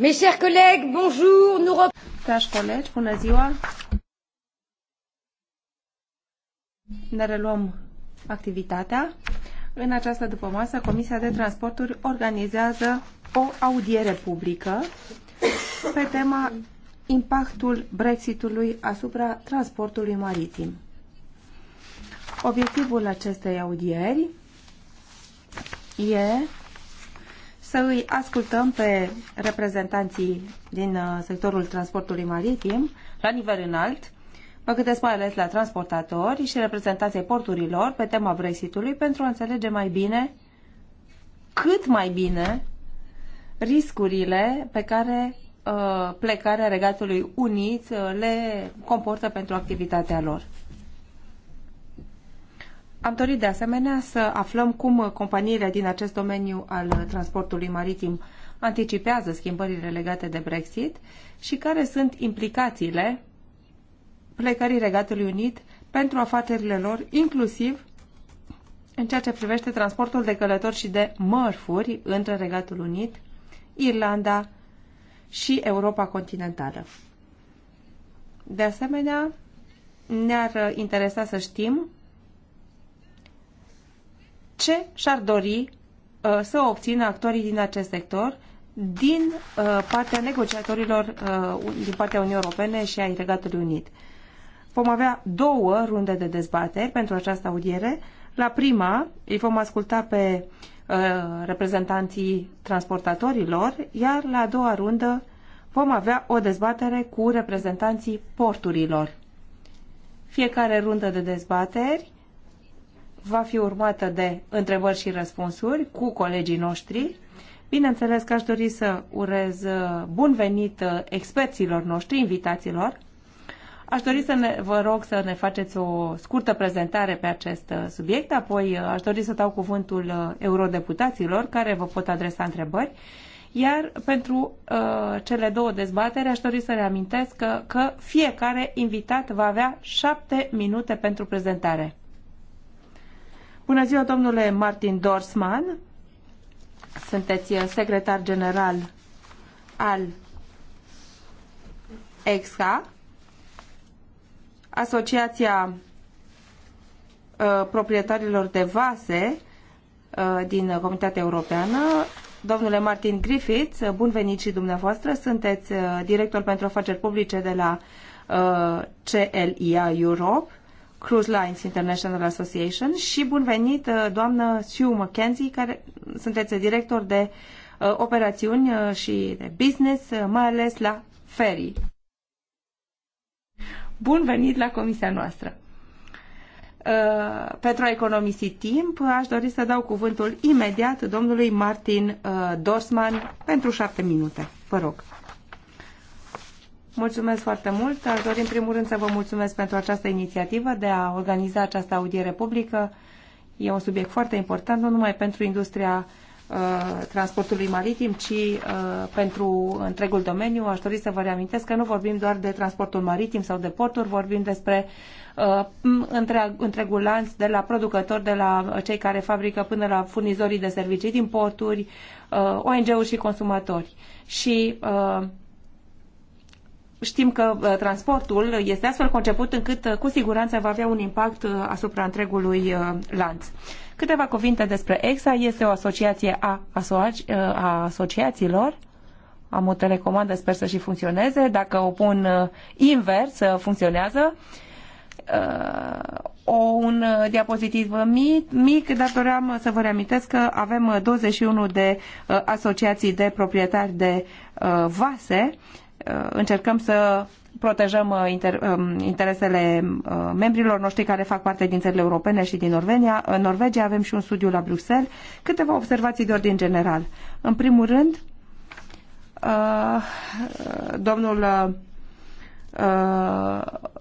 Mes chers collègues, bonjour, nous colegi, bună ziua! Ne reluăm activitatea. În această dupămasă, Comisia de Transporturi organizează o audiere publică pe tema impactul Brexitului asupra transportului maritim. Obiectivul acestei audieri e să îi ascultăm pe reprezentanții din uh, sectorul transportului maritim la nivel înalt, mă gândesc mai ales la transportatori și reprezentanții porturilor pe tema Brexitului pentru a înțelege mai bine, cât mai bine, riscurile pe care uh, plecarea Regatului Unit uh, le comportă pentru activitatea lor. Am dorit de asemenea să aflăm cum companiile din acest domeniu al transportului maritim anticipează schimbările legate de Brexit și care sunt implicațiile plecării Regatului Unit pentru afacerile lor, inclusiv în ceea ce privește transportul de călători și de mărfuri între Regatul Unit, Irlanda și Europa continentală. De asemenea, ne-ar interesa să știm ce și-ar dori uh, să obțină actorii din acest sector din uh, partea negociatorilor uh, din partea Uniunii Europene și a Regatului Unit. Vom avea două runde de dezbateri pentru această audiere. La prima îi vom asculta pe uh, reprezentanții transportatorilor, iar la a doua rundă vom avea o dezbatere cu reprezentanții porturilor. Fiecare rundă de dezbateri va fi urmată de întrebări și răspunsuri cu colegii noștri. Bineînțeles că aș dori să urez uh, bun venit uh, experților noștri, invitaților. Aș dori să ne, vă rog să ne faceți o scurtă prezentare pe acest uh, subiect, apoi aș dori să dau cuvântul eurodeputaților care vă pot adresa întrebări. Iar pentru uh, cele două dezbatere aș dori să reamintesc că, că fiecare invitat va avea șapte minute pentru prezentare. Bună ziua, domnule Martin Dorsman. Sunteți secretar general al EXCA, Asociația uh, proprietarilor de vase uh, din Comunitatea Europeană. Domnule Martin Griffiths, bun venit și dumneavoastră. Sunteți uh, director pentru afaceri publice de la CLIA Europe Cruise Lines International Association și bun venit, uh, doamnă Sue McKenzie, care sunteți director de uh, operațiuni uh, și de business, mai ales la ferry. Bun venit la comisia noastră! Pentru a economisi timp, aș dori să dau cuvântul imediat domnului Martin Dorsman pentru șapte minute. Vă rog! Mulțumesc foarte mult. Aș dori în primul rând să vă mulțumesc pentru această inițiativă de a organiza această audiere publică. E un subiect foarte important, nu numai pentru industria uh, transportului maritim, ci uh, pentru întregul domeniu. Aș dori să vă reamintesc că nu vorbim doar de transportul maritim sau de porturi, vorbim despre uh, întreg, întregul lanț, de la producători, de la cei care fabrică până la furnizorii de servicii din porturi, uh, ONG-uri și consumatori. Și uh, Știm că uh, transportul este astfel conceput încât uh, cu siguranță va avea un impact uh, asupra întregului lanț. Câteva cuvinte despre EXA. Este o asociație a, asoci- a asociațiilor. Am o telecomandă, sper să și funcționeze. Dacă o pun invers, funcționează. O, un diapozitiv mic, mic, dar doream să vă reamintesc că avem 21 de asociații de proprietari de vase Uh, încercăm să protejăm uh, um, interesele uh, membrilor noștri care fac parte din țările europene și din Norvegia. În Norvegia avem și un studiu la Bruxelles. Câteva observații de ordin general. În primul rând, domnul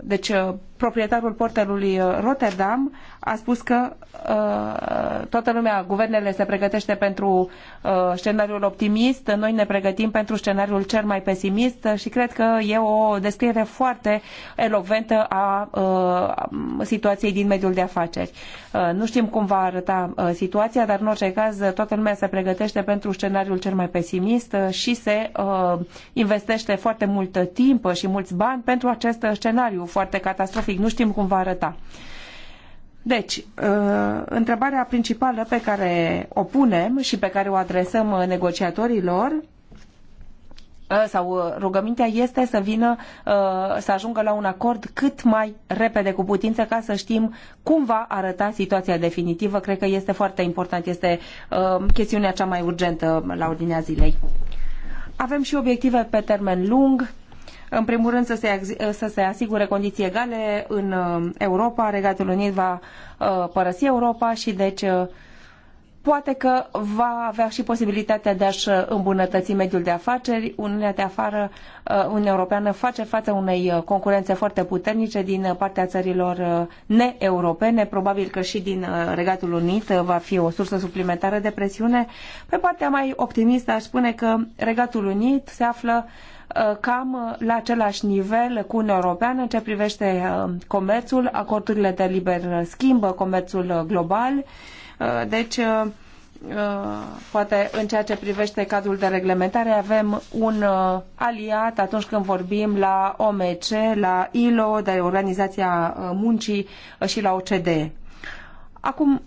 deci proprietarul portelului uh, Rotterdam a spus că uh, toată lumea, guvernele se pregătește pentru uh, scenariul optimist, noi ne pregătim pentru scenariul cel mai pesimist și cred că e o descriere foarte elocventă a uh, situației din mediul de afaceri. Uh, nu știm cum va arăta uh, situația, dar în orice caz toată lumea se pregătește pentru scenariul cel mai pesimist uh, și se uh, investește foarte mult timp și mulți bani pentru acest scenariu foarte catastrofic grafic, nu știm cum va arăta. Deci, uh, întrebarea principală pe care o punem și pe care o adresăm uh, negociatorilor uh, sau rugămintea este să vină să ajungă la un acord cât mai repede cu putință ca să știm cum va arăta situația definitivă. Cred că este foarte important, este chestiunea cea mai urgentă la ordinea zilei. Avem și obiective pe termen lung, în primul rând să se, ă, să se asigure condiții egale în ă, Europa, Regatul Unit va ă, părăsi Europa și deci poate că va avea și posibilitatea de a-și îmbunătăți mediul de afaceri. Uniunea de afară, Uniunea Europeană face față unei concurențe foarte puternice din partea țărilor neeuropene, probabil că și din Regatul Unit va fi o sursă suplimentară de presiune. Pe partea mai optimistă aș spune că Regatul Unit se află Uh, cam la același nivel cu Uniunea Europeană în ce privește uh, comerțul, acordurile de liber schimb, comerțul uh, global. Deci, poate în ceea ce privește cadrul de reglementare avem un aliat atunci când vorbim la OMC, la ILO, de Organizația Muncii și la OCDE. Acum,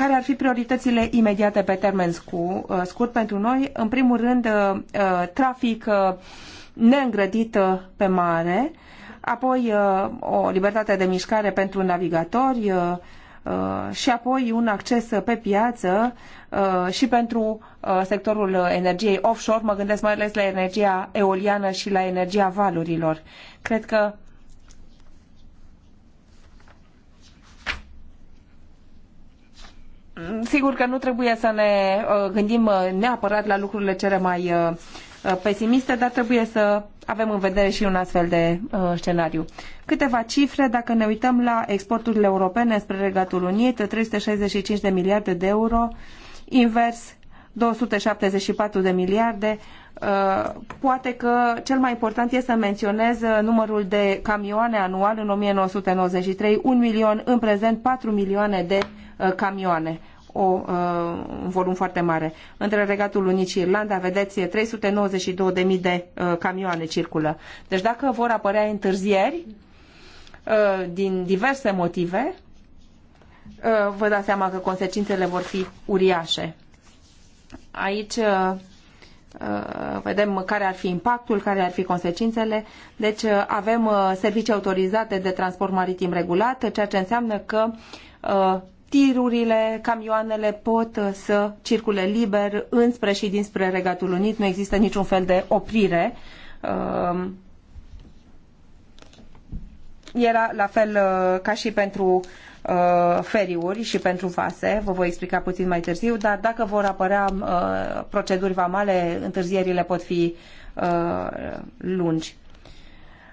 care ar fi prioritățile imediate pe termen uh, scurt pentru noi? În primul rând, uh, uh, trafic neîngrădit pe mare, apoi o libertate de mișcare pentru navigatori și apoi un acces pe piață și pentru sectorul energiei offshore, mă gândesc mai ales la energia eoliană și la energia valurilor. Cred că sigur că nu trebuie să ne uh, gândim uh, neapărat la lucrurile cele mai uh, pesimiste, dar trebuie să avem în vedere și un astfel de scenariu. Câteva cifre, dacă ne uităm la exporturile europene spre Regatul Unit, 365 de miliarde de euro, invers 274 de miliarde, Uh, poate că cel mai important este să menționez uh, numărul de camioane anual în 1993, 1 milion, în prezent 4 milioane de uh, camioane o, uh, un volum foarte mare. Între Regatul Unit și Irlanda, vedeți, 392.000 de uh, camioane circulă. Deci dacă vor apărea întârzieri, uh, din diverse motive, uh, vă dați seama că consecințele vor fi uriașe. Aici uh, Uh, vedem care ar fi impactul, care ar fi consecințele. Deci uh, avem uh, servicii autorizate de transport maritim regulat, ceea ce înseamnă că tirurile, camioanele pot să circule liber înspre și dinspre Regatul Unit. Nu există niciun fel de oprire. Era la fel ca și pentru Uh, feriuri și pentru vase, vă voi explica puțin mai târziu, dar dacă vor apărea uh, proceduri vamale, întârzierile pot fi uh, lungi.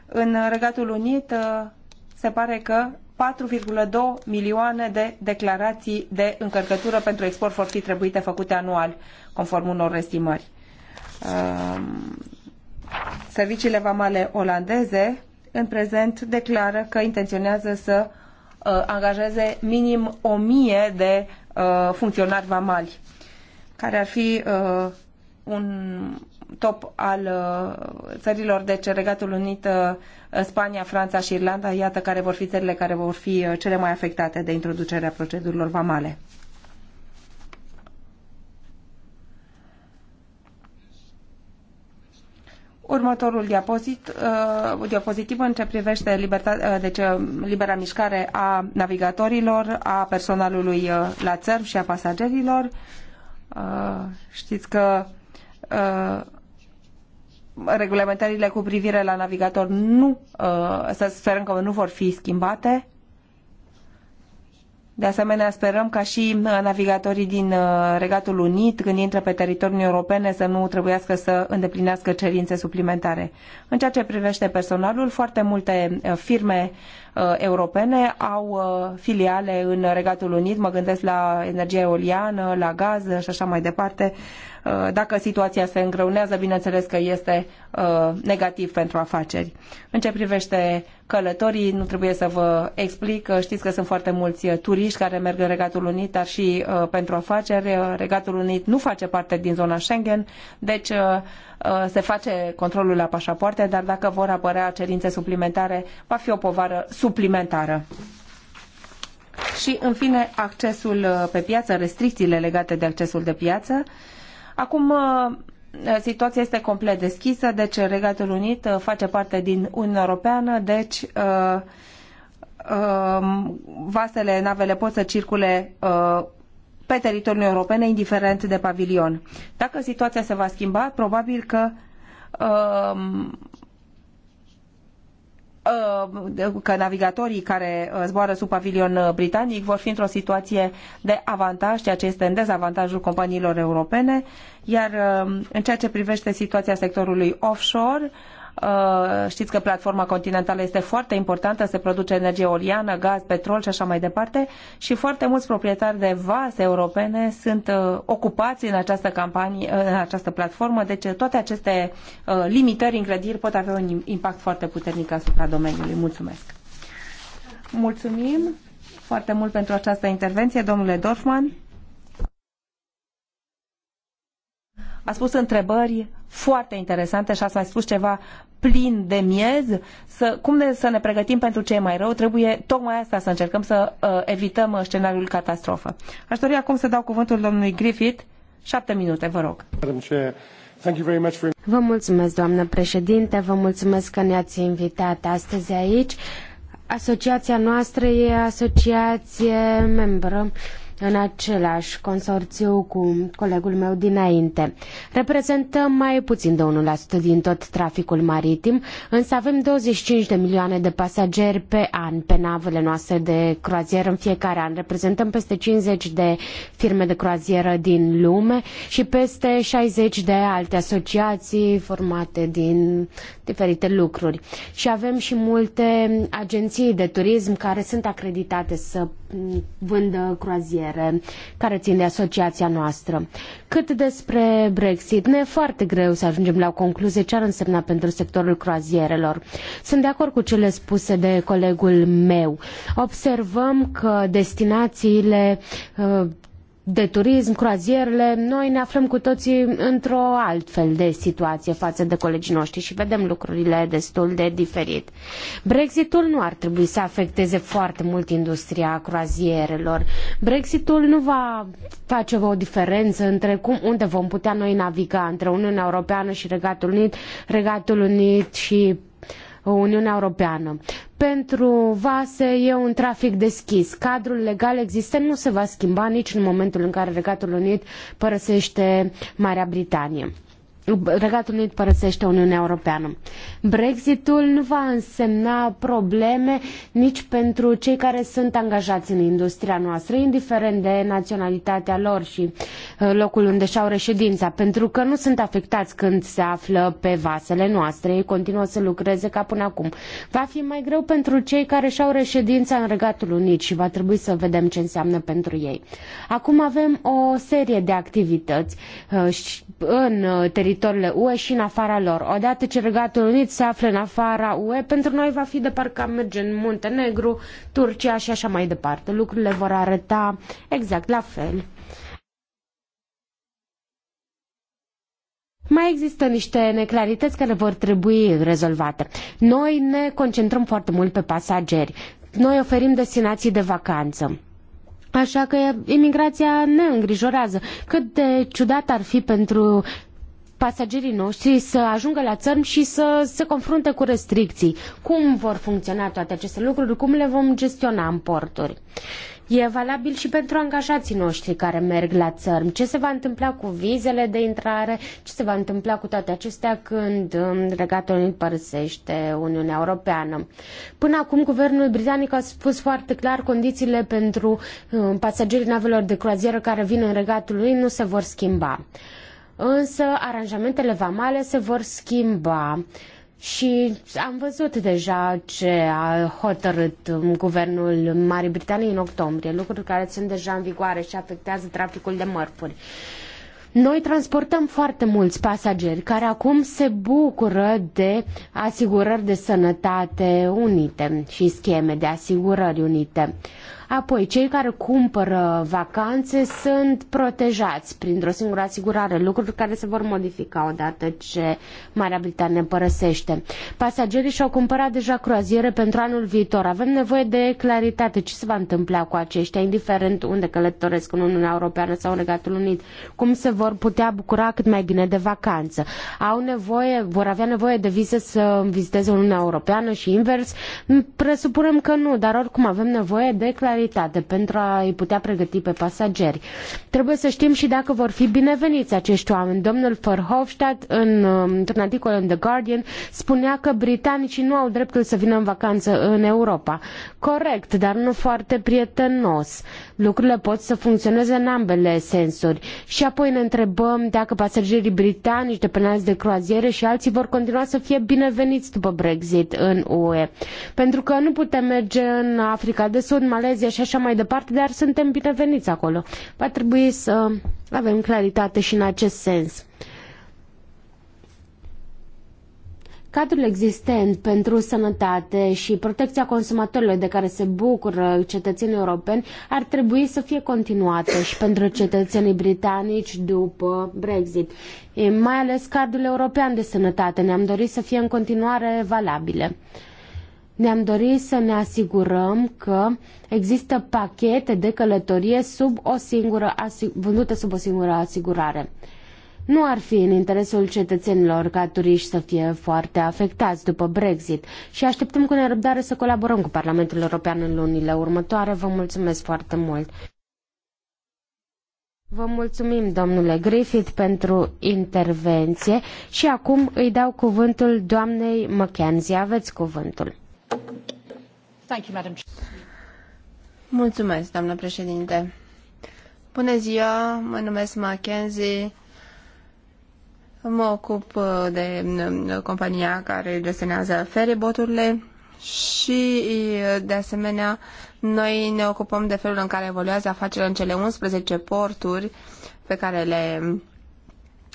În Regatul Unit se pare că 4,2 milioane de declarații de încărcătură pentru export vor fi trebuite făcute anual, conform unor estimări. Serviciile vamale olandeze în prezent declară că intenționează să Uh, angajeze minim 1000 de uh, funcționari vamali, care ar fi uh, un top al țărilor, de deci ce Regatul Unit, Spania, Franța și Irlanda, iată care vor fi țările care vor fi cele mai afectate de introducerea procedurilor vamale. Următorul diapozit, uh, diapozitiv în ce privește libertate, uh, deci, uh, libera mișcare a navigatorilor, a personalului uh, la țărm și a pasagerilor. Uh, știți că uh, regulamentările cu privire la navigator nu, uh, să sperăm că nu vor fi schimbate. De asemenea, sperăm ca și uh, navigatorii din uh, Regatul Unit, când intră pe teritoriul europene, să nu trebuiască să îndeplinească cerințe suplimentare. În ceea ce privește personalul, foarte multe uh, firme europene au filiale în Regatul Unit, mă gândesc la energie eoliană, la gaz și așa mai departe. Uh, dacă situația se îngreunează, bineînțeles că este uh, negativ pentru afaceri. În ce privește călătorii, nu trebuie să vă explic, uh, știți că sunt foarte mulți turiști care merg în Regatul Unit, dar și pentru afaceri. Regatul Unit nu face parte din zona Schengen, deci se face controlul la pașapoarte, dar dacă vor apărea cerințe suplimentare, va fi o povară suplimentară. Și, în fine, accesul pe piață, restricțiile legate de accesul de piață. Uh, Acum uh, situația este complet deschisă, deci Regatul Unit uh, face parte din Uniunea Europeană, deci uh, um, vasele, navele pot să circule pe teritoriul european, indiferent de pavilion. Dacă situația se va schimba, probabil că um, Uh, că navigatorii care uh, zboară sub pavilion uh, britanic vor fi într-o situație de avantaj, ceea ce este în dezavantajul companiilor europene, iar în ceea ce privește situația sectorului offshore, Uh, știți că platforma continentală este foarte importantă, se produce energie oliană, gaz, petrol și așa mai departe și foarte mulți proprietari de vase europene sunt uh, ocupați în această campanie, uh, în această platformă, deci toate aceste limitări, încrediri pot avea un impact foarte puternic asupra domeniului. Mulțumesc! Mulțumim foarte mult pentru această intervenție, domnule Dorfman. a spus întrebări foarte interesante și ați mai spus ceva plin de miez, să, cum ne, să ne pregătim pentru ce e mai rău, trebuie tocmai asta să încercăm să uh, evităm uh, scenariul catastrofă. Aș dori acum să dau cuvântul domnului Griffith. Șapte minute, vă rog. Vă mulțumesc, doamnă președinte, vă mulțumesc că ne-ați invitat astăzi aici. Asociația noastră e asociație membră în același consorțiu cu colegul meu dinainte. Reprezentăm mai puțin de 1% din tot traficul maritim, însă avem 25 de milioane de pasageri pe an pe navele noastre de croazieră în fiecare an. Reprezentăm peste 50 de firme de croazieră din lume și peste 60 de alte asociații formate din diferite lucruri. Și avem și multe agenții de turism care sunt acreditate să vândă croaziere care țin de asociația noastră. Cât despre Brexit, ne e foarte greu să ajungem la o concluzie ce ar însemna pentru sectorul croazierelor. Sunt de acord cu cele spuse de colegul meu. Observăm că destinațiile uh, de turism, croazierele, noi ne aflăm cu toții într-o altfel de situație față de colegii noștri și vedem lucrurile destul de diferit. Brexitul nu ar trebui să afecteze foarte mult industria croazierelor. Brexitul nu va face o diferență între cum, unde vom putea noi naviga, între Uniunea Europeană și Regatul Unit, Regatul Unit și Uniunea Europeană. Pentru vase e un trafic deschis. Cadrul legal existent nu se va schimba nici în momentul în care Regatul Unit părăsește Marea Britanie. Regatul Unit părăsește Uniunea Europeană. Brexitul nu va însemna probleme nici pentru cei care sunt angajați în industria noastră, indiferent de naționalitatea lor și uh, locul unde și-au reședința, pentru că nu sunt afectați când se află pe vasele noastre. Ei continuă să lucreze ca până acum. Va fi mai greu pentru cei care și-au reședința în Regatul Unit și va trebui să vedem ce înseamnă pentru ei. Acum avem o serie de activități uh, în uh, teritoriul teritoriile UE și în afara lor. Odată ce Regatul Unit se află în afara UE, pentru noi va fi de parcă am merge în Muntenegru, Turcia și așa mai departe. Lucrurile vor arăta exact la fel. Mai există niște neclarități care vor trebui rezolvate. Noi ne concentrăm foarte mult pe pasageri. Noi oferim destinații de vacanță. Așa că imigrația ne îngrijorează. Cât de ciudat ar fi pentru pasagerii noștri să ajungă la țărm și să se confrunte cu restricții. Cum vor funcționa toate aceste lucruri? Cum le vom gestiona în porturi? E valabil și pentru angajații noștri care merg la țărm. Ce se va întâmpla cu vizele de intrare? Ce se va întâmpla cu toate acestea când um, Regatul Unit părăsește Uniunea Europeană? Până acum, guvernul britanic a spus foarte clar condițiile pentru um, pasagerii navelor de croazieră care vin în Regatul Unit nu se vor schimba însă aranjamentele vamale se vor schimba. Și am văzut deja ce a hotărât guvernul Marii Britanii în octombrie, lucruri care sunt deja în vigoare și afectează traficul de mărfuri. Noi transportăm foarte mulți pasageri care acum se bucură de asigurări de sănătate unite și scheme de asigurări unite. Apoi, cei care cumpără vacanțe sunt protejați printr-o singură asigurare, lucruri care se vor modifica odată ce Marea Britanie părăsește. Pasagerii și-au cumpărat deja croaziere pentru anul viitor. Avem nevoie de claritate ce se va întâmpla cu aceștia, indiferent unde călătoresc în Uniunea Europeană sau în Regatul Unit, cum se vor putea bucura cât mai bine de vacanță. Au nevoie, vor avea nevoie de vize să viziteze Uniunea Europeană și invers. Presupunem că nu, dar oricum avem nevoie de claritate regularitate pentru a-i putea pregăti pe pasageri. Trebuie să știm și dacă vor fi bineveniți acești oameni. Domnul Verhofstadt, în, um, într-un articol în The Guardian, spunea că britanicii nu au dreptul să vină în vacanță în Europa. Corect, dar nu foarte prietenos lucrurile pot să funcționeze în ambele sensuri. Și apoi ne întrebăm dacă pasagerii britanici de dependenți de croaziere și alții vor continua să fie bineveniți după Brexit în UE. Pentru că nu putem merge în Africa de Sud, Malezia și așa mai departe, dar suntem bineveniți acolo. Va trebui să avem claritate și în acest sens. Cadrul existent pentru sănătate și protecția consumatorilor de care se bucură cetățenii europeni ar trebui să fie continuată și pentru cetățenii britanici după Brexit. Mai ales cadrul european de sănătate ne-am dorit să fie în continuare valabile ne-am dorit să ne asigurăm că există pachete de călătorie sub o singură, vândute sub o singură asigurare. Nu ar fi în interesul cetățenilor ca turiști să fie foarte afectați după Brexit și așteptăm cu nerăbdare să colaborăm cu Parlamentul European în lunile următoare. Vă mulțumesc foarte mult! Vă mulțumim, domnule Griffith, pentru intervenție și acum îi dau cuvântul doamnei McKenzie. Aveți cuvântul. Thank you, madam. Mulțumesc, doamnă președinte. Bună ziua, mă numesc Mackenzie, Mă ocup uh, de uh, compania care gestionează feriboturile și, uh, de asemenea, noi ne ocupăm de felul în care evoluează afacerea în cele 11 porturi pe care le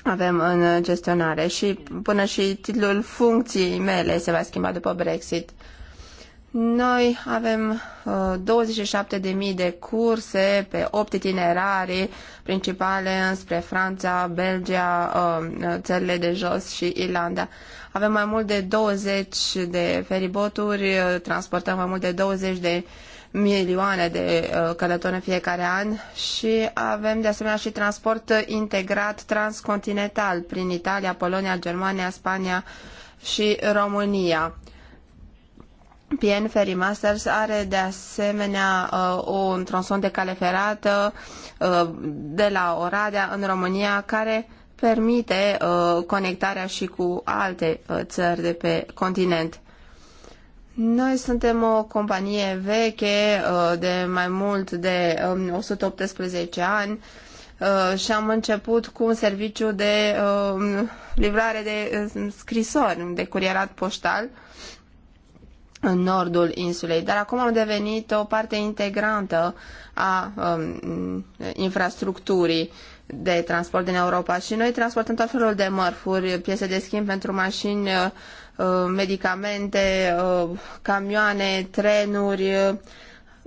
avem în gestionare și până și titlul funcției mele se va schimba după Brexit. Noi avem uh, 27.000 de curse pe 8 itinerare principale înspre Franța, Belgia, uh, țările de jos și Irlanda. Avem mai mult de 20 de feriboturi, uh, transportăm mai mult de 20 de milioane de uh, călători în fiecare an și avem de asemenea și transport integrat transcontinental prin Italia, Polonia, Germania, Spania și România PN Ferry Masters are de asemenea uh, un tronson de cale ferată uh, de la Oradea în România care permite uh, conectarea și cu alte uh, țări de pe continent. Noi suntem o companie veche uh, de mai mult de um, 118 ani uh, și am început cu un serviciu de um, livrare de uh, scrisori, de curierat poștal. Uh, în nordul insulei, dar acum au devenit o parte integrantă a um, infrastructurii de transport din Europa și noi transportăm tot felul de mărfuri, piese de schimb pentru mașini, uh, uh, medicamente, uh, camioane, trenuri,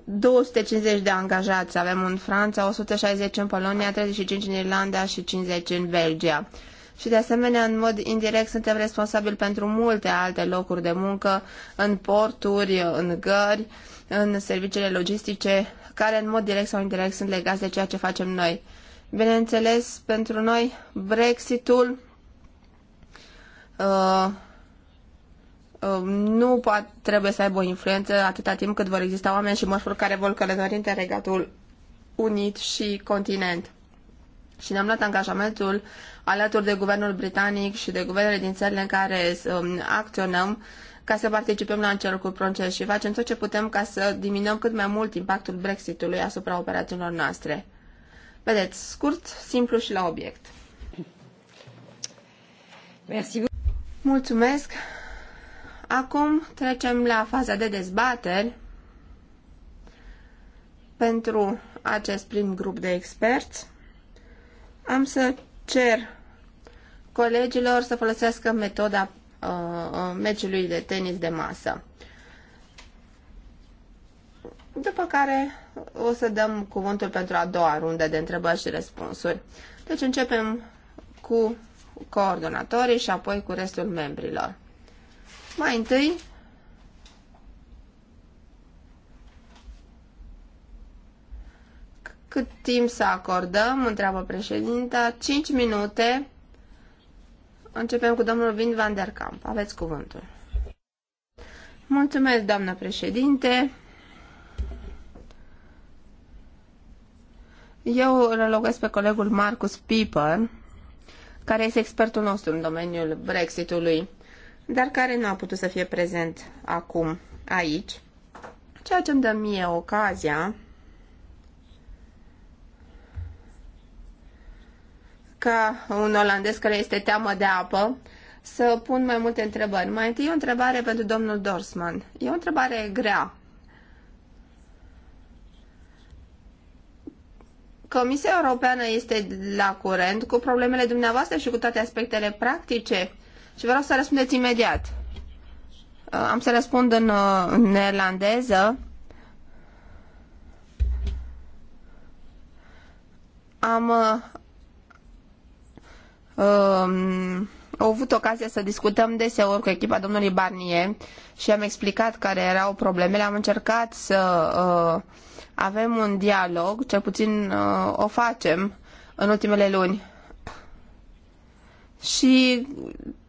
250 de angajați avem în Franța, 160 în Polonia, 35 în Irlanda și 50 în Belgia și de asemenea în mod indirect suntem responsabili pentru multe alte locuri de muncă în porturi, în gări, în serviciile logistice care în mod direct sau indirect sunt legați de ceea ce facem noi. Bineînțeles, pentru noi Brexitul uh, uh nu poate, trebuie să aibă o influență atâta timp cât vor exista oameni și mărfuri care vor călători între Regatul Unit și continent și ne-am luat angajamentul alături de guvernul britanic și de guvernele din țările în care um, acționăm ca să participăm la încercul proces și facem tot ce putem ca să diminuăm cât mai mult impactul Brexitului asupra operațiunilor noastre. Vedeți, scurt, simplu și la obiect. Merci. Mulțumesc. Acum trecem la faza de dezbateri pentru acest prim grup de experți. Am să cer colegilor să folosească metoda uh, uh, meciului de tenis de masă. După care o să dăm cuvântul pentru a doua rundă de întrebări și răspunsuri. Deci începem cu coordonatorii și apoi cu restul membrilor. Mai întâi Cât timp să acordăm? Întreabă președinta. 5 minute. Începem cu domnul Vin van der Kamp. Aveți cuvântul. Mulțumesc, doamnă președinte. Eu relogesc pe colegul Marcus Piper, care este expertul nostru în domeniul Brexitului, dar care nu a putut să fie prezent acum aici, ceea ce îmi dă mie ocazia ca un olandez care este teamă de apă, să pun mai multe întrebări. Mai întâi o întrebare pentru domnul Dorsman. E o întrebare grea. Comisia Europeană este la curent cu problemele dumneavoastră și cu toate aspectele practice? Și vreau să răspundeți imediat. Uh, am să răspund în, uh, în neerlandeză. Am uh, Um, au avut ocazia să discutăm deseori cu echipa domnului Barnier și am explicat care erau problemele. Am încercat să uh, avem un dialog, cel puțin uh, o facem în ultimele luni. Și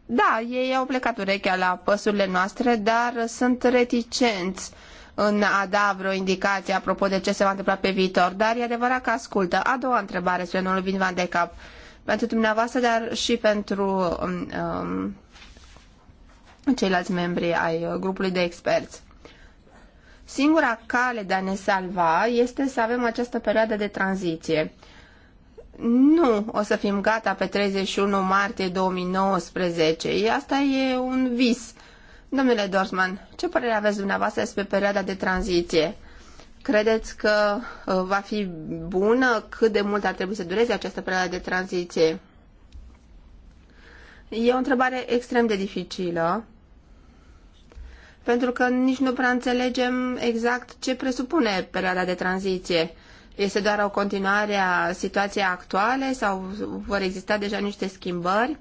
da, ei au plecat urechea la păsurile noastre, dar sunt reticenți în a da vreo indicație apropo de ce se va întâmpla pe viitor, dar e adevărat că ascultă. A doua întrebare, spre domnul Vin Van de Cap. Uh, pentru dumneavoastră, dar și pentru um, um, ceilalți membri ai grupului de experți. Singura cale de a ne salva este să avem această perioadă de tranziție. Nu o să fim gata pe 31 martie 2019. Asta e un vis. Domnule Dorsman, ce părere aveți dumneavoastră despre perioada de tranziție? Credeți că uh, va fi bună? Cât de mult ar trebui să dureze această perioadă de tranziție? E o întrebare extrem de dificilă, pentru că nici nu prea înțelegem exact ce presupune perioada de tranziție. Este doar o continuare a situației actuale sau vor exista deja niște schimbări?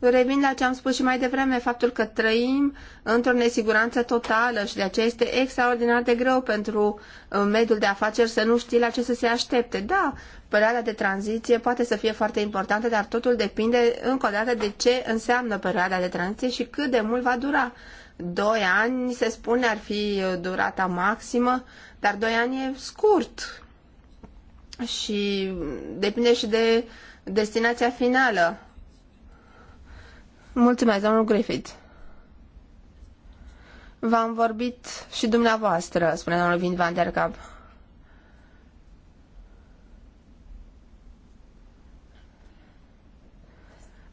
Revin la ce am spus și mai devreme, faptul că trăim într-o nesiguranță totală și de aceea este extraordinar de greu pentru uh, mediul de afaceri să nu știe la ce să se aștepte. Da, perioada de tranziție poate să fie foarte importantă, dar totul depinde încă o dată de ce înseamnă perioada de tranziție și cât de mult va dura. Doi ani, se spune, ar fi uh, durata maximă, dar doi ani e scurt și depinde și de destinația finală Mulțumesc, domnul Griffith. V-am vorbit și dumneavoastră, spune domnul Vin Van der Cap.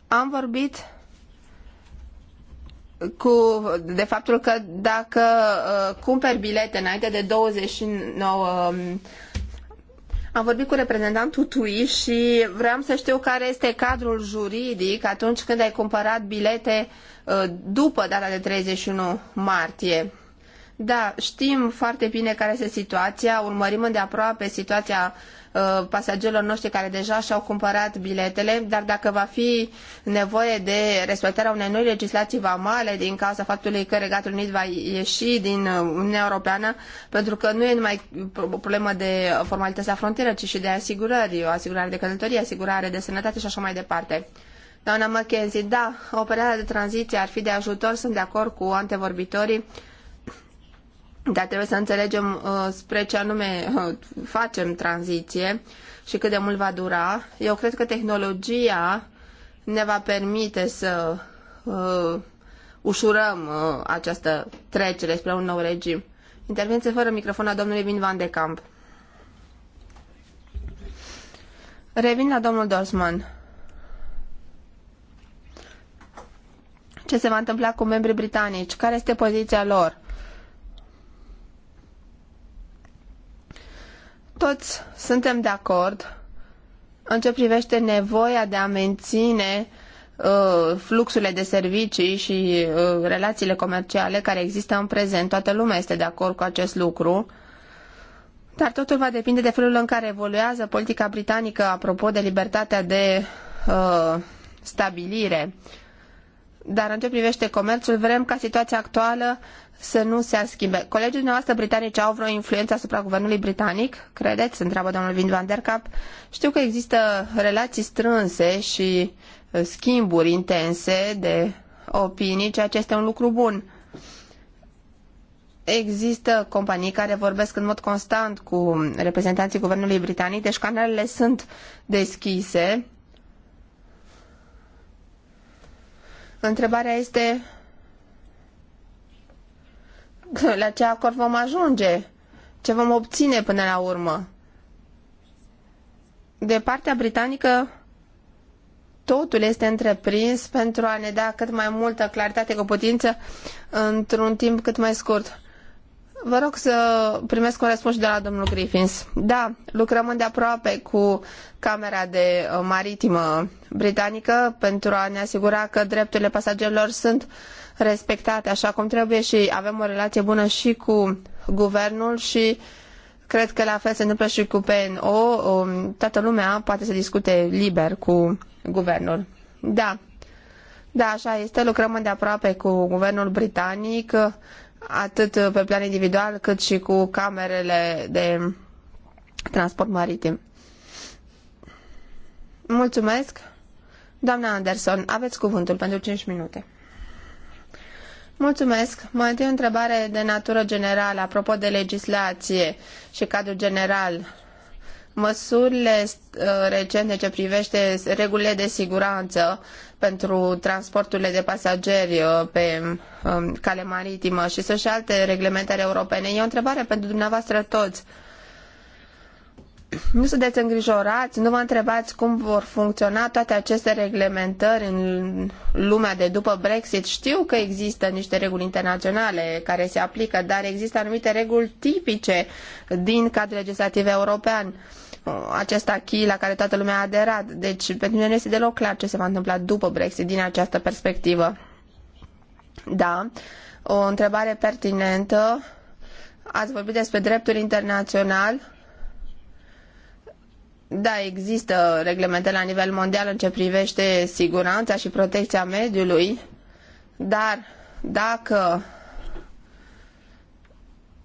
Am vorbit cu, de faptul că dacă uh, cumperi bilete înainte de 29 uh, um, am vorbit cu reprezentantul TUI și vreau să știu care este cadrul juridic atunci când ai cumpărat bilete uh, după data de 31 martie. Da, știm foarte bine care este situația, urmărim îndeaproape situația Uh, pasagerilor noștri care deja și-au cumpărat biletele, dar dacă va fi nevoie de respectarea unei noi legislații vamale din cauza faptului că Regatul Unit va ieși din uh, Uniunea Europeană, pentru că nu e numai o problemă de formalități la frontieră, ci și de asigurări, o asigurare de călătorie, asigurare de sănătate și așa mai departe. Doamna McKenzie, da, o perioadă de tranziție ar fi de ajutor, sunt de acord cu antevorbitorii, dar trebuie să înțelegem uh, spre ce anume uh, facem tranziție și cât de mult va dura. Eu cred că tehnologia ne va permite să uh, ușurăm uh, această trecere spre un nou regim. Intervenție fără microfon a domnului Vin Van de Camp. Revin la domnul Dorsman. Ce se va întâmpla cu membrii britanici? Care este poziția lor? toți suntem de acord în ce privește nevoia de a menține uh, fluxurile de servicii și uh, relațiile comerciale care există în prezent. Toată lumea este de acord cu acest lucru. Dar totul va depinde de felul în care evoluează politica britanică apropo de libertatea de uh, stabilire. Uh, dar în ce privește comerțul, vrem ca situația actuală să nu se schimbe. Colegii dumneavoastră britanici au vreo influență asupra guvernului britanic? Credeți? Întreabă domnul Vin van der Cap. Știu că există relații strânse și uh, schimburi intense de opinii, ceea ce este un lucru bun. Există companii care vorbesc în mod constant cu reprezentanții guvernului britanic, deci canalele sunt deschise Întrebarea este la ce acord vom ajunge, ce vom obține până la urmă. De partea britanică, totul este întreprins pentru a ne da cât mai multă claritate cu putință într-un timp cât mai scurt. Vă rog să primesc un răspuns de la domnul Griffins. Da, lucrăm îndeaproape cu Camera de uh, Maritimă Britanică pentru a ne asigura că drepturile pasagerilor sunt respectate așa cum trebuie și avem o relație bună și cu guvernul și cred că la fel se întâmplă și cu PNO. Um, toată lumea poate să discute liber cu guvernul. Da, da, așa este. Lucrăm îndeaproape cu guvernul britanic atât uh, pe plan individual cât și cu camerele de transport maritim. Mulțumesc. Doamna Anderson, aveți cuvântul pentru 5 minute. Mulțumesc. Mai întâi o întrebare de natură generală apropo de legislație și cadrul general. Măsurile uh, recente ce privește regulile de siguranță pentru transporturile de pasageri uh, pe um, cale maritimă și sunt și alte reglementări europene. E o întrebare pentru dumneavoastră toți. Nu sunteți îngrijorați, nu vă întrebați cum vor funcționa toate aceste reglementări în lumea de după Brexit. Știu că există niște reguli internaționale care se aplică, dar există anumite reguli tipice din cadrul legislativ european acest achii la care toată lumea a aderat. Deci, pentru mine nu este deloc clar ce se va întâmpla după Brexit din această perspectivă. Da, o întrebare pertinentă. Ați vorbit despre dreptul internațional. Da, există reglementări la nivel mondial în ce privește siguranța și protecția mediului, dar dacă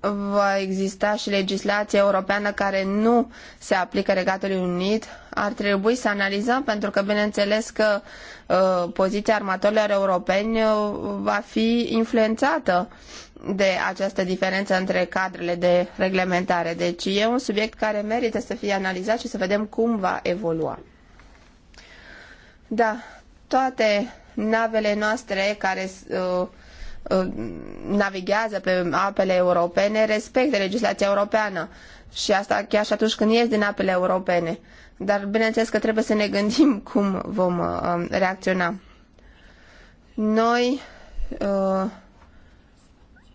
va exista și legislație europeană care nu se aplică Regatului Unit, ar trebui să analizăm pentru că bineînțeles că uh, poziția armatorilor europeni uh, va fi influențată de această diferență între cadrele de reglementare. Deci e un subiect care merită să fie analizat și să vedem cum va evolua. Da, toate navele noastre care uh, Uh, navighează pe apele europene respecte legislația europeană și asta chiar și atunci când ies din apele europene. Dar bineînțeles că trebuie să ne gândim cum vom uh, um, reacționa. Noi uh,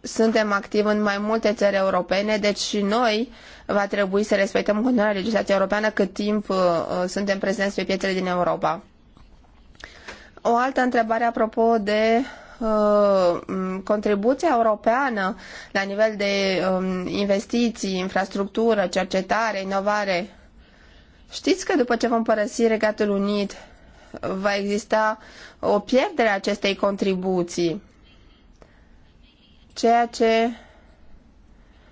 suntem activi în mai multe țări europene, deci și noi va trebui să respectăm în continuare legislația europeană cât timp uh, uh suntem prezenți pe piețele din Europa. O altă întrebare apropo de uh, Uh, contribuția europeană la nivel de um, investiții, infrastructură, cercetare, inovare. Știți că după ce vom părăsi Regatul Unit va exista o pierdere a acestei contribuții, ceea ce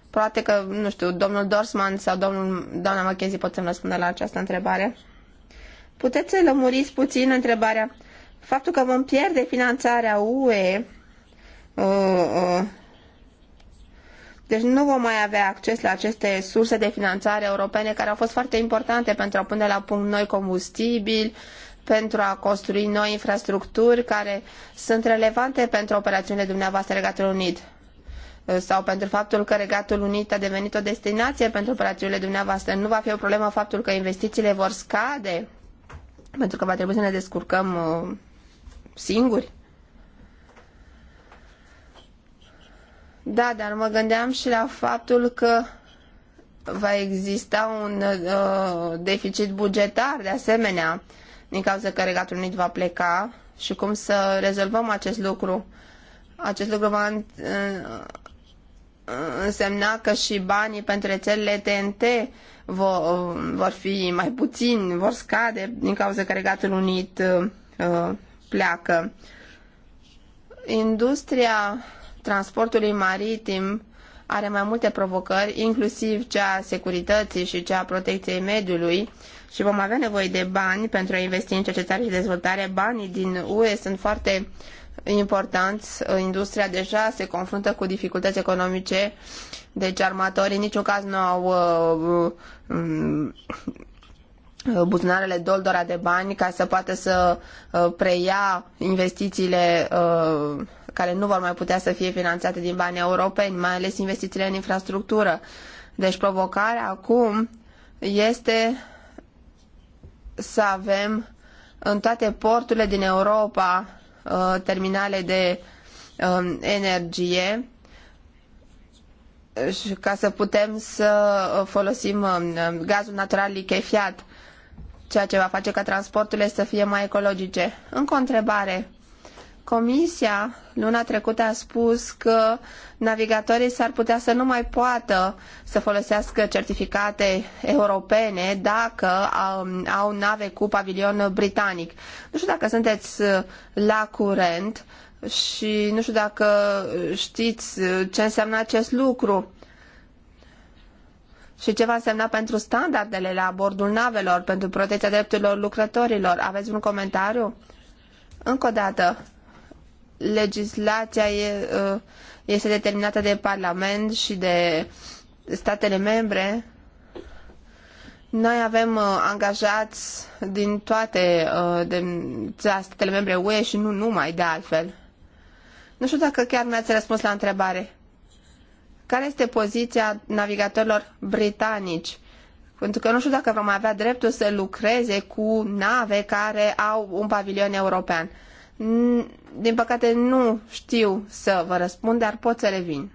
poate că, nu știu, domnul Dorsman sau domnul, doamna McKenzie pot să-mi răspundă la această întrebare. Puteți să lămuriți puțin întrebarea faptul că vom pierde finanțarea UE, uh, uh, deci nu vom mai avea acces la aceste surse de finanțare europene care au fost foarte importante pentru a pune la punct noi combustibili, pentru a construi noi infrastructuri care sunt relevante pentru operațiunile dumneavoastră Regatul Unit uh, sau pentru faptul că Regatul Unit a devenit o destinație pentru operațiunile dumneavoastră. Nu va fi o problemă faptul că investițiile vor scade pentru că va trebui să ne descurcăm singuri? Da, dar mă gândeam și la faptul că va exista un uh, deficit bugetar de asemenea din cauza că Regatul Unit va pleca și cum să rezolvăm acest lucru. Acest lucru va uh, uh, însemna că și banii pentru rețelele TNT vor, uh, vor fi mai puțini, vor scade din cauza că Regatul Unit uh, pleacă. Industria transportului maritim are mai multe provocări, inclusiv cea a securității și cea a protecției mediului și vom avea nevoie de bani pentru a investi în cercetare și dezvoltare. Banii din UE sunt foarte importanți. Industria deja se confruntă cu dificultăți economice, deci armatorii în niciun caz nu au uh, um, Uh, buzunarele doldora de bani ca să poată să uh, preia investițiile uh, care nu vor mai putea să fie finanțate din bani europeni, mai ales investițiile în infrastructură. Deci provocarea acum este să avem în toate porturile din Europa terminale de um, energie ca să putem să folosim um, gazul natural lichefiat ceea ce va face ca transporturile să fie mai ecologice. Încă o întrebare. Comisia luna trecută a spus că navigatorii s-ar putea să nu mai poată să folosească certificate europene dacă um, au nave cu pavilion britanic. Nu știu dacă sunteți uh, la curent și nu știu dacă știți uh, ce înseamnă acest lucru și ce va însemna pentru standardele la bordul navelor, pentru protecția drepturilor lucrătorilor. Aveți un comentariu? Încă o dată, legislația uh, este determinată de Parlament și de statele membre. Noi avem uh, angajați din toate uh, din statele membre UE și nu numai, de altfel. Nu știu dacă chiar mi-ați răspuns la întrebare. Care este poziția navigatorilor britanici? Pentru că nu știu dacă vom avea dreptul să lucreze cu nave care au un pavilion european. Din păcate nu știu să vă răspund, dar pot să revin.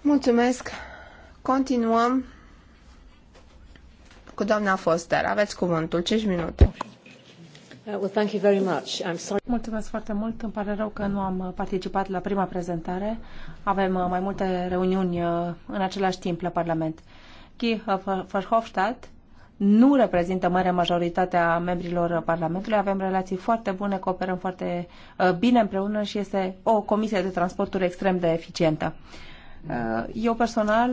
Mulțumesc. Continuăm cu doamna Foster. Aveți cuvântul. 5 minute. Uh, Mulțumesc foarte mult. Îmi pare rău că nu am participat la prima prezentare. Avem uh, mai multe reuniuni uh, în același timp la Parlament. Guy Verhofstadt nu reprezintă mare majoritatea membrilor Parlamentului. Avem relații foarte bune, cooperăm foarte bine împreună și este o comisie de transporturi extrem de eficientă. Eu personal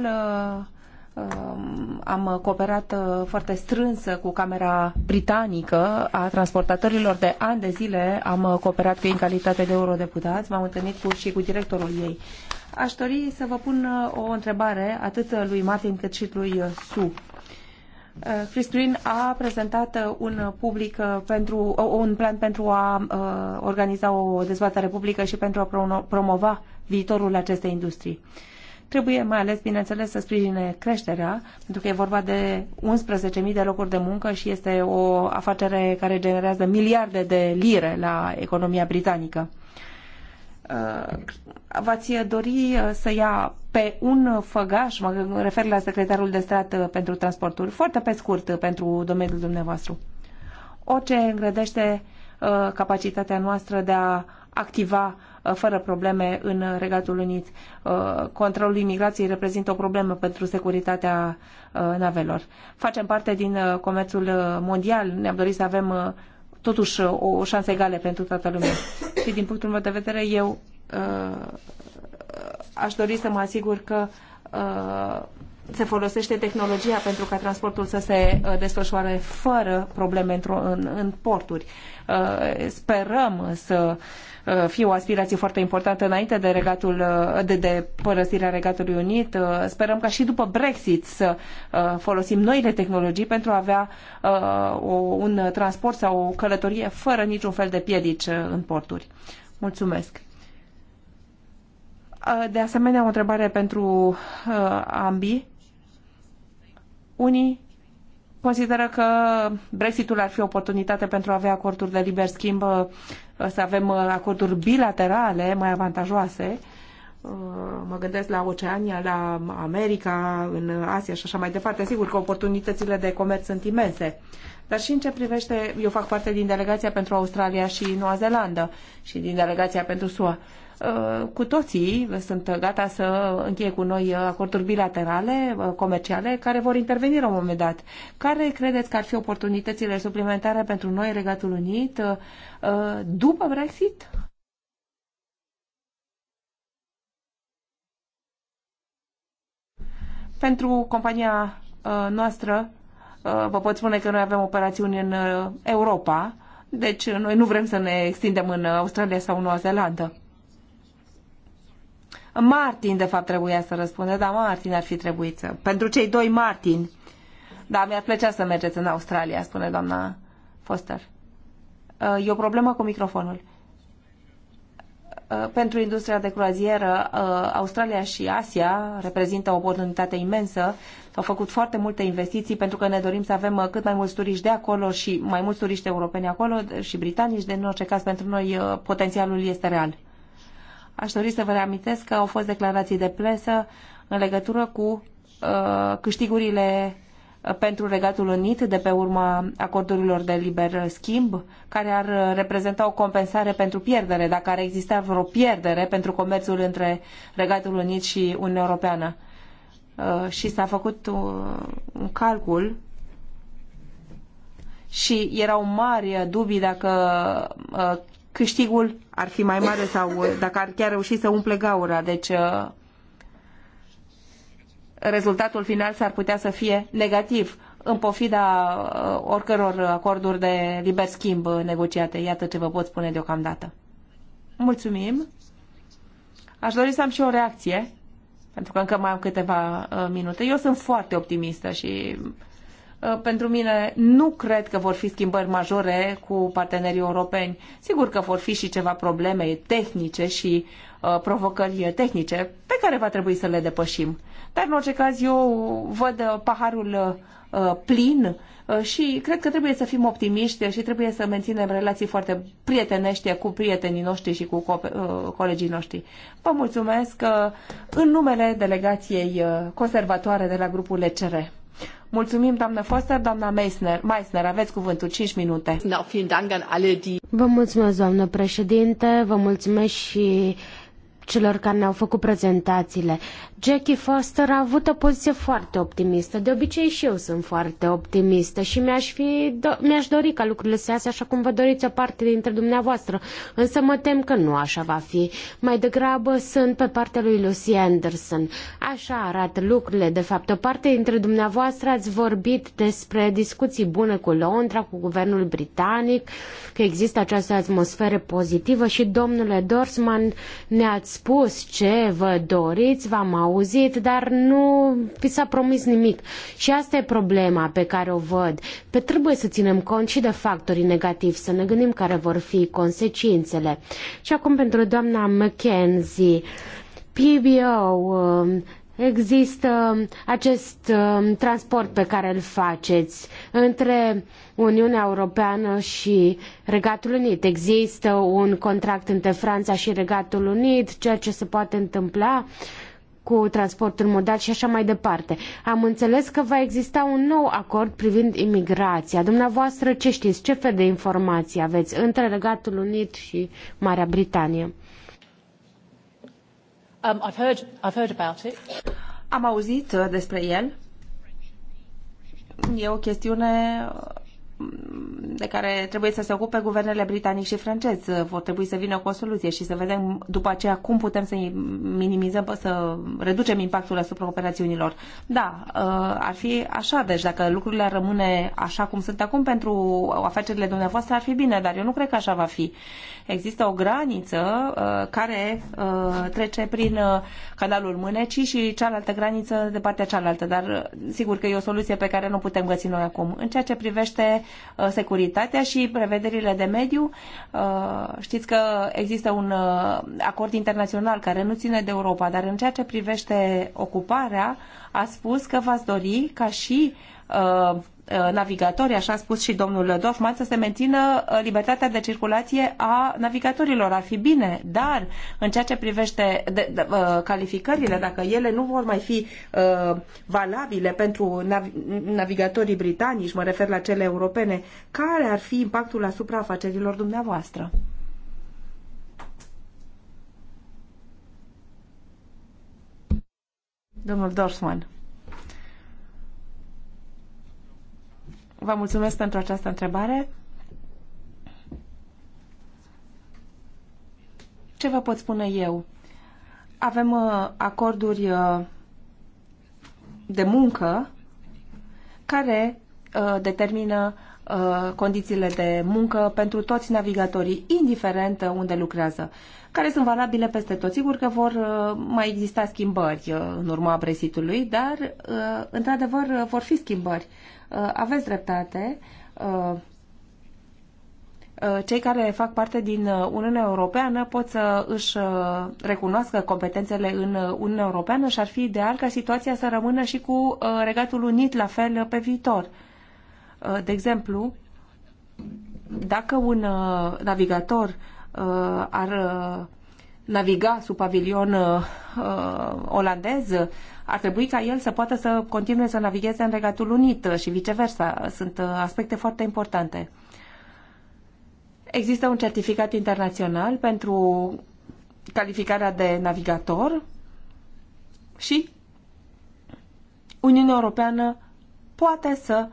Um, am cooperat uh, foarte strâns cu Camera Britanică a Transportatorilor de ani de zile. Am uh, cooperat cu ei în calitate de eurodeputați, m-am întâlnit cu, și cu directorul ei. Aș dori să vă pun uh, o întrebare atât lui Martin cât și lui Su. Chris Green a prezentat un public pentru un plan pentru a organiza o dezbatere publică și pentru a promova viitorul acestei industrii. Trebuie mai ales, bineînțeles, să sprijine creșterea, pentru că e vorba de 11.000 de locuri de muncă și este o afacere care generează miliarde de lire la economia britanică uh, v-ați dori uh, să ia pe un făgaș, mă refer la secretarul de stat uh, pentru transporturi, foarte pe scurt pentru domeniul dumneavoastră. Orice îngrădește capacitatea noastră de a activa fără probleme în Regatul Unit. Uh, controlul imigrației reprezintă o problemă pentru securitatea uh, navelor. Facem parte din uh, comerțul mondial, ne-am dorit să avem totuși o șansă egală pentru toată lumea. Și din punctul meu de vedere, eu aș dori să mă asigur că se folosește tehnologia pentru ca transportul să se desfășoare fără probleme în, în porturi. Sperăm să Uh, fie o aspirație foarte importantă înainte de, regatul, uh, de, de părăsirea Regatului Unit. Uh, sperăm ca și după Brexit să folosim noile tehnologii pentru a avea o, un transport sau o călătorie fără niciun fel de piedici în porturi. Mulțumesc! De asemenea, o întrebare pentru ambii. Unii consideră că Brexitul ar fi o oportunitate pentru a avea acorduri de liber schimb să avem uh, acorduri bilaterale mai avantajoase. Uh, mă gândesc la Oceania, la America, în Asia și așa mai departe. Sigur că oportunitățile de comerț sunt imense. Dar și în ce privește, eu fac parte din delegația pentru Australia și Noua Zeelandă și din delegația pentru SUA. Uh, cu toții sunt gata să încheie cu noi acorduri bilaterale, uh, comerciale, care vor interveni la un moment dat. Care credeți că ar fi oportunitățile suplimentare pentru noi, Regatul Unit, uh, după Brexit? Pentru compania noastră, vă pot spune că noi avem operațiuni în Europa, deci noi nu vrem să ne extindem în Australia sau Noua Zeelandă Martin, de fapt, trebuia să răspundă, dar Martin ar fi trebuit să... Pentru cei doi Martin. Da, mi-ar plăcea să mergeți în Australia, spune doamna Foster. Uh, e o problemă cu microfonul. Uh, pentru industria de croazieră, uh, Australia și Asia reprezintă o oportunitate imensă. S-au făcut foarte multe investiții pentru că ne dorim să avem cât mai mulți turiști de acolo și mai mulți turiști europeni acolo și britanici. De deci, în orice caz, pentru noi potențialul este real. Aș dori să vă reamintesc că au fost declarații de presă în legătură cu uh, câștigurile uh, pentru Regatul Unit de pe urma acordurilor de liber schimb, care ar uh, reprezenta o compensare pentru pierdere, dacă ar exista vreo pierdere pentru comerțul între Regatul Unit și Uniunea Europeană. Uh, și s-a făcut un calcul și erau mari dubii dacă câștigul ar fi mai mare sau uh, dacă ar chiar reuși să umple gaura. Deci uh, rezultatul final s-ar putea să fie negativ în pofida uh, oricăror acorduri de liber schimb negociate. Iată ce vă pot spune deocamdată. Mulțumim. Aș dori să am și o reacție, pentru că încă mai am câteva minute. Eu sunt foarte optimistă și Uh, pentru mine nu cred că vor fi schimbări majore cu partenerii europeni. Sigur că vor fi și ceva probleme tehnice și uh, provocări tehnice pe care va trebui să le depășim. Dar în orice caz eu văd uh, paharul uh, plin uh, și cred că trebuie să fim optimiști și trebuie să menținem relații foarte prietenește cu prietenii noștri și cu co colegii noștri. Vă mulțumesc în numele delegației conservatoare de la grupul ECR. Mulțumim, doamnă Foster, doamna Meissner. Meissner, aveți cuvântul, 5 minute. Da, vă mulțumesc, doamnă președinte, vă mulțumesc și celor care ne-au făcut prezentațiile. Jackie Foster a avut o poziție foarte optimistă. De obicei și eu sunt foarte optimistă și mi-aș, fi, do- mi-aș dori ca lucrurile să iasă așa cum vă doriți o parte dintre dumneavoastră. Însă mă tem că nu așa va fi. Mai degrabă sunt pe partea lui Lucy Anderson. Așa arată lucrurile. De fapt, o parte dintre dumneavoastră ați vorbit despre discuții bune cu Londra, cu guvernul britanic, că există această atmosferă pozitivă și domnule Dorsman ne-ați spus ce vă doriți, v-am auzit, dar nu vi s-a promis nimic. Și asta e problema pe care o văd. Pe trebuie să ținem cont și de factorii negativi, să ne gândim care vor fi consecințele. Și acum pentru doamna McKenzie, PBO, um, există acest um, transport pe care îl faceți între Uniunea Europeană și Regatul Unit. Există un contract între Franța și Regatul Unit, ceea ce se poate întâmpla cu transportul modal și așa mai departe. Am înțeles că va exista un nou acord privind imigrația. Dumneavoastră, ce știți? Ce fel de informații aveți între Regatul Unit și Marea Britanie? Um, I've heard, I've heard about it. Am auzit uh, despre el. E o chestiune uh, de care trebuie să se ocupe guvernele britanic și francez. Vor trebui să vină cu o soluție și să vedem după aceea cum putem să minimizăm, să reducem impactul asupra operațiunilor. Da, uh, ar fi așa, deci dacă lucrurile rămâne așa cum sunt acum pentru afacerile dumneavoastră, ar fi bine, dar eu nu cred că așa va fi. Există o graniță uh, care uh, trece prin uh, canalul Mânecii și cealaltă graniță de partea cealaltă, dar sigur că e o soluție pe care nu putem găsi noi acum. În ceea ce privește securitatea și prevederile de mediu, știți că există un acord internațional care nu ține de Europa, dar în ceea ce privește ocuparea, a spus că v-ați dori ca și uh, Uh, navigatori, așa a spus și domnul Dorfman, să se mențină uh, libertatea de circulație a navigatorilor. Ar fi bine, dar în ceea ce privește de, de, uh, calificările, dacă ele nu vor mai fi uh, valabile pentru nav navigatorii britanici, mă refer la cele europene, care ar fi impactul asupra afacerilor dumneavoastră? Domnul Dorsman. Vă mulțumesc pentru această întrebare. Ce vă pot spune eu? Avem uh, acorduri uh, de muncă care uh, determină condițiile de muncă pentru toți navigatorii, indiferent unde lucrează, care sunt valabile peste tot. Sigur că vor mai exista schimbări în urma Brexitului, dar, într-adevăr, vor fi schimbări. Uh, aveți dreptate. Uh, uh, cei care fac parte din Uniunea Europeană pot să își recunoască competențele în Uniunea Europeană și ar fi ideal ca situația să rămână și cu Regatul Unit la fel pe viitor. De exemplu, dacă un navigator ar naviga sub pavilion olandez, ar trebui ca el să poată să continue să navigheze în Regatul Unit și viceversa. Sunt uh, aspecte foarte importante. Există un certificat internațional pentru calificarea de navigator și Uniunea Europeană poate să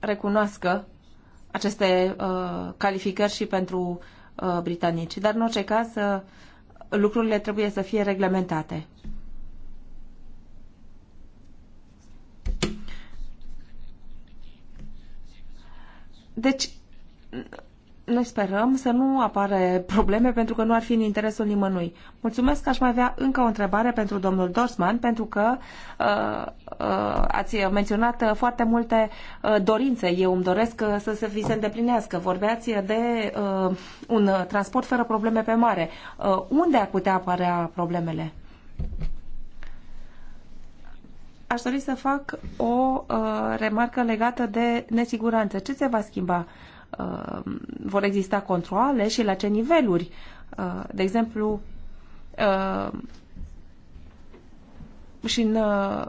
recunoască aceste uh, calificări și pentru uh, britanici. Dar, în orice caz, uh, lucrurile trebuie să fie reglementate. Deci, noi sperăm să nu apare probleme pentru că nu ar fi în interesul nimănui. Mulțumesc că aș mai avea încă o întrebare pentru domnul Dorsman, pentru că uh, uh, ați menționat foarte multe uh, dorințe. Eu îmi doresc uh, să se vi se îndeplinească. Vorbeați de uh, un transport fără probleme pe mare. Uh, unde ar putea apărea problemele? aș dori să fac o uh, remarcă legată de nesiguranță. Ce se va schimba? Uh, vor exista controle și la ce niveluri? Uh, de exemplu, uh, și în uh,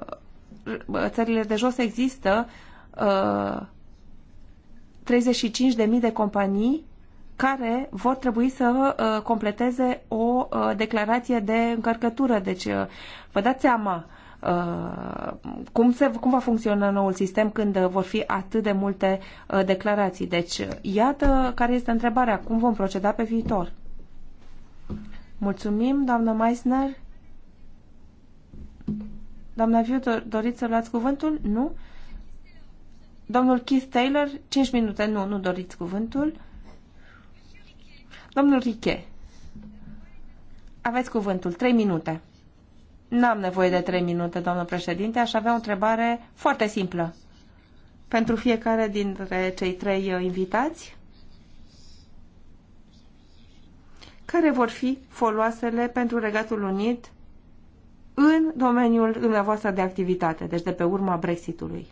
țările de jos există uh, 35.000 de companii care vor trebui să uh, completeze o uh, declarație de încărcătură. Deci, uh, vă dați seama, Uh, cum, se, cum va funcționa noul sistem când vor fi atât de multe uh, declarații. Deci, iată care este întrebarea. Cum vom proceda pe viitor? Mulțumim, doamnă Meissner. Doamna Viu, doriți să luați cuvântul? Nu? Domnul Keith Taylor, 5 minute. Nu, nu doriți cuvântul. Domnul Riche, aveți cuvântul, 3 minute. N-am nevoie de trei minute, doamnă președinte, aș avea o întrebare foarte simplă. Pentru fiecare dintre cei trei uh, invitați, care vor fi foloasele pentru Regatul Unit în domeniul dumneavoastră de activitate, deci de pe urma Brexitului?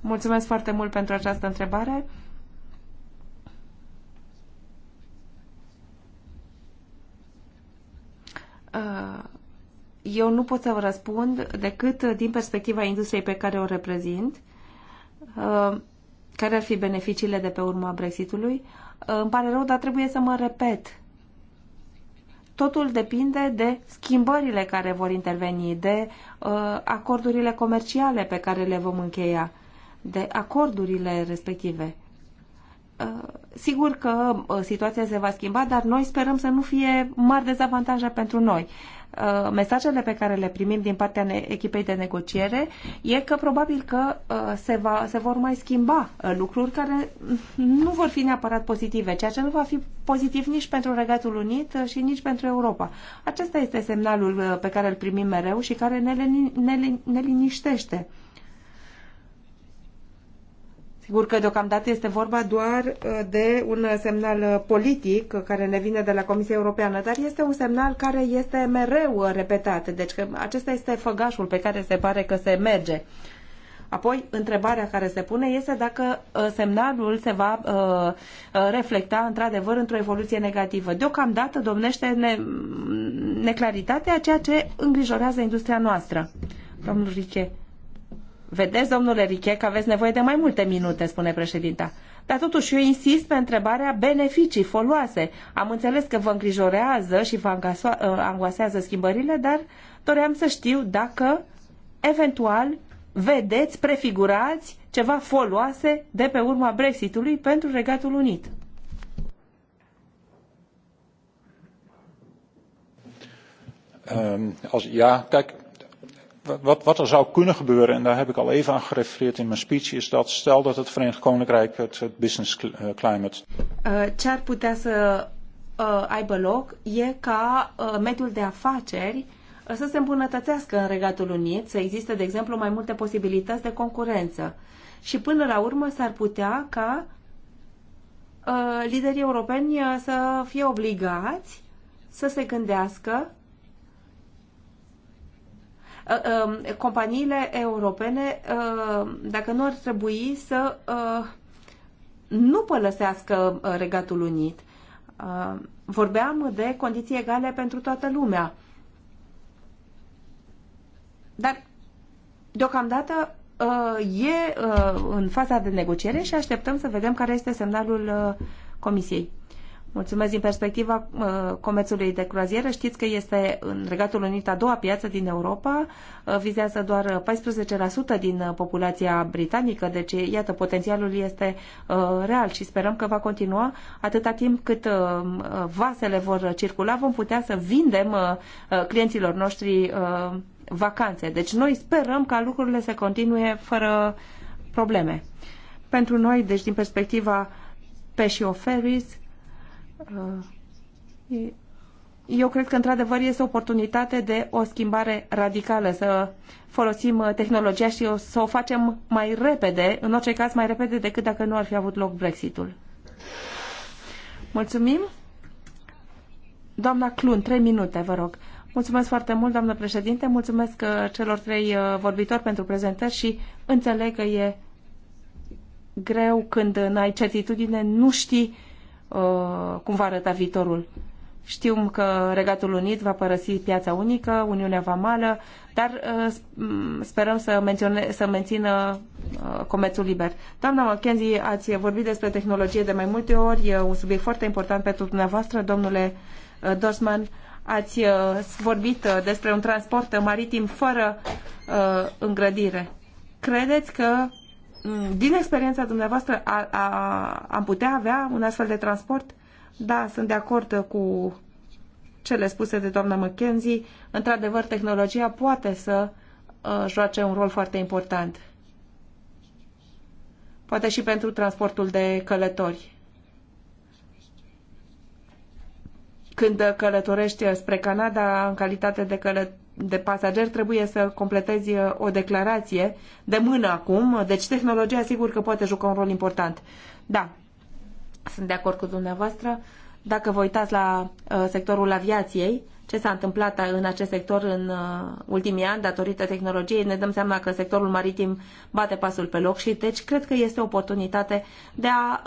Mulțumesc foarte mult pentru această întrebare. Uh, eu nu pot să vă răspund decât din perspectiva industriei pe care o reprezint, uh, care ar fi beneficiile de pe urma Brexitului. Uh, îmi pare rău, dar trebuie să mă repet. Totul depinde de schimbările care vor interveni, de acordurile comerciale pe care le vom încheia, de acordurile respective. Uh, sigur că uh, situația se va schimba, dar noi sperăm să nu fie mari dezavantaje pentru noi. Uh, mesajele pe care le primim din partea echipei de negociere e că probabil că se, va, se vor mai schimba lucruri care nu vor fi neapărat pozitive, ceea ce nu va fi pozitiv nici pentru Regatul Unit și nici pentru Europa. Acesta este semnalul pe care îl primim mereu și care ne, ne, ne, ne liniștește Sigur că deocamdată este vorba doar uh, de un semnal uh, politic care ne vine de la Comisia Europeană, dar este un semnal care este mereu uh, repetat. Deci că acesta este făgașul pe care se pare că se merge. Apoi, întrebarea care se pune este dacă semnalul se va reflecta într-adevăr într-o evoluție negativă. Deocamdată domnește neclaritatea, ceea ce îngrijorează industria noastră. Domnul Riche. Vedeți, domnule Riche, că aveți nevoie de mai multe minute, spune președinta. Dar totuși eu insist pe întrebarea beneficii, foloase. Am înțeles că vă îngrijorează și vă ă, angoasează schimbările, dar doream să știu dacă eventual vedeți, prefigurați ceva foloase de pe urma Brexitului pentru Regatul Unit. Um, als, ja, kijk, wat, wat er zou kunnen gebeuren, en daar heb ik al even aan gerefereerd in mijn speech, is dat stel dat het Verenigd Koninkrijk het, het business eh, climate. Uh, ce ar putea să uh, aibă loc e ca uh, mediul de afaceri să se îmbunătățească în Regatul Unit, să existe, de exemplu, mai multe posibilități de concurență. Și până la urmă s-ar putea ca uh, liderii europeni să fie obligați să se gândească Uh, um, companiile europene, uh, dacă nu ar trebui să uh, nu părăsească Regatul Unit. Vorbeam de condiții egale pentru toată lumea. Dar, deocamdată, e în faza de negociere și așteptăm să vedem care este semnalul Comisiei. Mulțumesc din perspectiva uh, comerțului de croazieră. Știți că este în Regatul Unit a doua piață din Europa, uh, vizează doar 14% din uh, populația britanică, deci iată, potențialul este real și sperăm că va continua atâta timp cât vasele vor circula, vom putea să vindem clienților noștri vacanțe. Deci noi sperăm ca lucrurile să continue fără probleme. Pentru noi, deci din perspectiva pe și oferis, Ah, eu cred că, într-adevăr, este o oportunitate de o schimbare radicală, să folosim uh, tehnologia și să o facem mai repede, în orice caz mai repede decât dacă nu ar fi avut loc Brexitul. Mulțumim. Doamna Clun, trei minute, vă rog. Mulțumesc foarte mult, doamnă președinte, mulțumesc uh, celor trei uh, vorbitori pentru prezentări și înțeleg că e greu când n-ai certitudine, nu știi Uh, cum va arăta viitorul. Știm că Regatul Unit va părăsi piața unică, Uniunea Vamală, dar uh, sperăm să, mențione, să mențină uh, comerțul liber. Doamna McKenzie, ați vorbit despre tehnologie de mai multe ori, e un subiect foarte important pentru dumneavoastră, domnule Dorsman. Ați vorbit despre un transport maritim fără îngrădire. Credeți că Mm, din experiența dumneavoastră, a, a, am putea avea un astfel de transport? Da, sunt de acord cu cele spuse de doamna McKenzie. Într-adevăr, tehnologia poate să uh, joace un rol foarte important. Poate și pentru transportul de călători. Când călătorești spre Canada în calitate de călător, de pasager trebuie să completezi uh, o declarație de mână acum, deci tehnologia sigur că poate juca un rol important. Da, sunt de acord cu dumneavoastră. Dacă vă uitați la uh, sectorul aviației, ce s-a întâmplat în acest sector în uh, ultimii ani datorită tehnologiei, ne dăm seama că sectorul maritim bate pasul pe loc și deci cred că este o oportunitate de a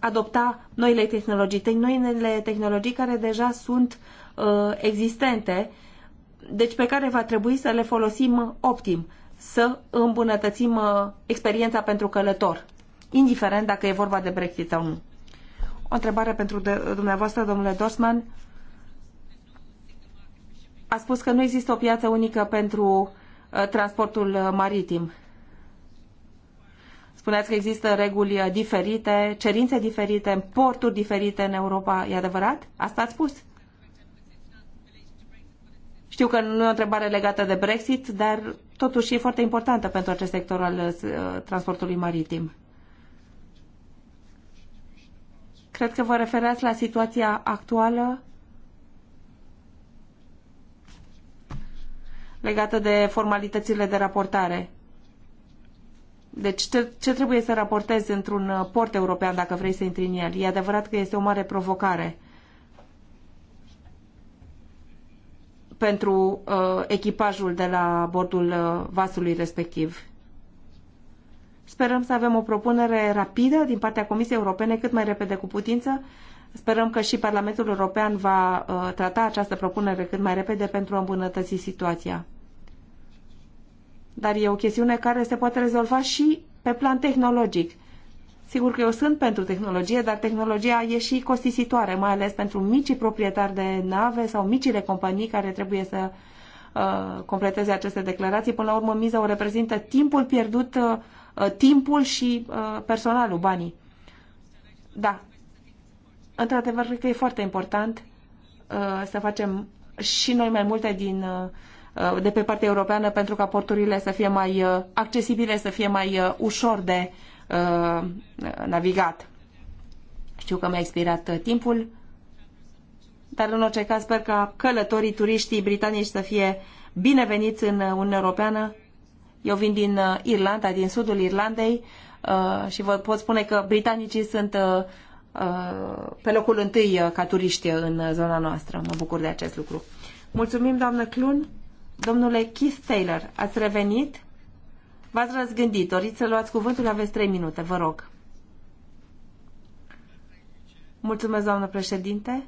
adopta noile tehnologii, noile tehnologii care deja sunt existente deci pe care va trebui să le folosim optim, să îmbunătățim uh, experiența pentru călător, indiferent dacă e vorba de Brexit sau nu. O întrebare pentru dumneavoastră, domnule Dorsman. A spus că nu există o piață unică pentru uh, transportul maritim. Spuneați că există reguli uh, diferite, cerințe diferite, porturi diferite în Europa. E adevărat? Asta ați spus? Știu că nu e o întrebare legată de Brexit, dar totuși e foarte importantă pentru acest sector al uh, transportului maritim. Cred că vă referați la situația actuală legată de formalitățile de raportare. Deci ce, ce trebuie să raportezi într-un uh, port european dacă vrei să intri în el? E adevărat că este o mare provocare pentru uh, echipajul de la bordul uh, vasului respectiv. Sperăm să avem o propunere rapidă din partea Comisiei Europene cât mai repede cu putință. Sperăm că și Parlamentul European va uh, trata această propunere cât mai repede pentru a îmbunătăți situația. Dar e o chestiune care se poate rezolva și pe plan tehnologic. Sigur că eu sunt pentru tehnologie, dar tehnologia e și costisitoare, mai ales pentru micii proprietari de nave sau micile companii care trebuie să uh, completeze aceste declarații. Până la urmă, miza o reprezintă timpul pierdut, uh, uh timpul și uh, personalul, banii. Da. Într-adevăr, cred că e foarte important uh, să facem și noi mai multe din uh, de pe partea europeană pentru ca porturile să fie mai accesibile, să fie mai ușor de Uh, navigat. Știu că mi-a expirat uh, timpul, dar în orice caz sper ca călătorii turiștii britanici să fie bineveniți în uh, Uniunea Europeană. Eu vin din Irlanda, din sudul Irlandei și vă pot spune că britanicii sunt pe locul întâi ca turiști în zona noastră. Mă bucur de acest lucru. Mulțumim, doamnă Clun. Domnule Keith Taylor, ați revenit? V-ați răzgândit. Doriți să luați cuvântul? Aveți trei minute, vă rog. Mulțumesc, doamnă președinte.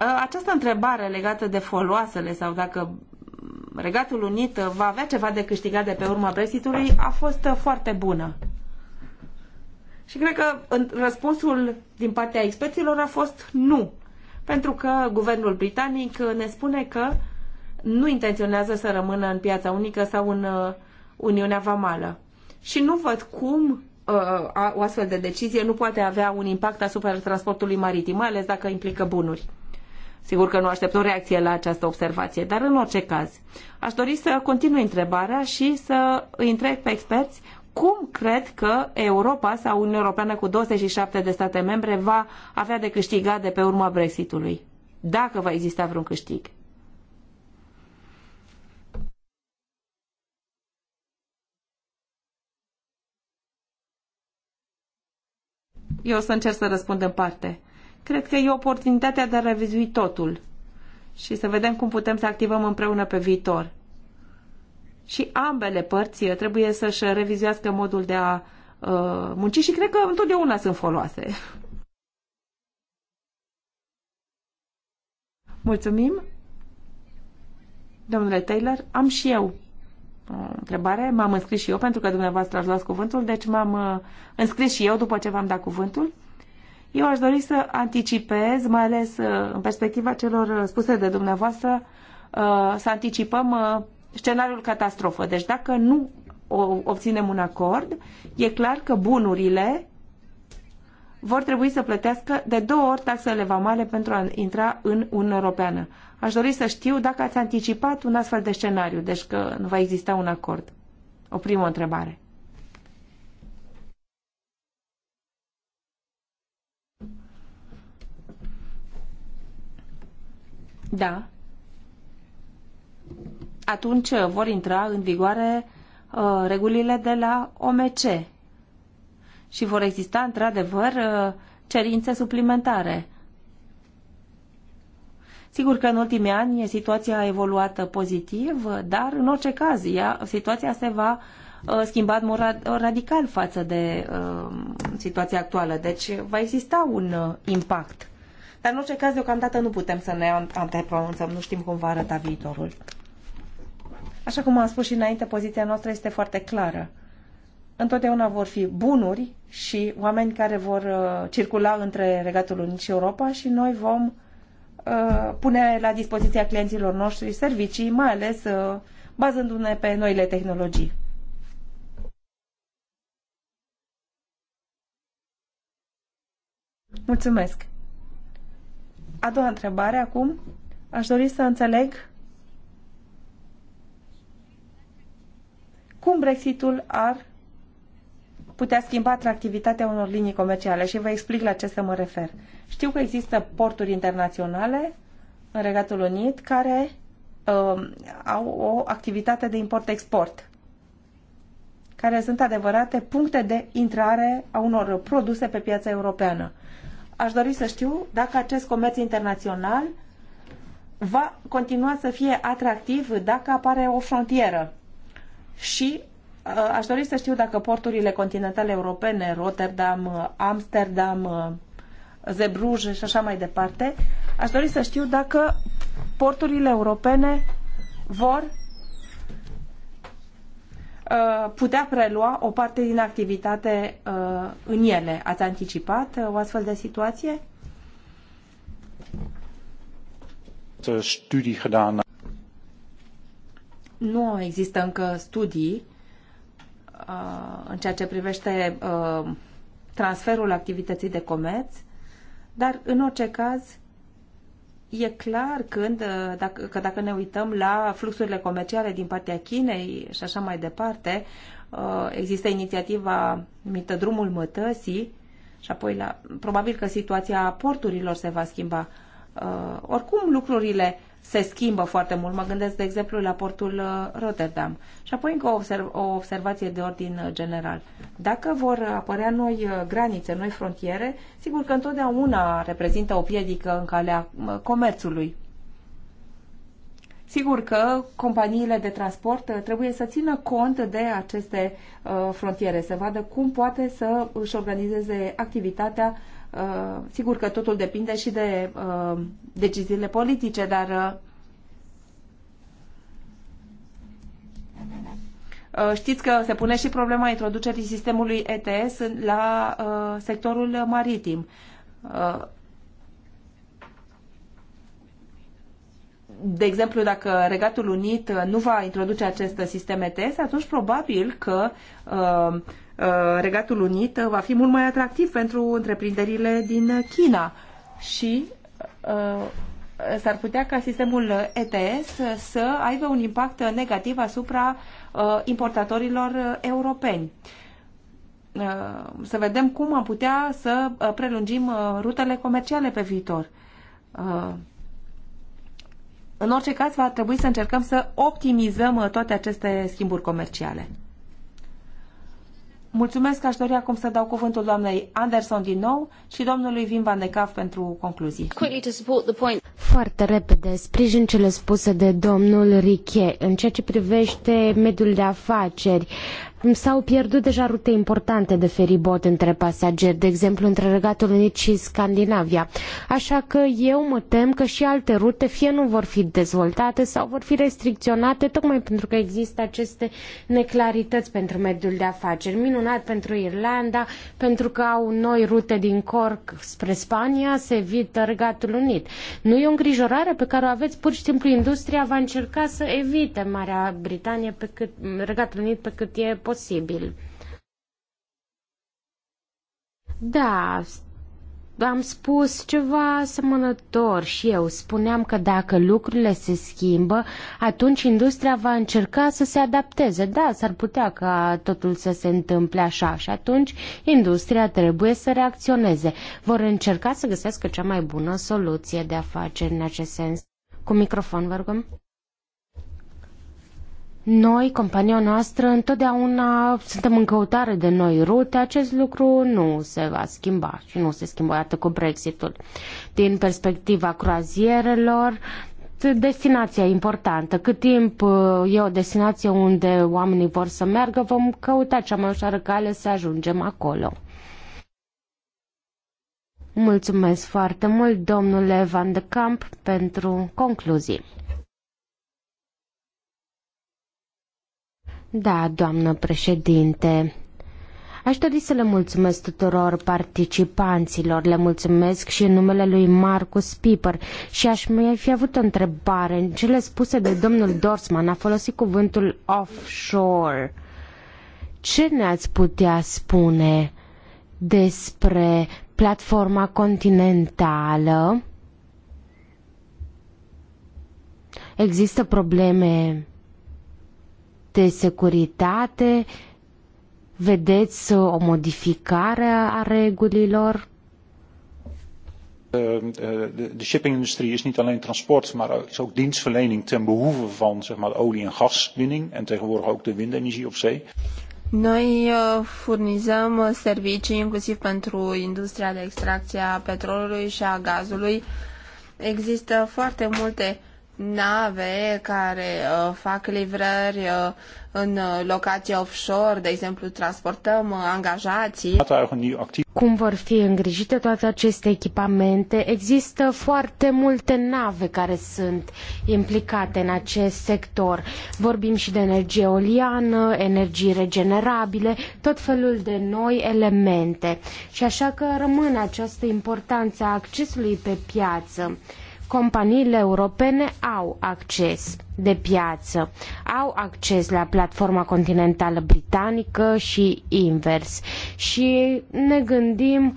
Ă, această întrebare legată de foloasele sau dacă Regatul Unit va avea ceva de câștigat de pe urma Brexitului a fost foarte bună. Și cred că răspunsul din partea experților a fost nu pentru că guvernul britanic ne spune că nu intenționează să rămână în piața unică sau în uh, Uniunea Vamală. Și nu văd cum uh, o astfel de decizie nu poate avea un impact asupra transportului maritim, mai ales dacă implică bunuri. Sigur că nu aștept o reacție la această observație, dar în orice caz, aș dori să continui întrebarea și să îi întreb pe experți cum cred că Europa sau Uniunea Europeană cu 27 de state membre va avea de câștigat de pe urma Brexitului? Dacă va exista vreun câștig? Eu o să încerc să răspund în parte. Cred că e oportunitatea de a revizui totul și să vedem cum putem să activăm împreună pe viitor și ambele părți trebuie să-și revizuiască modul de a uh, munci și cred că întotdeauna sunt foloase. Mulțumim. Domnule Taylor, am și eu o uh, întrebare. M-am înscris și eu pentru că dumneavoastră ați luat cuvântul, deci m-am uh, înscris și eu după ce v-am dat cuvântul. Eu aș dori să anticipez, mai ales uh, în perspectiva celor uh, spuse de dumneavoastră, uh, să anticipăm scenariul catastrofă. Deci dacă nu obținem un acord, e clar că bunurile vor trebui să plătească de două ori taxele vamale pentru a intra în Uniunea Europeană. Aș dori să știu dacă ați anticipat un astfel de scenariu, deci că nu va exista un acord. O primă întrebare. Da, atunci vor intra în vigoare uh, regulile de la OMC și vor exista într-adevăr uh, cerințe suplimentare. Sigur că în ultimii ani situația a evoluat pozitiv, dar în orice caz ea, situația se va uh, schimba în mod radical față de uh, situația actuală. Deci va exista un uh, impact. Dar în orice caz, deocamdată nu putem să ne antepronunțăm, nu știm cum va arăta viitorul. Așa cum am spus și înainte, poziția noastră este foarte clară. Întotdeauna vor fi bunuri și oameni care vor uh, circula între Regatul Unit și Europa și noi vom uh, pune la dispoziția clienților noștri servicii, mai ales uh, bazându-ne pe noile tehnologii. Mulțumesc. A doua întrebare acum. Aș dori să înțeleg cum Brexitul ar putea schimba atractivitatea unor linii comerciale și vă explic la ce să mă refer. Știu că există porturi internaționale în Regatul Unit care uh, au o activitate de import-export, care sunt adevărate puncte de intrare a unor produse pe piața europeană. Aș dori să știu dacă acest comerț internațional va continua să fie atractiv dacă apare o frontieră și uh, aș dori să știu dacă porturile continentale europene, Rotterdam, uh, Amsterdam, uh, Zebruge și așa mai departe, aș dori să știu dacă porturile europene vor putea prelua o parte din activitate în ele. Ați anticipat o astfel de situație? Studii gedaan nu există încă studii uh, în ceea ce privește uh, transferul activității de comerț, dar în orice caz e clar când, uh, dacă, că dacă ne uităm la fluxurile comerciale din partea Chinei și așa mai departe, există inițiativa numită Drumul Mătăsii și apoi la, probabil că situația porturilor se va schimba. Oricum lucrurile se schimbă foarte mult. Mă gândesc, de exemplu, la portul uh, Rotterdam. Și apoi încă o, observ- o observație de ordin uh, general. Dacă vor apărea noi uh, granițe, noi frontiere, sigur că întotdeauna reprezintă o piedică în calea comerțului. Sigur că companiile de transport trebuie să țină cont de aceste frontiere, să vadă cum poate să își organizeze activitatea Uh, sigur că totul depinde și de uh, deciziile politice, dar uh, Știți că se pune și problema introducerii sistemului ETS la sectorul maritim. de exemplu, dacă Regatul Unit nu va introduce acest sistem ETS, atunci probabil că uh, Uh, Regatul Unit va fi mult mai atractiv pentru întreprinderile din China și uh, s-ar putea ca sistemul ETS să aibă un impact negativ asupra uh, importatorilor europeni. Să vedem cum am putea să prelungim rutele comerciale pe viitor. În orice caz, va trebui să încercăm să optimizăm toate aceste schimburi comerciale. Mulțumesc, aș dori acum să dau cuvântul doamnei Anderson din nou și domnului Vim Van de Caf pentru concluzii. Foarte repede, sprijin cele spuse de domnul Riche în ceea ce privește mediul de afaceri. S-au pierdut deja rute importante de feribot între pasageri, de exemplu între Regatul Unit și Scandinavia. Așa că eu mă tem că și alte rute fie nu vor fi dezvoltate sau vor fi restricționate, tocmai pentru că există aceste neclarități pentru mediul de afaceri. Minunat pentru Irlanda, pentru că au noi rute din Cork spre Spania, se evită Regatul Unit. Nu e o îngrijorare pe care o aveți, pur și simplu industria va încerca să evite Marea Britanie pe cât, Regatul Unit pe cât e posibil posibil. Da, am spus ceva asemănător și eu. Spuneam că dacă lucrurile se schimbă, atunci industria va încerca să se adapteze. Da, s-ar putea ca totul să se întâmple așa și atunci industria trebuie să reacționeze. Vor încerca să găsească cea mai bună soluție de a face în acest sens. Cu microfon, vă rugăm. Noi, compania noastră, întotdeauna suntem în căutare de noi rute. Acest lucru nu se va schimba și nu se schimbă iată cu Brexitul. Din perspectiva croazierelor, destinația importantă. Cât timp uh, e o destinație unde oamenii vor să meargă, vom căuta cea mai ușoară cale să ajungem acolo. Mulțumesc foarte mult, domnule Van de Camp, pentru concluzii. Da, doamnă președinte. Aș dori să le mulțumesc tuturor participanților, le mulțumesc și în numele lui Marcus Piper și aș mai fi avut o întrebare. În cele spuse de domnul Dorsman a folosit cuvântul offshore. Ce ne-ați putea spune despre platforma continentală? Există probleme de securitate? Vedeți uh, o modificare a regulilor? Eh, eh, de shippingindustrie is niet alleen transport, maar is ook dienstverlening ten behoeve van zeg maar, olie- en gaswinning en tegenwoordig ook de windenergie op zee. Noi eh, furnizăm servicii inclusiv pentru industria de extracție a petrolului și a gazului. Există foarte multe nave care uh, fac livrări uh, în locații offshore, de exemplu transportăm uh, angajații. Cum vor fi îngrijite toate aceste echipamente? Există foarte multe nave care sunt implicate în acest sector. Vorbim și de energie oliană, energii regenerabile, tot felul de noi elemente. Și așa că rămâne această importanță a accesului pe piață companiile europene au acces de piață, au acces la platforma continentală britanică și invers. Și ne gândim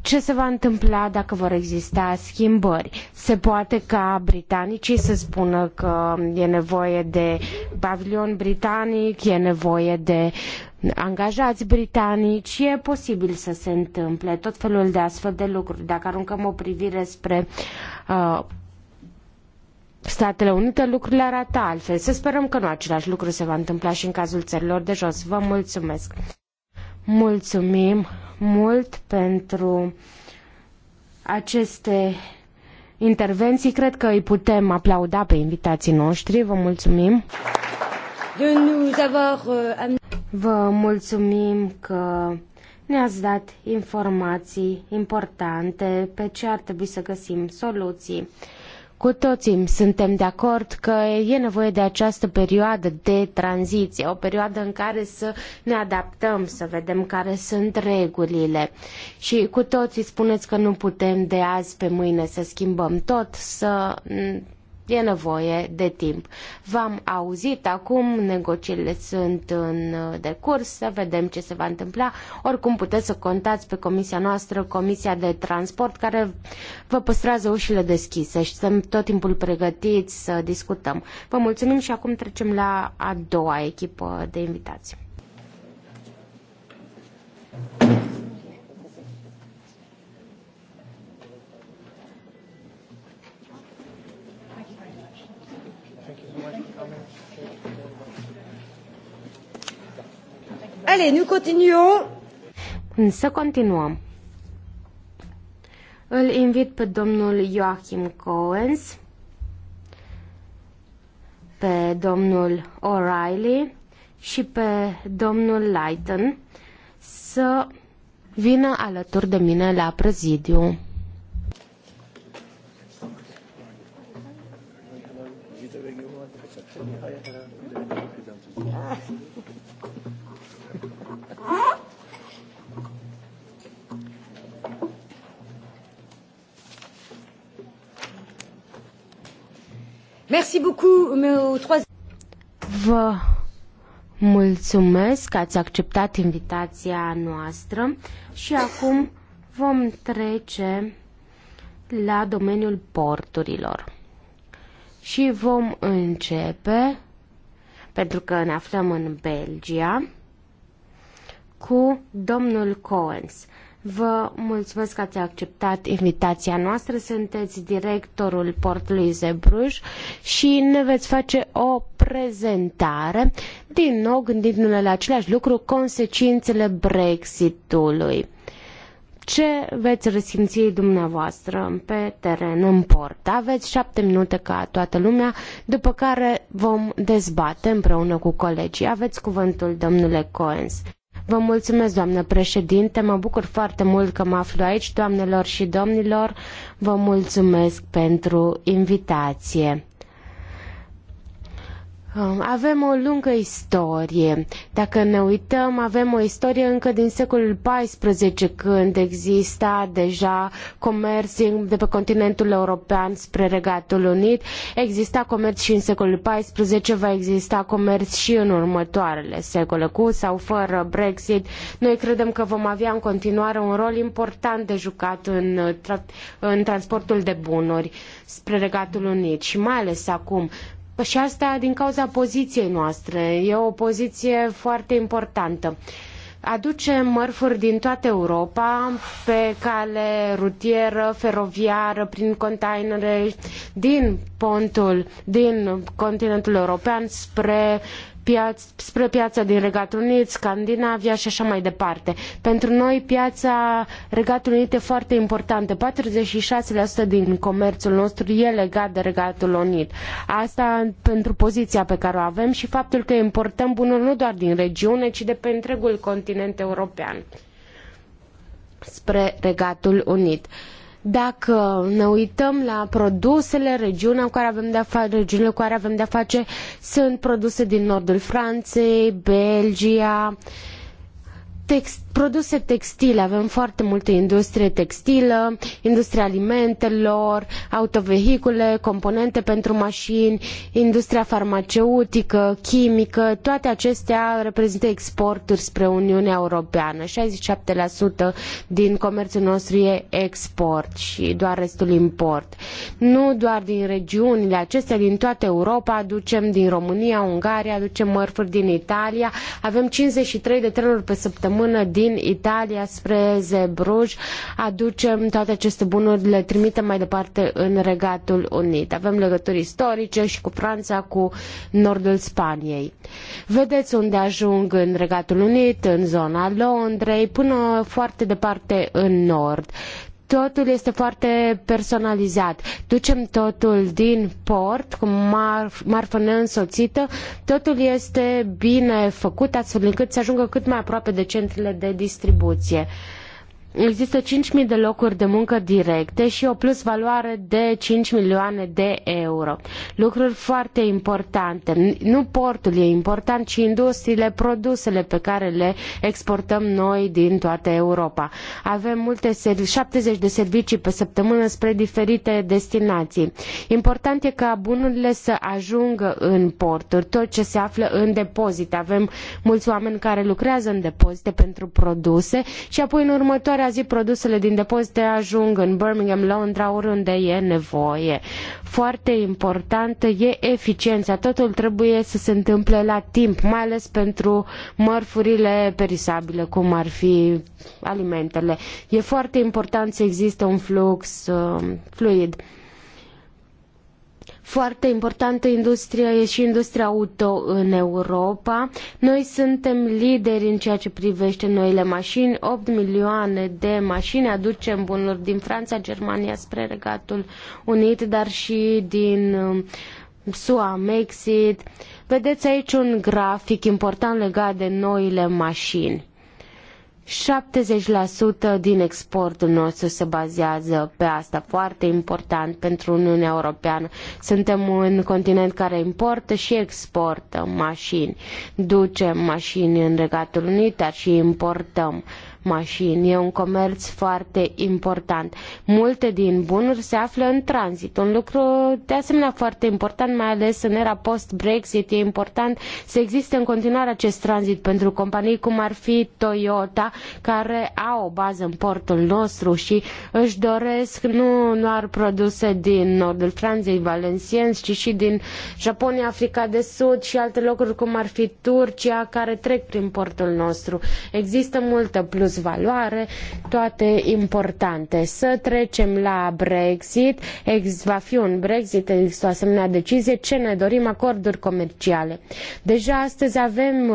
ce se va întâmpla dacă vor exista schimbări. Se poate ca britanicii să spună că e nevoie de pavilion britanic, e nevoie de angajați britanici, e posibil să se întâmple tot felul de astfel de lucruri. Dacă aruncăm o privire spre uh, Statele Unite, lucrurile arată altfel. Să sperăm că nu același lucru se va întâmpla și în cazul țărilor de jos. Vă mulțumesc! Mulțumim mult pentru aceste intervenții. Cred că îi putem aplauda pe invitații noștri. Vă mulțumim! de nous avoir euh, amené. Vă mulțumim că ne-ați dat informații importante pe ce ar trebui să găsim soluții. Cu toții suntem de acord că e nevoie de această perioadă de tranziție, o perioadă în care să ne adaptăm, să vedem care sunt regulile. Și cu toții spuneți că nu putem de azi pe mâine să schimbăm tot, să E nevoie de timp. V-am auzit acum, negocierile sunt în uh, decurs, să vedem ce se va întâmpla. Oricum puteți să contați pe comisia noastră, Comisia de Transport, care vă păstrează ușile deschise și suntem tot timpul pregătiți să discutăm. Vă mulțumim și acum trecem la a doua echipă de invitați. Allez, nous continuons. Să continuăm. Îl invit pe domnul Joachim Coens, pe domnul O'Reilly și pe domnul Leighton să vină alături de mine la prezidiu. Merci beaucoup, Vă mulțumesc că ați acceptat invitația noastră și acum vom trece la domeniul porturilor. Și vom începe, pentru că ne aflăm în Belgia, cu domnul Coens. Vă mulțumesc că ați acceptat invitația noastră. Sunteți directorul portului Zebruș și ne veți face o prezentare, din nou gândindu-ne la același lucru, consecințele Brexitului. Ce veți resimți dumneavoastră pe teren, în port? Aveți șapte minute ca toată lumea, după care vom dezbate împreună cu colegii. Aveți cuvântul, domnule Coens. Vă mulțumesc, doamnă președinte, mă bucur foarte mult că mă aflu aici, doamnelor și domnilor, vă mulțumesc pentru invitație. Um, avem o lungă istorie. Dacă ne uităm, avem o istorie încă din secolul XIV, când exista deja comerț de pe continentul european spre Regatul Unit. Exista comerț și în secolul XIV, va exista comerț și în următoarele secole, cu sau fără Brexit. Noi credem că vom avea în continuare un rol important de jucat în, tra în transportul de bunuri spre Regatul Unit și mai ales acum și asta din cauza poziției noastre. E o poziție foarte importantă. Aducem mărfuri din toată Europa pe cale rutieră, feroviară, prin containere, din pontul, din continentul european spre uh, piaț- spre piața din Regatul Unit, Scandinavia și așa mai departe. Pentru noi piața Regatului Unit e foarte importantă. 46% din comerțul nostru e legat de Regatul Unit. Asta pentru poziția pe care o avem și faptul că importăm bunuri nu doar din regiune, ci de pe întregul continent european spre Regatul Unit. Uh, dacă ne uităm la produsele, regiunea cu care avem de-a face, regiunile cu care avem de-a face, sunt produse din nordul Franței, Belgia, text, produse textile, avem foarte multă industrie textilă, industria alimentelor, autovehicule, componente pentru mașini, industria farmaceutică, chimică, toate acestea reprezintă exporturi spre Uniunea Europeană. 67% din comerțul nostru e export și doar restul import. Nu doar din regiunile acestea, din toată Europa, aducem din România, Ungaria, aducem mărfuri din Italia, avem 53 de trenuri pe săptămână din din Italia spre Zebruj, aducem toate aceste bunuri, le trimitem mai departe în Regatul Unit. Avem legături istorice și cu Franța, cu nordul Spaniei. Vedeți unde ajung în Regatul Unit, în zona Londrei, până foarte departe în nord totul este foarte personalizat. Ducem totul din port, cu marf, marfă neînsoțită, totul este bine făcut astfel încât să ajungă cât mai aproape de centrele de distribuție. Uh, Există 5.000 de locuri de muncă directe și o plusvaloare de 5 milioane de euro. Lucruri foarte importante. Nu portul e important, ci industriile, produsele pe care le exportăm noi din toată Europa. Avem multe 70 de servicii pe săptămână spre diferite destinații. Important e ca bunurile să ajungă în porturi, tot ce se află în depozite. Avem mulți oameni care lucrează în depozite pentru produse și apoi în următoarea fiecare zi produsele din depozite ajung în Birmingham, Londra, oriunde e nevoie. Foarte importantă e eficiența. Totul trebuie să se întâmple la timp, mai ales pentru mărfurile perisabile, cum ar fi alimentele. E foarte important să existe un flux uh, fluid foarte importantă industrie e și industria auto în Europa. Noi suntem lideri în ceea ce privește noile mașini. 8 milioane de mașini aducem bunuri din Franța, Germania spre Regatul Unit, dar și din um, SUA, Mexic. Vedeți aici un grafic important legat de noile mașini. 70% din exportul nostru se bazează pe asta, foarte important pentru Uniunea Europeană. Suntem un continent care importă și exportă mașini. Ducem mașini în Regatul Unit, dar și importăm uh, mașini. E un comerț foarte important. Multe din bunuri se află în tranzit. Un lucru de asemenea foarte important, mai ales în era post-Brexit, e important să existe în continuare acest tranzit pentru companii cum ar fi Toyota, care au o bază în portul nostru și își doresc nu doar produse din nordul Franței, Valenciennes, ci și din Japonia, Africa de Sud și alte locuri cum ar fi Turcia, care trec prin portul nostru. Există multă plus plus valoare, toate importante. Să trecem la Brexit. Ex, va fi un Brexit, există o asemenea decizie. Ce ne dorim? Acorduri comerciale. Deja astăzi avem,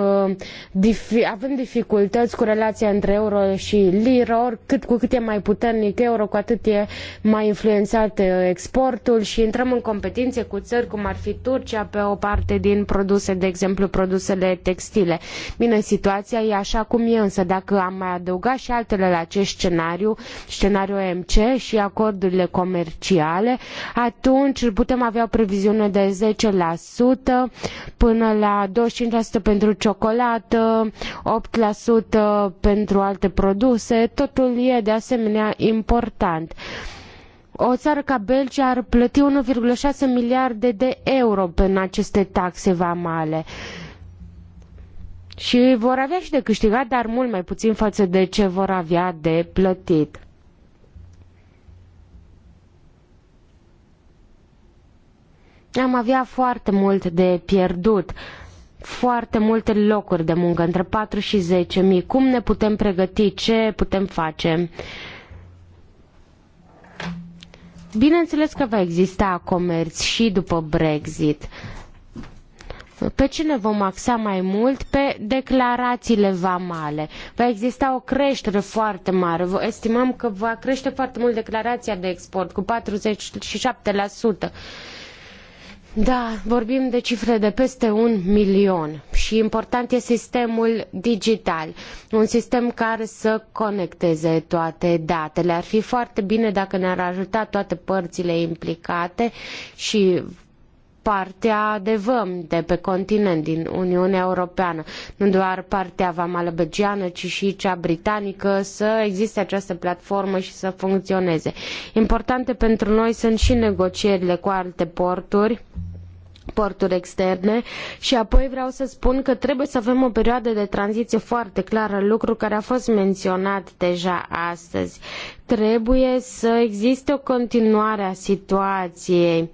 uh, avem dificultăți cu relația între euro și liră, cât, cu cât e mai puternic euro, cu atât e mai influențat uh, exportul și intrăm în competiție cu țări cum ar fi Turcia pe o parte din produse, de exemplu produsele textile. Bine, situația e așa cum e, însă dacă am mai adăuga și altele la acest scenariu, scenariul MC și acordurile comerciale, atunci putem avea o previziune de 10% până la 25% pentru ciocolată, 8% pentru alte produse. Totul e de asemenea important o țară ca Belgia ar plăti 1,6 miliarde de euro în aceste taxe vamale. Și vor avea și de câștigat, dar mult mai puțin față de ce vor avea de plătit. Am avea foarte mult de pierdut, foarte multe locuri de muncă, între 4 și 10 mii. Cum ne putem pregăti? Ce putem face? Bineînțeles că va exista comerț și după Brexit. Pe cine vom axa mai mult? Pe declarațiile vamale. Va exista o creștere foarte mare. Estimăm că va crește foarte mult declarația de export, cu 47%. Da, vorbim de cifre de peste un milion și important e sistemul digital, un sistem care să conecteze toate datele. Ar fi foarte bine dacă ne-ar ajuta toate părțile implicate și partea de văm de pe continent din Uniunea Europeană, nu doar partea vamală belgiană, ci și cea britanică, să existe această platformă și să funcționeze. Importante pentru noi sunt și negocierile cu alte porturi porturi externe și apoi vreau să spun că trebuie să avem o perioadă de tranziție foarte clară, lucru care a fost menționat deja astăzi. Trebuie să existe o continuare a situației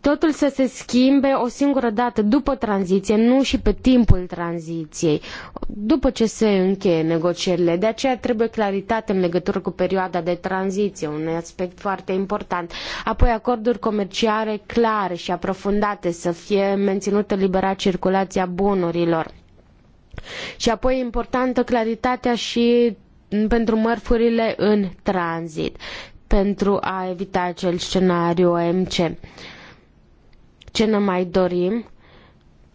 totul să se schimbe o singură dată după tranziție, nu și pe timpul tranziției, după ce se încheie negocierile. De aceea trebuie claritate în legătură cu perioada de tranziție, un aspect foarte important. Apoi acorduri comerciale clare și aprofundate, să fie menținută libera circulația bunurilor. Și apoi e importantă claritatea și pentru mărfurile în tranzit pentru a evita acel scenariu OMC ce ne mai dorim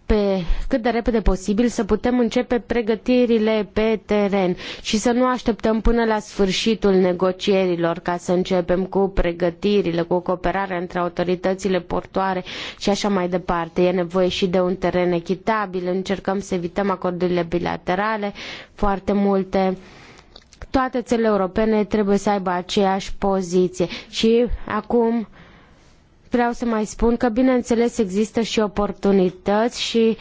pe cât de repede posibil să putem începe pregătirile pe teren și să nu așteptăm până la sfârșitul negocierilor ca să începem cu pregătirile, cu cooperarea între autoritățile portoare și așa mai departe. E nevoie și de un teren echitabil, încercăm să evităm acordurile bilaterale, foarte multe toate țările europene trebuie să aibă aceeași poziție. Și acum vreau să mai spun că, bineînțeles, există și oportunități și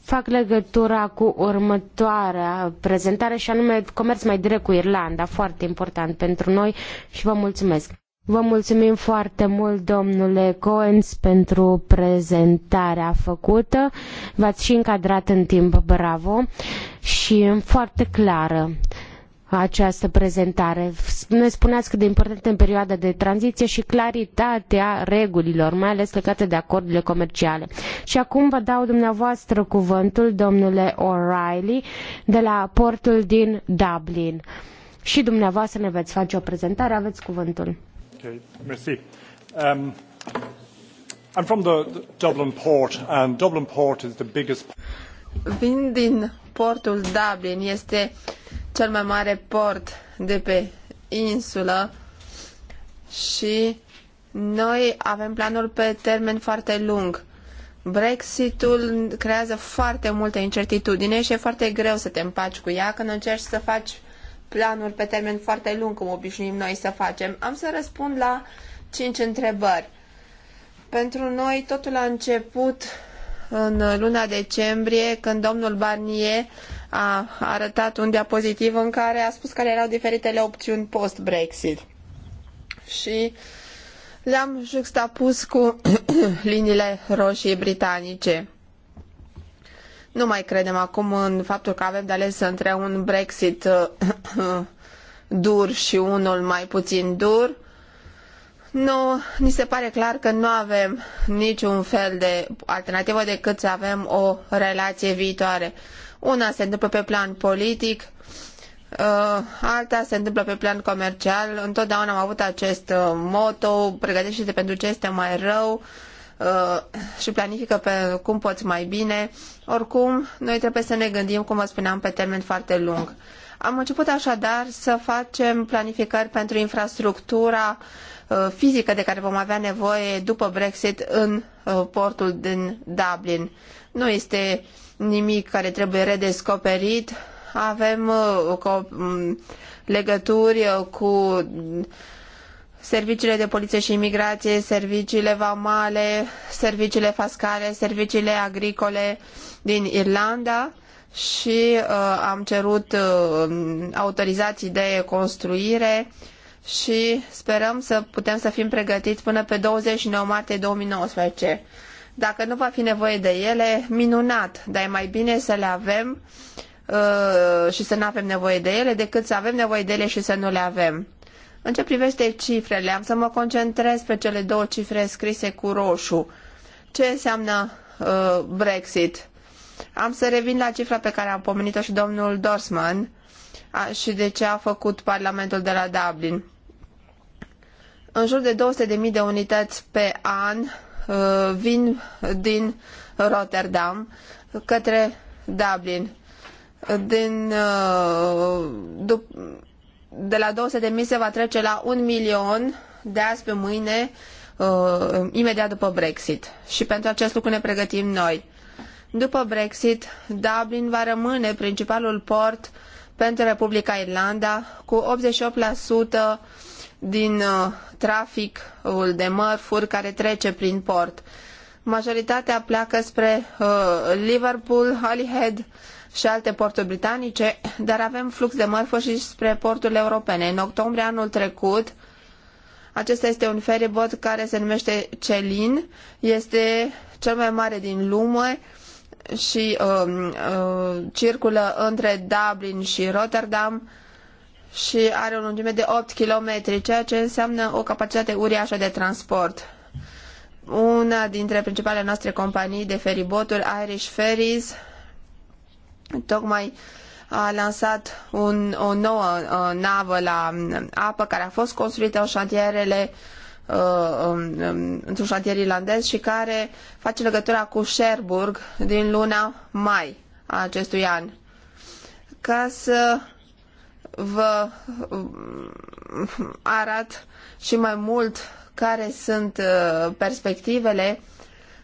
fac legătura cu următoarea prezentare și anume comerț mai direct cu Irlanda, foarte important pentru noi și vă mulțumesc. Vă mulțumim foarte mult, domnule Coens, pentru prezentarea făcută. V-ați și încadrat în timp, bravo, și foarte clară această prezentare. Ne spuneați cât de importantă în perioada de tranziție și claritatea regulilor, mai ales legate de acordurile comerciale. Și acum vă dau dumneavoastră cuvântul, domnule O'Reilly, de la portul din Dublin. Și dumneavoastră ne veți face o prezentare, aveți cuvântul. Okay, merci. Um... I'm from the Dublin port, and Dublin port is the biggest. Vin din portul Dublin, este cel mai mare port de pe insulă și noi avem planul pe termen foarte lung. Brexitul creează foarte multă incertitudine și e foarte greu să te împaci cu ea când încerci să faci planuri pe termen foarte lung, cum obișnuim noi să facem. Am să răspund la cinci întrebări. Pentru noi totul a început în luna decembrie, când domnul Barnier a arătat un diapozitiv în care a spus care erau diferitele opțiuni post-Brexit. Și le-am juxtapus cu liniile roșii britanice. Nu mai credem acum în faptul că avem de ales între un Brexit dur și unul mai puțin dur nu, ni se pare clar că nu avem niciun fel de alternativă decât să avem o relație viitoare. Una se întâmplă pe plan politic, uh, alta se întâmplă pe plan comercial. Întotdeauna am avut acest uh, moto, pregătește-te pentru ce este mai rău uh, și planifică pe cum poți mai bine. Oricum, noi trebuie să ne gândim, cum vă spuneam, pe termen foarte lung. Am început așadar să facem planificări pentru infrastructura Uh, fizică de care vom avea nevoie după Brexit în uh, portul din Dublin. Nu este nimic care trebuie redescoperit. Avem uh, mm, legături cu serviciile de poliție și imigrație, serviciile vamale, serviciile fascale, serviciile agricole din Irlanda și uh, am cerut uh, autorizații de construire uh, și sperăm să putem să fim pregătiți până pe 29 martie 2019. Dacă nu va fi nevoie de ele, minunat, dar e mai bine să le avem uh, și să nu avem nevoie de ele decât să avem nevoie de ele și să nu le avem. În ce privește cifrele, am să mă concentrez pe cele două cifre scrise cu roșu. Ce înseamnă uh, Brexit? Am să revin la cifra pe care a pomenit-o și domnul Dorsman, și de ce a făcut Parlamentul de la Dublin. În jur de 200.000 de unități pe an uh, vin din Rotterdam către Dublin. Din, uh, de la 200.000 se va trece la un milion de azi pe mâine, uh, imediat după Brexit. Și pentru acest lucru ne pregătim noi. După Brexit, Dublin va rămâne principalul port pentru Republica Irlanda cu 88% din uh, traficul de mărfuri care trece prin port. Majoritatea pleacă spre uh, Liverpool, Holyhead și alte porturi britanice, dar avem flux de mărfuri și spre porturile europene. În octombrie anul trecut, acesta este un feribot care se numește Celin, este cel mai mare din lume, și uh, uh, circulă între Dublin și Rotterdam și are o lungime de 8 km, ceea ce înseamnă o capacitate uriașă de transport. Una dintre principalele noastre companii de feriboturi, Irish Ferries, tocmai a lansat un, o nouă uh, navă la um, apă care a fost construită în șantierele uh, Uh, um, într-un șantier irlandez și care face legătura cu Cherbourg din luna mai a acestui an. Ca să vă um, arăt și mai mult care sunt uh, perspectivele,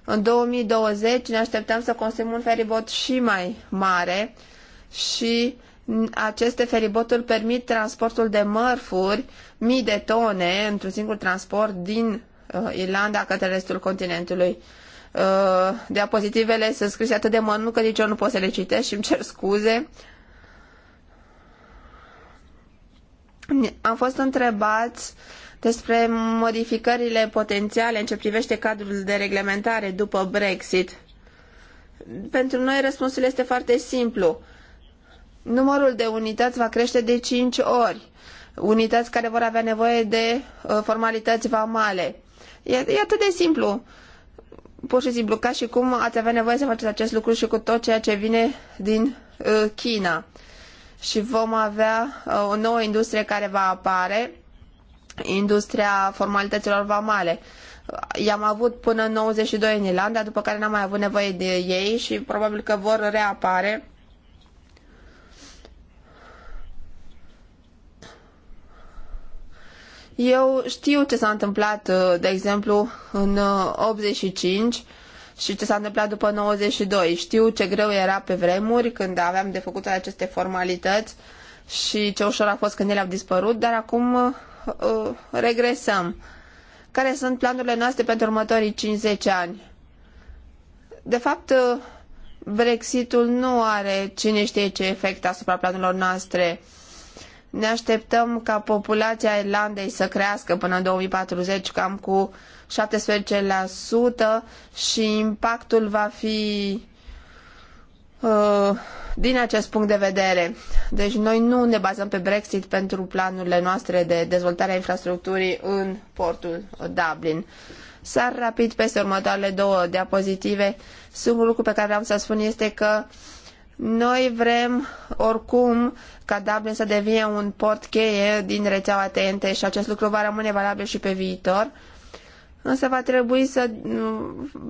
în 2020 ne așteptăm să construim un feribot și mai mare și aceste feriboturi permit transportul de mărfuri, mii de tone, într-un singur transport din uh, Irlanda către restul continentului. Uh, diapozitivele sunt scrise atât de mănânc că nici eu nu pot să le citesc și îmi cer scuze. Am fost întrebați despre modificările potențiale în ce privește cadrul de reglementare după Brexit. Pentru noi răspunsul este foarte simplu numărul de unități va crește de cinci ori, unități care vor avea nevoie de uh, formalități vamale. E, e atât de simplu. Pur și simplu, ca și cum ați avea nevoie să faceți acest lucru și cu tot ceea ce vine din uh, China. Și vom avea uh, o nouă industrie care va apare, industria formalităților vamale. I-am avut până în 92 în Irlanda, după care n-am mai avut nevoie de ei și probabil că vor reapare Eu știu ce s-a întâmplat, uh, de exemplu, în 85 uh, și ce s-a întâmplat după 92. Știu ce greu era pe vremuri când aveam de făcut aceste formalități și ce ușor a fost când ele au dispărut, dar acum uh, uh regresăm. Care sunt planurile noastre pentru următorii 50 ani? De fapt, Brexitul nu are cine știe ce efect asupra planurilor noastre uh, ne așteptăm ca populația Irlandei să crească până în 2040 cam cu 17% și impactul va fi uh, din acest punct de vedere. Deci noi nu ne bazăm pe Brexit pentru planurile noastre de dezvoltare a infrastructurii în portul Dublin. Sar rapid peste următoarele două diapozitive. Singurul lucru pe care vreau să spun este că uh, noi vrem oricum ca Dublin să devină un port cheie din rețeaua TNT și acest lucru va rămâne valabil și pe viitor. Însă va trebui să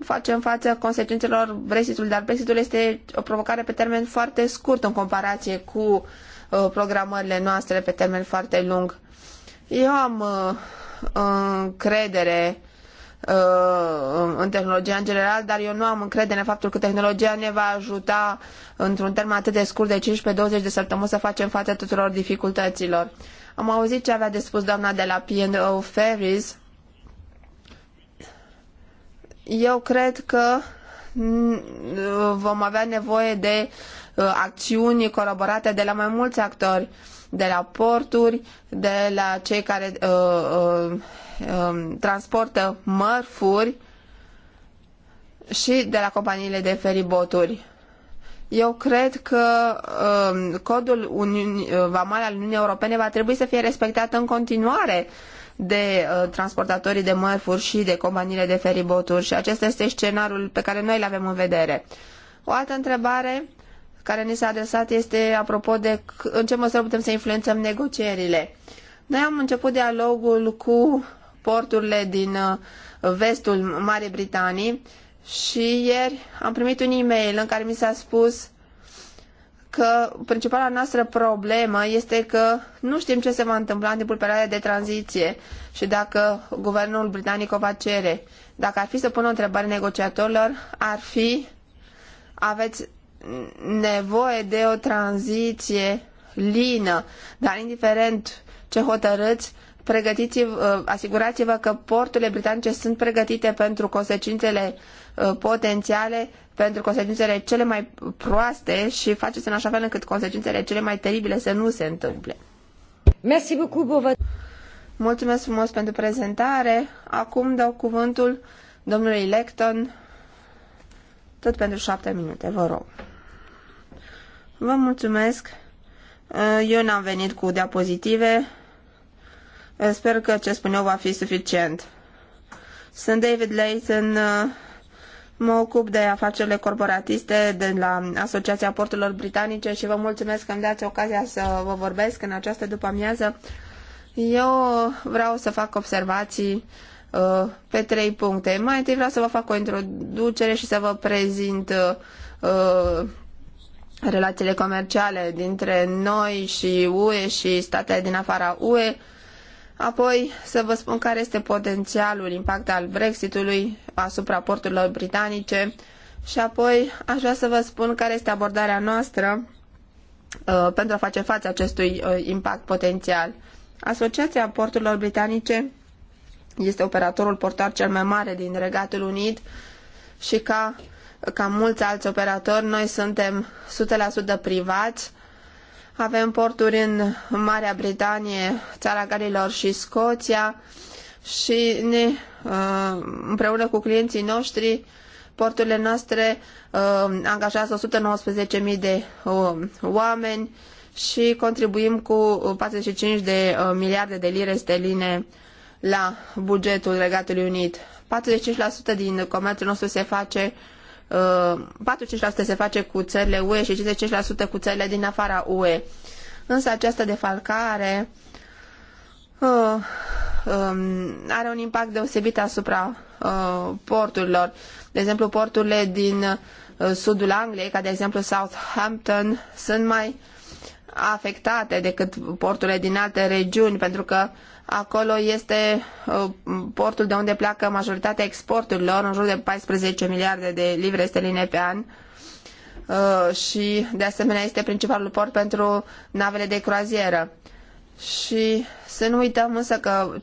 facem față consecințelor Brexitului, dar Brexitul este o provocare pe termen foarte scurt în comparație cu uh, programările noastre pe termen foarte lung. Eu am uh, încredere Uh, în tehnologia în general, dar eu nu am încredere în faptul că tehnologia ne va ajuta într-un termen atât de scurt de 15-20 de săptămâni să facem față tuturor dificultăților. Am auzit ce avea de spus doamna de la P&O Ferries. Eu cred că vom avea nevoie de uh, acțiuni colaborate de la mai mulți actori, de la porturi, de la cei care uh, uh, um, transportă mărfuri și de la companiile de feriboturi. Eu cred că um, codul Uniunii, uh, vamal al Uniunii Europene va trebui să fie respectat în continuare de uh, transportatorii de mărfuri și de companiile de feriboturi și acesta este scenariul pe care noi îl avem în vedere. O altă întrebare care ni s-a adresat este apropo de în ce măsură putem să influențăm negocierile. Noi am început dialogul cu porturile din uh, vestul Marii Britanii și ieri am primit un e-mail în care mi s-a spus că principala noastră problemă este că nu știm ce se va întâmpla în timpul perioadei de tranziție și dacă guvernul britanic o va cere. Dacă ar fi să pună o întrebare negociatorilor, ar fi aveți nevoie de o tranziție lină, dar indiferent ce hotărâți, pregătiți, uh, asigurați-vă că porturile britanice sunt pregătite pentru consecințele uh, potențiale, pentru consecințele cele mai proaste și faceți în așa fel încât consecințele cele mai teribile să nu se întâmple. Merci beaucoup, Mulțumesc frumos pentru prezentare. Acum dau cuvântul domnului Lecton, tot pentru șapte minute, vă rog. Vă mulțumesc. Uh, eu n-am venit cu diapozitive, Sper că ce spun eu va fi suficient. Sunt David Layton, uh, mă ocup de afacerile corporatiste de la Asociația Porturilor Britanice și vă mulțumesc că îmi dați ocazia să vă vorbesc în această după-amiază. Eu vreau să fac observații uh, pe trei puncte. Mai întâi vreau să vă fac o introducere și să vă prezint uh, relațiile comerciale dintre noi și UE și statele din afara UE Apoi să vă spun care este potențialul impact al Brexitului asupra porturilor britanice și apoi aș vrea să vă spun care este abordarea noastră uh, pentru a face față acestui uh, impact potențial. Asociația Porturilor Britanice este operatorul portuar cel mai mare din Regatul Unit și ca, ca mulți alți operatori, noi suntem 100% privați avem porturi în Marea Britanie, Țara Galilor și Scoția și ne, uh, împreună cu clienții noștri, porturile noastre uh, angajează 119.000 de uh, oameni și contribuim cu 45 de miliarde de lire sterline la bugetul Regatului Unit. 45% din comerțul nostru se face 45% uh, se face cu țările UE și 55% cu țările din afara UE. Însă această defalcare uh, um, are un impact deosebit asupra uh, porturilor. De exemplu, porturile din sudul Angliei, ca de exemplu Southampton, sunt mai afectate decât porturile din alte regiuni, pentru că Acolo este uh, portul de unde pleacă majoritatea exporturilor, în jur de 14 miliarde de livre sterline pe an. Uh, și, de asemenea, este principalul port pentru navele de croazieră. Și să nu uităm însă că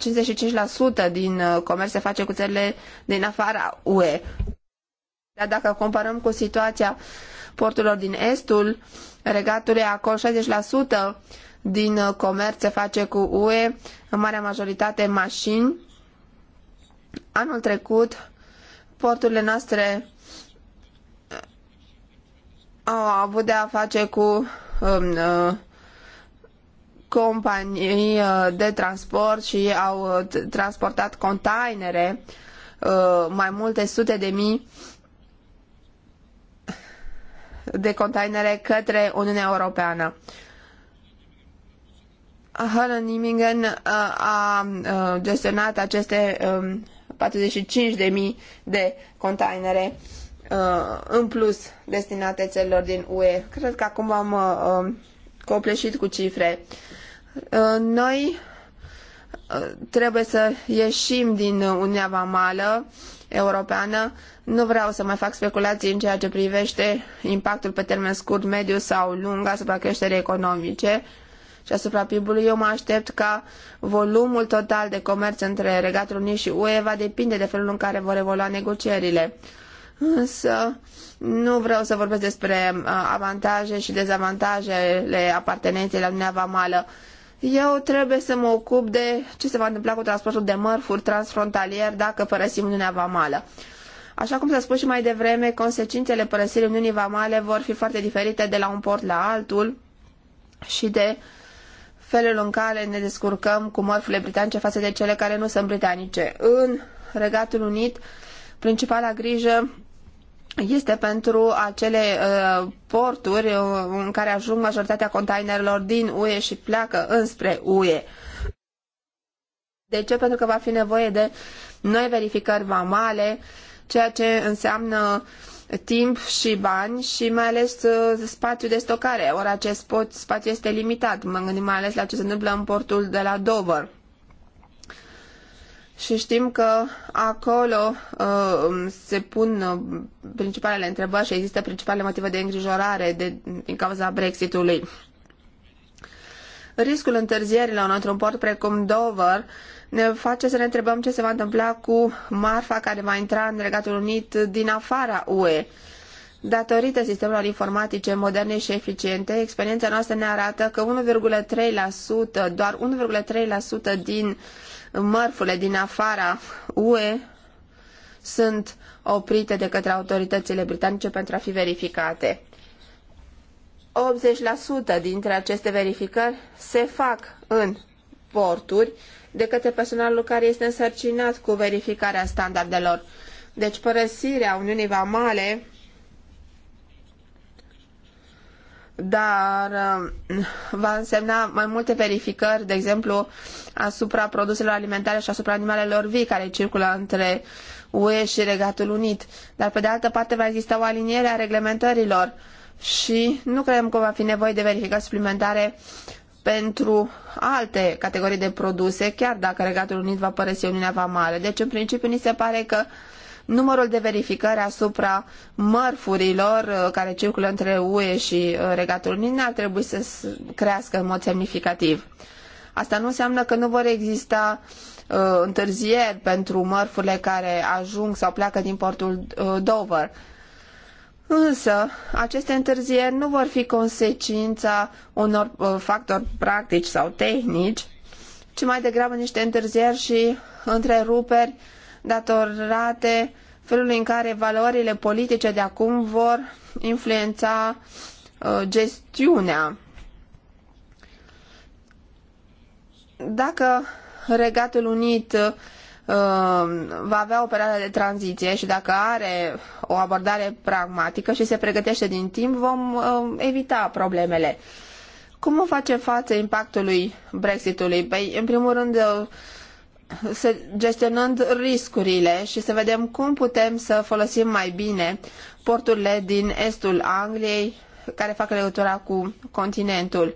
55% din uh, comerț se face cu țările din afara UE. Dar dacă comparăm cu situația porturilor din estul regatului, acolo 60% din uh, comerț se face cu UE, în marea majoritate mașini. Anul trecut, porturile noastre uh, au avut de a face cu um, uh, companii de transport și au transportat containere mai multe sute de mii de containere către Uniunea Europeană. Helen Nimingen uh, a uh, gestionat aceste 45.000 um, de containere uh, în plus destinate țărilor din UE. Cred că acum am um, copleșit cu cifre. Noi trebuie să ieșim din Uniunea Vamală Europeană. Nu vreau să mai fac speculații în ceea ce privește impactul pe termen scurt, mediu sau lung asupra creșterii economice și asupra PIB-ului, eu mă aștept ca volumul total de comerț între Regatul Unit și UE va depinde de felul în care vor evolua negocierile. Însă nu vreau să vorbesc despre uh, avantaje și dezavantajele apartenenței la Uniunea Vamală. Eu trebuie să mă ocup de ce se va întâmpla cu transportul de mărfuri transfrontalier dacă părăsim Uniunea Vamală. Așa cum s-a spus și mai devreme, consecințele părăsirii Uniunii Vamale vor fi foarte diferite de la un port la altul și de felul în care ne descurcăm cu mărfurile britanice față de cele care nu sunt britanice. În Regatul Unit, principala grijă este pentru acele uh, porturi uh, în care ajung majoritatea containerelor din UE și pleacă înspre UE. De ce? Pentru că va fi nevoie de noi verificări vamale, ceea ce înseamnă uh, timp și bani și mai ales uh, spațiu de stocare. Ori acest spațiu este limitat. Mă gândim mai ales la ce se întâmplă în portul de la Dover. Și știm că acolo uh, se pun uh, principalele întrebări și există principalele motive de îngrijorare de, din cauza Brexitului. Riscul întârzierilor la un port precum Dover uh, ne face să ne întrebăm ce se va întâmpla cu marfa care va intra în Regatul Unit din afara UE. Datorită sistemelor informatice moderne și eficiente, experiența noastră ne arată că 1,3%, doar 1,3% din mărfurile din afara UE sunt oprite de către autoritățile britanice pentru a fi verificate. 80% dintre aceste verificări se fac în porturi de către personalul care este însărcinat cu verificarea standardelor. Deci părăsirea Uniunii Vamale dar uh, va însemna mai multe verificări, de exemplu, asupra produselor alimentare și asupra animalelor vii care circulă între UE și Regatul Unit. Dar, pe de altă parte, va exista o aliniere a reglementărilor și nu credem că va fi nevoie de verificări suplimentare pentru alte categorii de produse, chiar dacă Regatul Unit va părăsi Uniunea Vamală. Deci, în principiu, ni se pare că numărul de verificări asupra mărfurilor uh, care circulă între UE și uh, Regatul Unit ar trebui să crească în mod semnificativ. Asta nu înseamnă că nu vor exista uh, întârzieri pentru mărfurile care ajung sau pleacă din portul uh, Dover. Însă, aceste întârzieri nu vor fi consecința unor uh, factori practici sau tehnici, ci mai degrabă niște întârzieri și întreruperi datorate felului în care valorile politice de acum vor influența uh, gestiunea. Dacă Regatul Unit Um, va avea o perioadă de tranziție și dacă are o abordare pragmatică și se pregătește din timp, vom um, evita problemele. Cum o face față impactului Brexitului? Păi, în primul rând, uh, se, gestionând riscurile și să vedem cum putem să folosim mai bine porturile din estul Angliei care fac legătura cu continentul.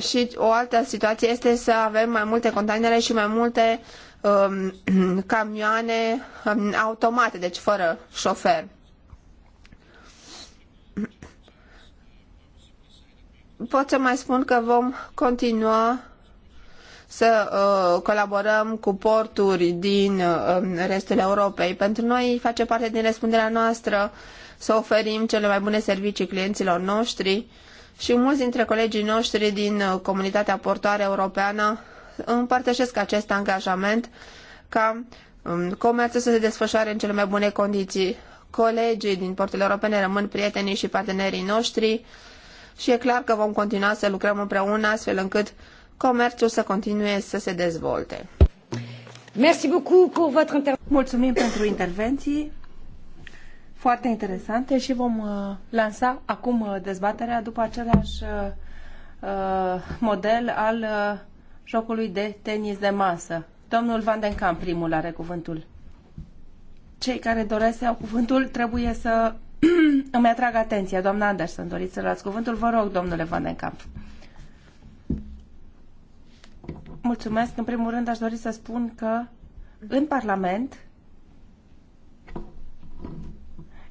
Și o altă situație este să avem mai multe containere și mai multe um, camioane um, automate, deci fără șofer. Pot să mai spun că vom continua să uh, colaborăm cu porturi din uh, restul Europei. Pentru noi face parte din răspunderea noastră să oferim cele mai bune servicii clienților noștri uh, și mulți dintre colegii noștri din uh, comunitatea portoare europeană împărtășesc acest angajament ca um, comerțul să se desfășoare în cele mai bune condiții. Colegii din portul europene rămân prietenii și partenerii noștri și e clar că vom continua să lucrăm împreună astfel încât comerțul să continue să se dezvolte. Mulțumim pentru intervenții foarte interesante și vom uh, lansa acum uh, dezbaterea după același uh, model al jocului de tenis de masă. Domnul Van den Kamp primul are cuvântul. Cei care doresc să iau cuvântul trebuie să îmi atrag atenția. Doamna Anderson, doriți să luați cuvântul? Vă rog, domnule Van den Kamp. Mulțumesc. În primul rând aș dori să spun că în Parlament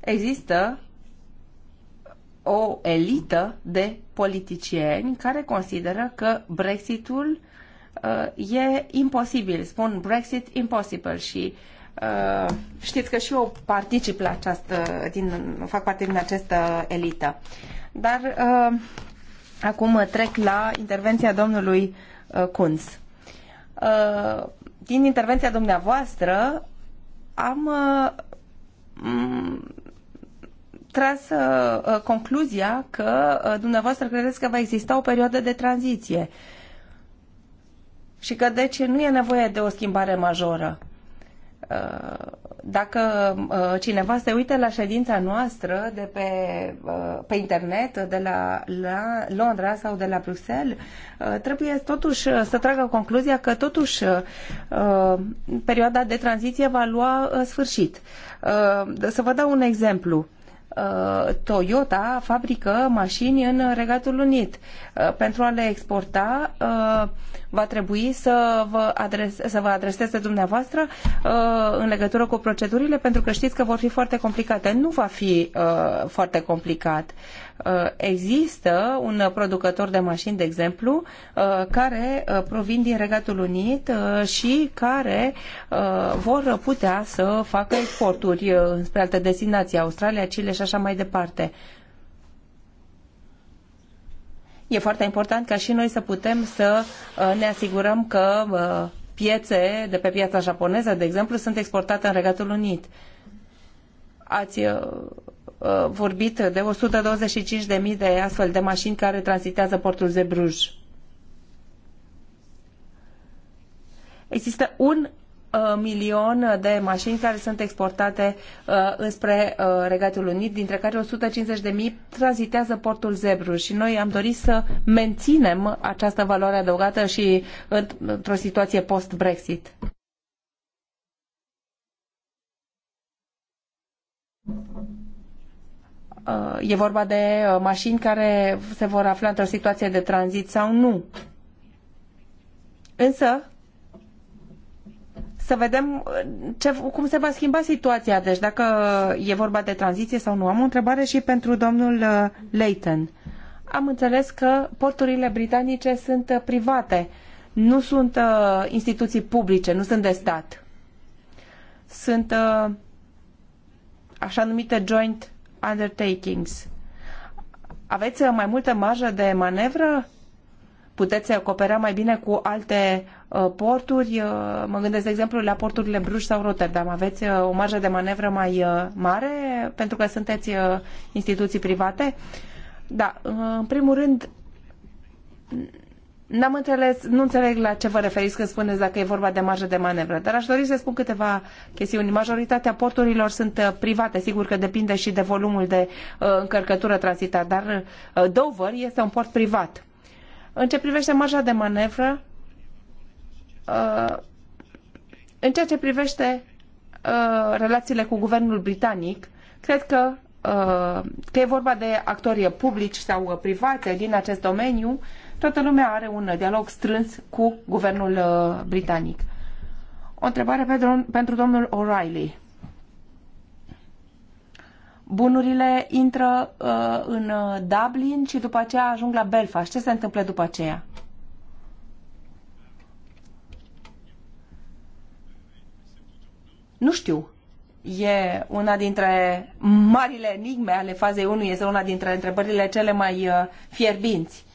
există o elită de politicieni care consideră că Brexitul uh, e imposibil. Spun Brexit impossible și uh, știți că și eu particip la această, din, fac parte din această elită. Dar uh, acum trec la intervenția domnului uh, Kunz. Uh, din intervenția dumneavoastră am uh, tras uh, uh, concluzia că uh, dumneavoastră credeți că va exista o perioadă de tranziție și că deci nu e nevoie de o schimbare majoră. Dacă cineva se uită la ședința noastră de pe, pe internet, de la, la Londra sau de la Bruxelles, trebuie totuși să tragă concluzia că totuși perioada de tranziție va lua sfârșit. Să vă dau un exemplu. Uh, Toyota fabrică mașini în Regatul Unit. Uh, pentru a le exporta uh, va trebui să vă, adrese, să vă adreseze dumneavoastră în legătură cu procedurile pentru că știți că vor fi foarte complicate. Nu va fi foarte complicat. Uh, există un producător de mașini, de exemplu, uh, care uh, provin din Regatul Unit și care vor putea să facă exporturi spre alte destinații, Australia, Chile și așa mai departe. E foarte important ca și noi să putem să ne asigurăm că piețe de pe piața japoneză, de exemplu, sunt exportate în Regatul Unit. Ați Uh, vorbit de 125.000 de astfel de mașini care tranzitează portul de Bruj. Există un uh, milion de mașini care sunt exportate uh, înspre uh, Regatul Unit, dintre care 150 de mii tranzitează portul Zebru și noi am dorit să menținem această valoare adăugată și într-o situație post-Brexit. Uh, e vorba de uh, mașini care se vor afla într-o situație de tranzit sau nu. Însă, să vedem uh, ce, cum se va schimba situația, deci dacă e vorba de tranziție sau nu. Am o întrebare și pentru domnul Leighton. Am înțeles că porturile britanice sunt private, nu sunt uh, instituții publice, nu sunt de stat. Sunt uh, așa numite joint undertakings. Aveți mai multă marjă de manevră? Puteți coopera mai bine cu alte uh, porturi? Uh, mă gândesc, de exemplu, la porturile Bruj sau Rotterdam. Aveți uh, o marjă de manevră mai mare pentru că sunteți instituții private? Da, în primul rând, N-am înțeles, nu înțeleg la ce vă referiți când spuneți dacă e vorba de marjă de manevră, dar aș dori să spun câteva chestiuni. Majoritatea porturilor sunt uh, private, sigur că depinde și de volumul de uh, încărcătură tranzitat, dar uh, Dover este un port privat. În ce privește marja de manevră, uh, în ceea ce privește uh, relațiile cu guvernul britanic, cred că uh, că e vorba de actori publici sau uh, private din acest domeniu, uh, Toată lumea are un dialog strâns cu guvernul uh, britanic. O întrebare pentru, pentru domnul O'Reilly. Bunurile intră uh, în uh, Dublin și după aceea ajung la Belfast. Ce se întâmplă după aceea? Nu știu. E una dintre marile enigme ale fazei 1, este una dintre întrebările cele mai uh, fierbinți.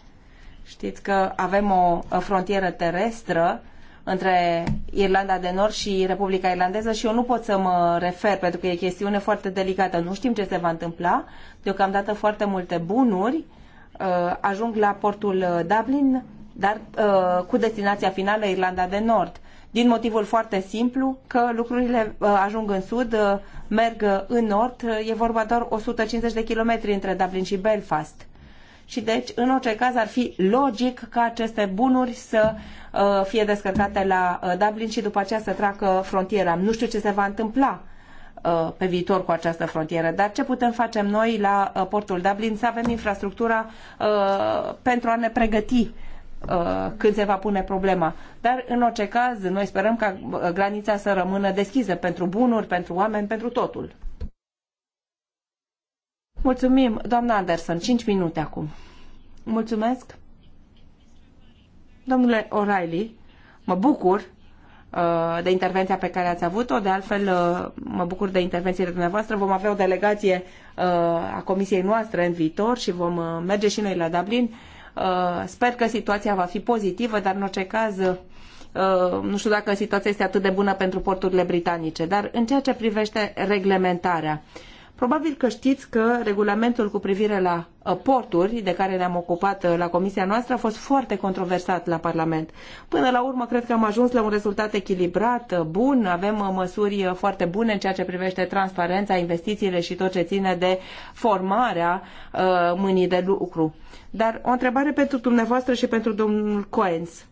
Știți că avem o frontieră terestră între Irlanda de Nord și Republica Irlandeză și eu nu pot să mă refer pentru că e chestiune foarte delicată. Nu știm ce se va întâmpla. Deocamdată foarte multe bunuri uh, ajung la portul uh, Dublin, dar uh, cu destinația finală Irlanda de Nord. Din motivul foarte simplu că lucrurile uh, ajung în sud, uh, merg uh, în nord, e vorba doar 150 de kilometri între Dublin și Belfast și deci, în orice caz, ar fi logic ca aceste bunuri să uh, fie descărcate la uh, Dublin și după aceea să treacă frontiera. Nu știu ce se va întâmpla uh, pe viitor cu această frontieră. Dar ce putem face noi la portul Dublin? Să avem infrastructura uh, pentru a ne pregăti când se va pune problema. Dar, în orice caz, noi sperăm ca granița să rămână deschisă pentru bunuri, pentru oameni, pentru totul. Mulțumim, doamna Anderson. 5 minute acum. Mulțumesc. Domnule O'Reilly, mă bucur uh, de intervenția pe care ați avut-o. De altfel, uh, mă bucur de intervențiile dumneavoastră. Vom avea o delegație uh, a comisiei noastre în viitor și vom merge și noi la Dublin. Sper că situația va fi pozitivă, dar în orice caz nu știu dacă situația este atât de bună pentru porturile britanice, dar în ceea ce privește reglementarea, Probabil că știți că regulamentul cu privire la uh, porturi, de care ne-am ocupat uh, la comisia noastră, a fost foarte controversat la Parlament. Până la urmă, cred că am ajuns la un rezultat echilibrat, uh, bun, avem măsuri foarte bune în ceea ce privește transparența, investițiile și tot ce ține de formarea mâinii de lucru. Dar o întrebare pentru dumneavoastră și pentru domnul Coens.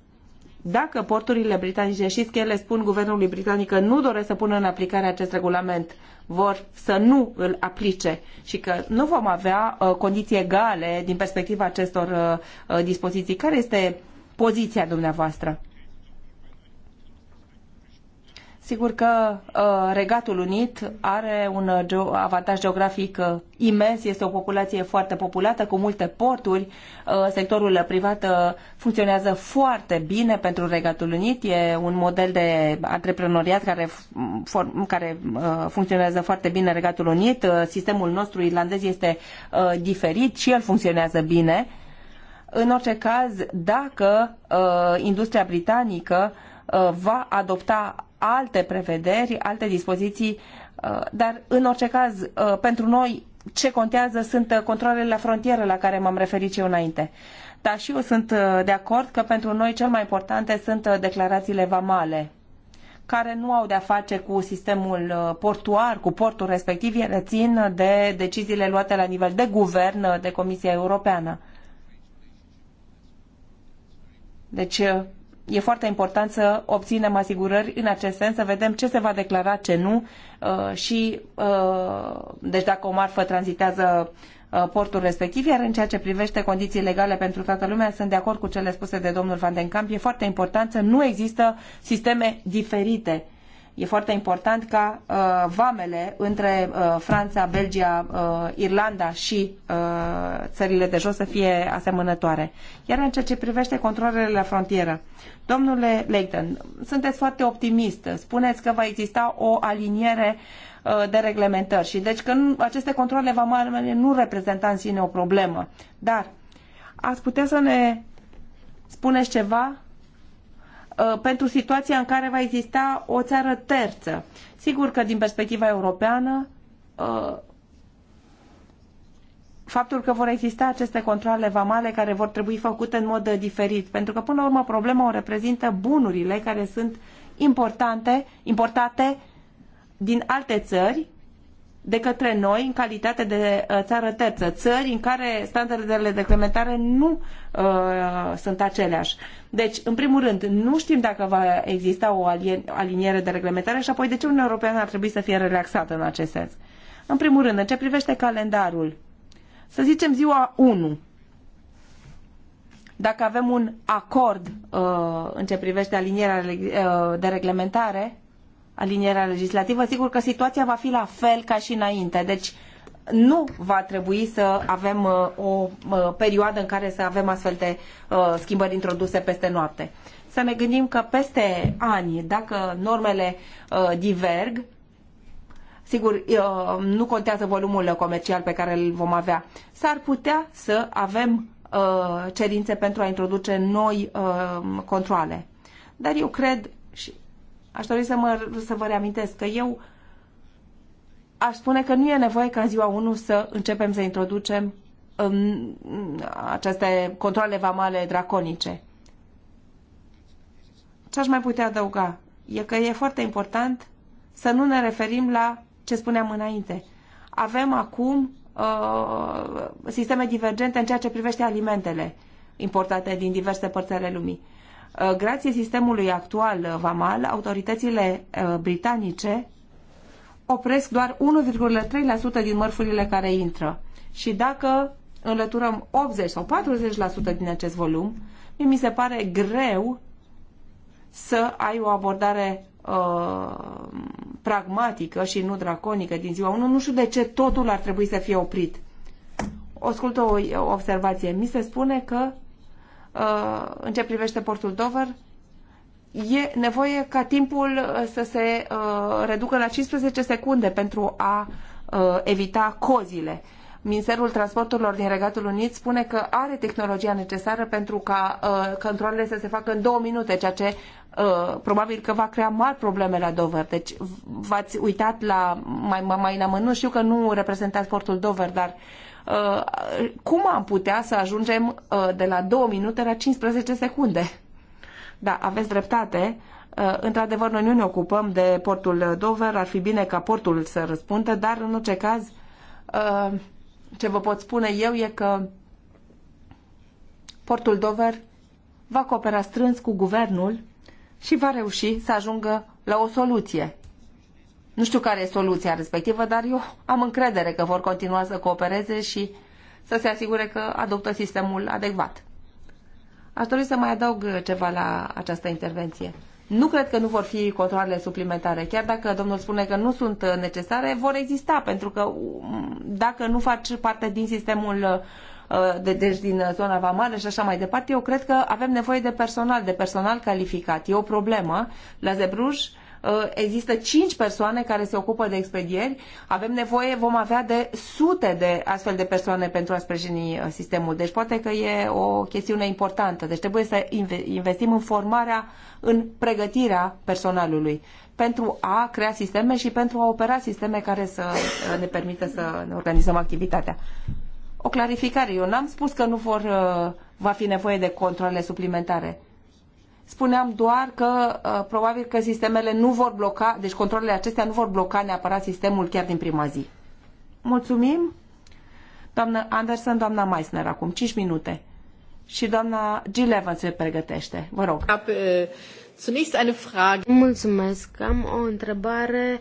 Dacă porturile britanice, și că ele spun guvernului britanic că nu doresc să pună în aplicare acest regulament, vor să nu îl aplice și că nu vom avea uh, condiții egale din perspectiva acestor uh, uh dispoziții. Care este poziția dumneavoastră? Sigur că uh, Regatul Unit are un uh, avantaj geografic uh, imens, este o populație foarte populată, cu multe porturi. Sectorul privat funcționează foarte bine pentru Regatul Unit, e un model de antreprenoriat care, care funcționează foarte bine Regatul Unit. Sistemul nostru irlandez este diferit și el funcționează bine. În orice caz, dacă industria britanică uh, Uh, va adopta alte prevederi, alte dispoziții, uh, dar în orice caz, uh, pentru noi, ce contează sunt controlele la frontieră la care m-am referit și eu înainte. Dar și eu sunt de acord că pentru noi cel mai importante sunt declarațiile vamale care nu au de-a face cu sistemul portuar, cu portul respectiv, ele țin de deciziile luate la nivel de guvern, de Comisia Europeană. Deci e foarte important să obținem asigurări în acest sens, să vedem ce se va declara, ce nu uh, și uh, deci dacă o marfă tranzitează uh, portul respectiv, iar în ceea ce privește condiții legale pentru toată lumea, sunt de acord cu cele spuse de domnul Van den Camp. E foarte important să nu există sisteme diferite E foarte important ca uh, vamele între uh, Franța, Belgia, uh, Irlanda și uh, țările de jos să fie asemănătoare. Iar în ceea ce privește controlele la frontieră, domnule Leighton, sunteți foarte optimist. Spuneți că va exista o aliniere uh, de reglementări și deci că aceste controle vamale nu reprezintă în sine o problemă. Dar ați putea să ne spuneți ceva Uh, pentru situația în care va exista o țară terță. Sigur că din perspectiva europeană uh, faptul că vor exista aceste controle vamale care vor trebui făcute în mod uh, diferit, pentru că până la urmă problema o reprezintă bunurile care sunt importante, importate din alte țări de către noi în calitate de uh, țară terță, țări în care standardele de reglementare nu uh, sunt aceleași. Deci, în primul rând, nu știm dacă va exista o aliniere de reglementare și apoi de ce Uniunea Europeană ar trebui să fie relaxată în acest sens. În primul rând, în ce privește calendarul, să zicem ziua 1, dacă avem un acord uh, în ce privește alinierea uh, de reglementare, alinierea legislativă, sigur că situația va fi la fel ca și înainte. Deci nu va trebui să avem uh, o uh, perioadă în care să avem astfel de uh, schimbări introduse peste noapte. Să ne gândim că peste ani, dacă normele diverg, sigur, nu contează volumul comercial pe care îl vom avea, s-ar putea să avem cerințe pentru a introduce noi controle. Dar eu cred și Aș dori să, mă, să vă reamintesc că eu aș spune că nu e nevoie ca în ziua 1 să începem să introducem um, aceste controle vamale draconice. Ce aș mai putea adăuga? E că e foarte important să nu ne referim la ce spuneam înainte. Avem acum uh, sisteme divergente în ceea ce privește alimentele importate din diverse părți ale lumii. Uh, grație sistemului actual uh, VAMAL, autoritățile uh, britanice opresc doar 1,3% din mărfurile care intră. Și dacă înlăturăm 80 sau 40% din acest volum, mi se pare greu să ai o abordare uh, pragmatică și nu draconică din ziua 1. Nu știu de ce totul ar trebui să fie oprit. Ascult o observație. Mi se spune că Uh, în ce privește portul Dover, e nevoie ca timpul uh, să se uh, reducă la 15 secunde pentru a evita cozile. Ministerul Transporturilor din Regatul Unit spune că are tehnologia necesară pentru ca controlele să se facă în două minute, ceea ce probabil că va crea mari probleme la Dover. Deci v-ați uitat la mai, mai în amănunt, știu că nu reprezentați portul Dover, dar cum am putea să ajungem uh, de la 2 minute la 15 secunde? Da, aveți dreptate. Uh, într-adevăr, noi nu ne ocupăm de portul Dover, ar fi bine ca portul să răspundă, dar în orice caz, uh, ce vă pot spune eu e că portul Dover va coopera strâns cu guvernul și va reuși să ajungă la o soluție nu știu care e soluția respectivă, dar eu am încredere că vor continua să coopereze și să se asigure că adoptă sistemul adecvat. Aș dori să mai adaug ceva la această intervenție. Nu cred că nu vor fi controlele suplimentare. Chiar dacă domnul spune că nu sunt necesare, vor exista, pentru că mm, dacă nu faci parte din sistemul uh, de, deci din zona vamală și așa mai departe, eu cred că avem nevoie de personal, de personal calificat. E o problemă. La Zebruș. Uh, există 5 persoane care se ocupă de expedieri. Avem nevoie, vom avea de sute de astfel de persoane pentru a sprijini uh, sistemul. Deci poate că e o chestiune importantă. Deci trebuie să investim în formarea, în pregătirea personalului pentru a crea sisteme și pentru a opera sisteme care să uh, ne permită să ne organizăm activitatea. O clarificare. Eu n-am spus că nu vor, va fi nevoie de controle suplimentare spuneam doar că uh, probabil că sistemele nu vor bloca, deci controlele acestea nu vor bloca neapărat sistemul chiar din prima zi. Mulțumim. Doamna Anderson, doamna Meissner, acum 5 minute. Și doamna Jill Evans se pregătește. Vă rog. Uh, Mulțumesc. Am o întrebare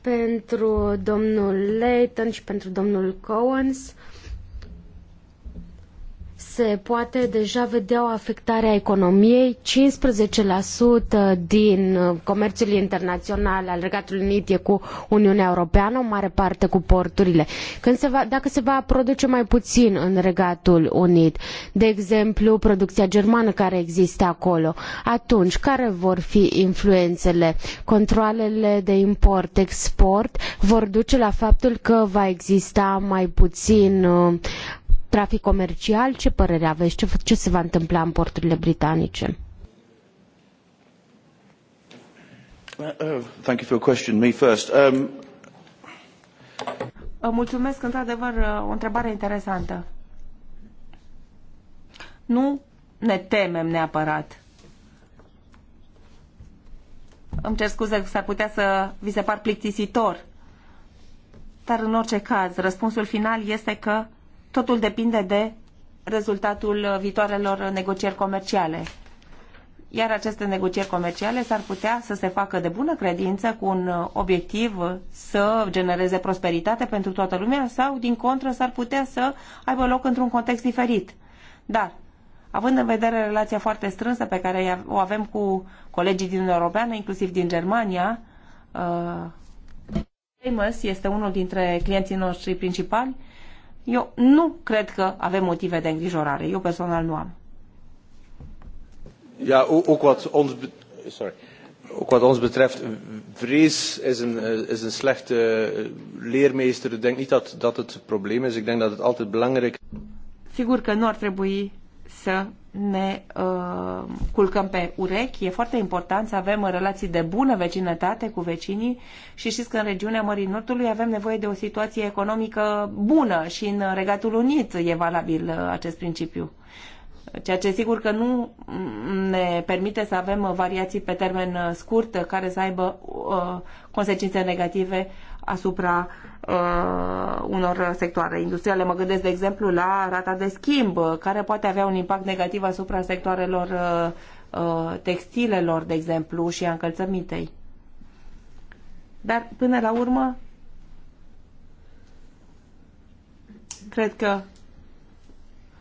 pentru domnul Leighton și pentru domnul Cowens se poate deja vedea o afectare a economiei. 15% din uh, comerțul internațional al Regatului Unit e cu Uniunea Europeană, o mare parte cu porturile. Când se va, dacă se va produce mai puțin în Regatul Unit, de exemplu producția germană care există acolo, atunci care vor fi influențele? Controlele de import-export vor duce la faptul că va exista mai puțin uh, trafic comercial? Ce părere aveți? Ce, ce se va întâmpla în porturile britanice? Oh, thank you for your question. Me first. Um... Mulțumesc, într-adevăr, o întrebare interesantă. Nu ne temem neapărat. Îmi cer scuze, s-ar putea să vi se par plictisitor. Dar, în orice caz, răspunsul final este că Totul depinde de rezultatul viitoarelor negocieri comerciale. Iar aceste negocieri comerciale s-ar putea să se facă de bună credință cu un obiectiv să genereze prosperitate pentru toată lumea sau, din contră, s-ar putea să aibă loc într-un context diferit. Dar, având în vedere relația foarte strânsă pe care o avem cu colegii din Europeană, inclusiv din Germania, Famous uh, este unul dintre clienții noștri principali eu nu cred că avem motive de îngrijorare. Eu personal nu am. Ja, ook wat ons, sorry, ook wat ons betreft, vrees is een, eh, is een slechte eh, leermeester. Ik denk niet dat dat het probleem is. Ik denk dat het altijd belangrijk is. Sigur că nu ar trebui să ne uh, culcăm pe urechi. E foarte important să avem relații de bună vecinătate cu vecinii și știți că în regiunea Mării Nordului avem nevoie de o situație economică bună și în Regatul Unit e valabil uh, acest principiu. Ceea ce sigur că nu mm, ne permite să avem variații pe termen uh, scurt care să aibă uh, consecințe negative asupra uh, unor sectoare industriale. Mă gândesc, de exemplu, la rata de schimb, care poate avea un impact negativ asupra sectoarelor uh, uh, textilelor, de exemplu, și a încălțămintei. Dar, până la urmă, cred că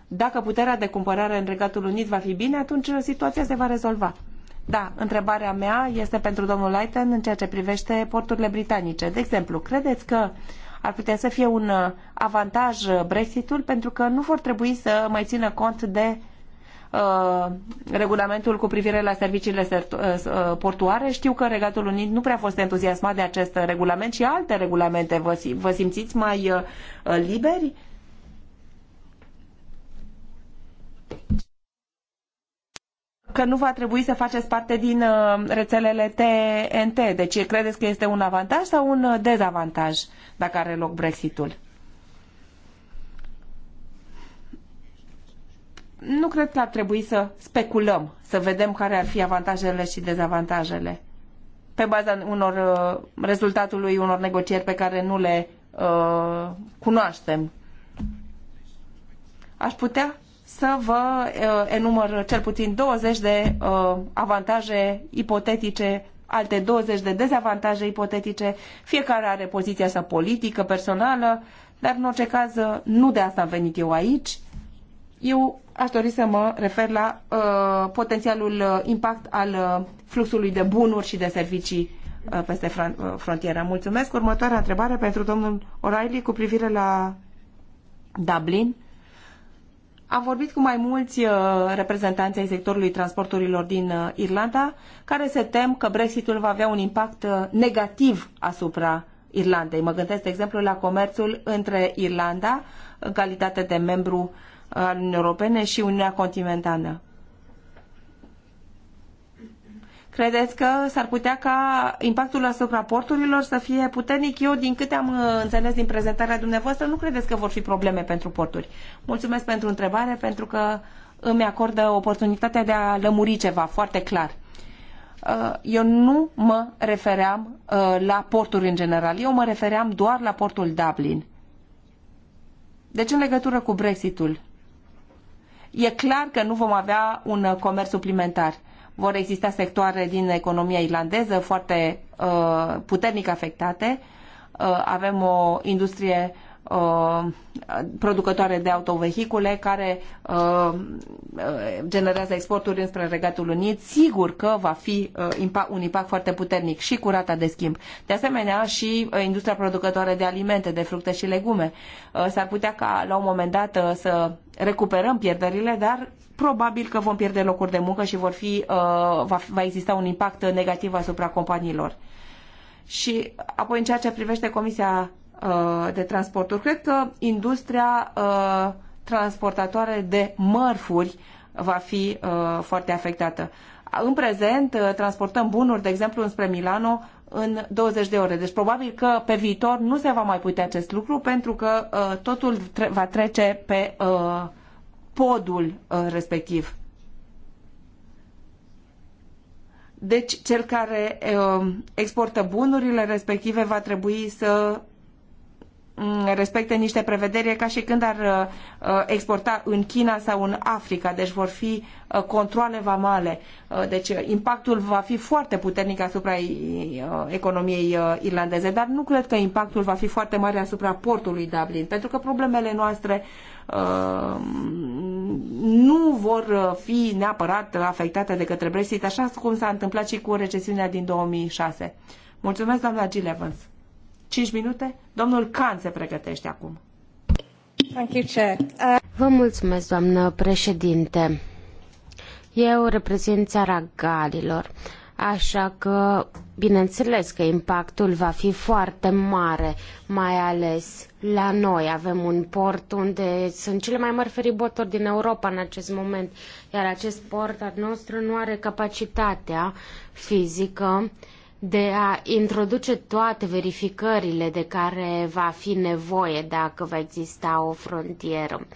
dacă puterea de cumpărare în Regatul Unit va fi bine, atunci situația se va rezolva. Da, întrebarea mea este pentru domnul Leighton în ceea ce privește porturile britanice. De exemplu, credeți că ar putea să fie un uh, avantaj uh, Brexitul pentru că nu vor trebui să mai țină cont de uh, regulamentul cu privire la serviciile uh, uh, portuare. Știu că Regatul Unit nu prea a fost entuziasmat de acest regulament și alte regulamente. Vă, vă simțiți mai uh, liberi? că nu va trebui să faceți parte din uh, rețelele TNT. Deci credeți că este un avantaj sau un uh, dezavantaj dacă are loc Brexitul? Nu cred că ar trebui să speculăm, să vedem care ar fi avantajele și dezavantajele pe baza unor uh, rezultatului unor negocieri pe care nu le uh, cunoaștem. Aș putea să vă uh, enumăr cel puțin 20 de uh, avantaje ipotetice alte 20 de dezavantaje ipotetice, fiecare are poziția sa politică, personală, dar în orice caz uh, nu de asta am venit eu aici. Eu aș dori să mă refer la uh, potențialul impact al fluxului de bunuri și de servicii peste frontiera. frontieră. Mulțumesc. Următoarea întrebare pentru domnul O'Reilly cu privire la Dublin. Uh, am vorbit cu mai mulți uh, reprezentanți ai sectorului transporturilor din uh, Irlanda, care se tem că Brexitul va avea un impact uh, negativ asupra Irlandei. Mă gândesc, de exemplu, la comerțul între Irlanda, în calitate de membru al Uniunii Europene, și Uniunea Continentală. Credeți că s-ar putea ca impactul asupra porturilor să fie puternic? Eu, din câte am uh, înțeles din prezentarea dumneavoastră, nu credeți că vor fi probleme pentru porturi. Mulțumesc pentru întrebare, pentru că îmi acordă oportunitatea de a lămuri ceva foarte clar. Uh, eu nu mă refeream uh, la porturi în general, eu mă refeream doar la portul Dublin. Deci în legătură cu Brexitul, e clar că nu vom avea un comerț suplimentar vor exista sectoare din economia irlandeză foarte uh, puternic afectate. Uh, avem o industrie Uh, producătoare de autovehicule care uh, uh, generează exporturi înspre Regatul Unit, sigur că va fi un impact foarte puternic și cu rata de schimb. De asemenea, și industria producătoare de alimente, de fructe și legume. S-ar putea ca la un moment dat să recuperăm pierderile, dar probabil că vom pierde locuri de muncă și vor fi, va, va exista un impact negativ asupra companiilor. Și apoi în ceea ce privește Comisia Uh, de transporturi. Cred că industria uh, transportatoare de mărfuri va fi uh, foarte afectată. În prezent transportăm bunuri, de exemplu, înspre Milano în 20 de ore. Deci probabil că pe viitor nu se va mai putea acest lucru pentru că totul va trece pe podul respectiv. Deci cel care exportă bunurile respective va trebui să Mm, respecte niște prevederi ca și când ar uh, uh, exporta în China sau în Africa, deci vor fi uh, controle vamale. Deci impactul va fi foarte puternic asupra economiei irlandeze, dar nu cred că impactul va fi foarte mare asupra portului Dublin, pentru că problemele noastre nu vor fi neapărat afectate de către Brexit, așa cum s-a întâmplat și cu recesiunea din 2006. Mulțumesc, doamna Gilevans. 5 minute. Domnul Can se pregătește acum. Thank you, Chair. Uh, Vă mulțumesc, doamnă președinte. Eu reprezint țara Galilor, așa că bineînțeles că impactul va fi foarte mare, mai ales la noi. Avem un port unde sunt cele mai mari feriboturi din Europa în acest moment, iar acest port al nostru nu are capacitatea fizică uh, de a introduce toate verificările de care va fi nevoie dacă va exista o frontieră.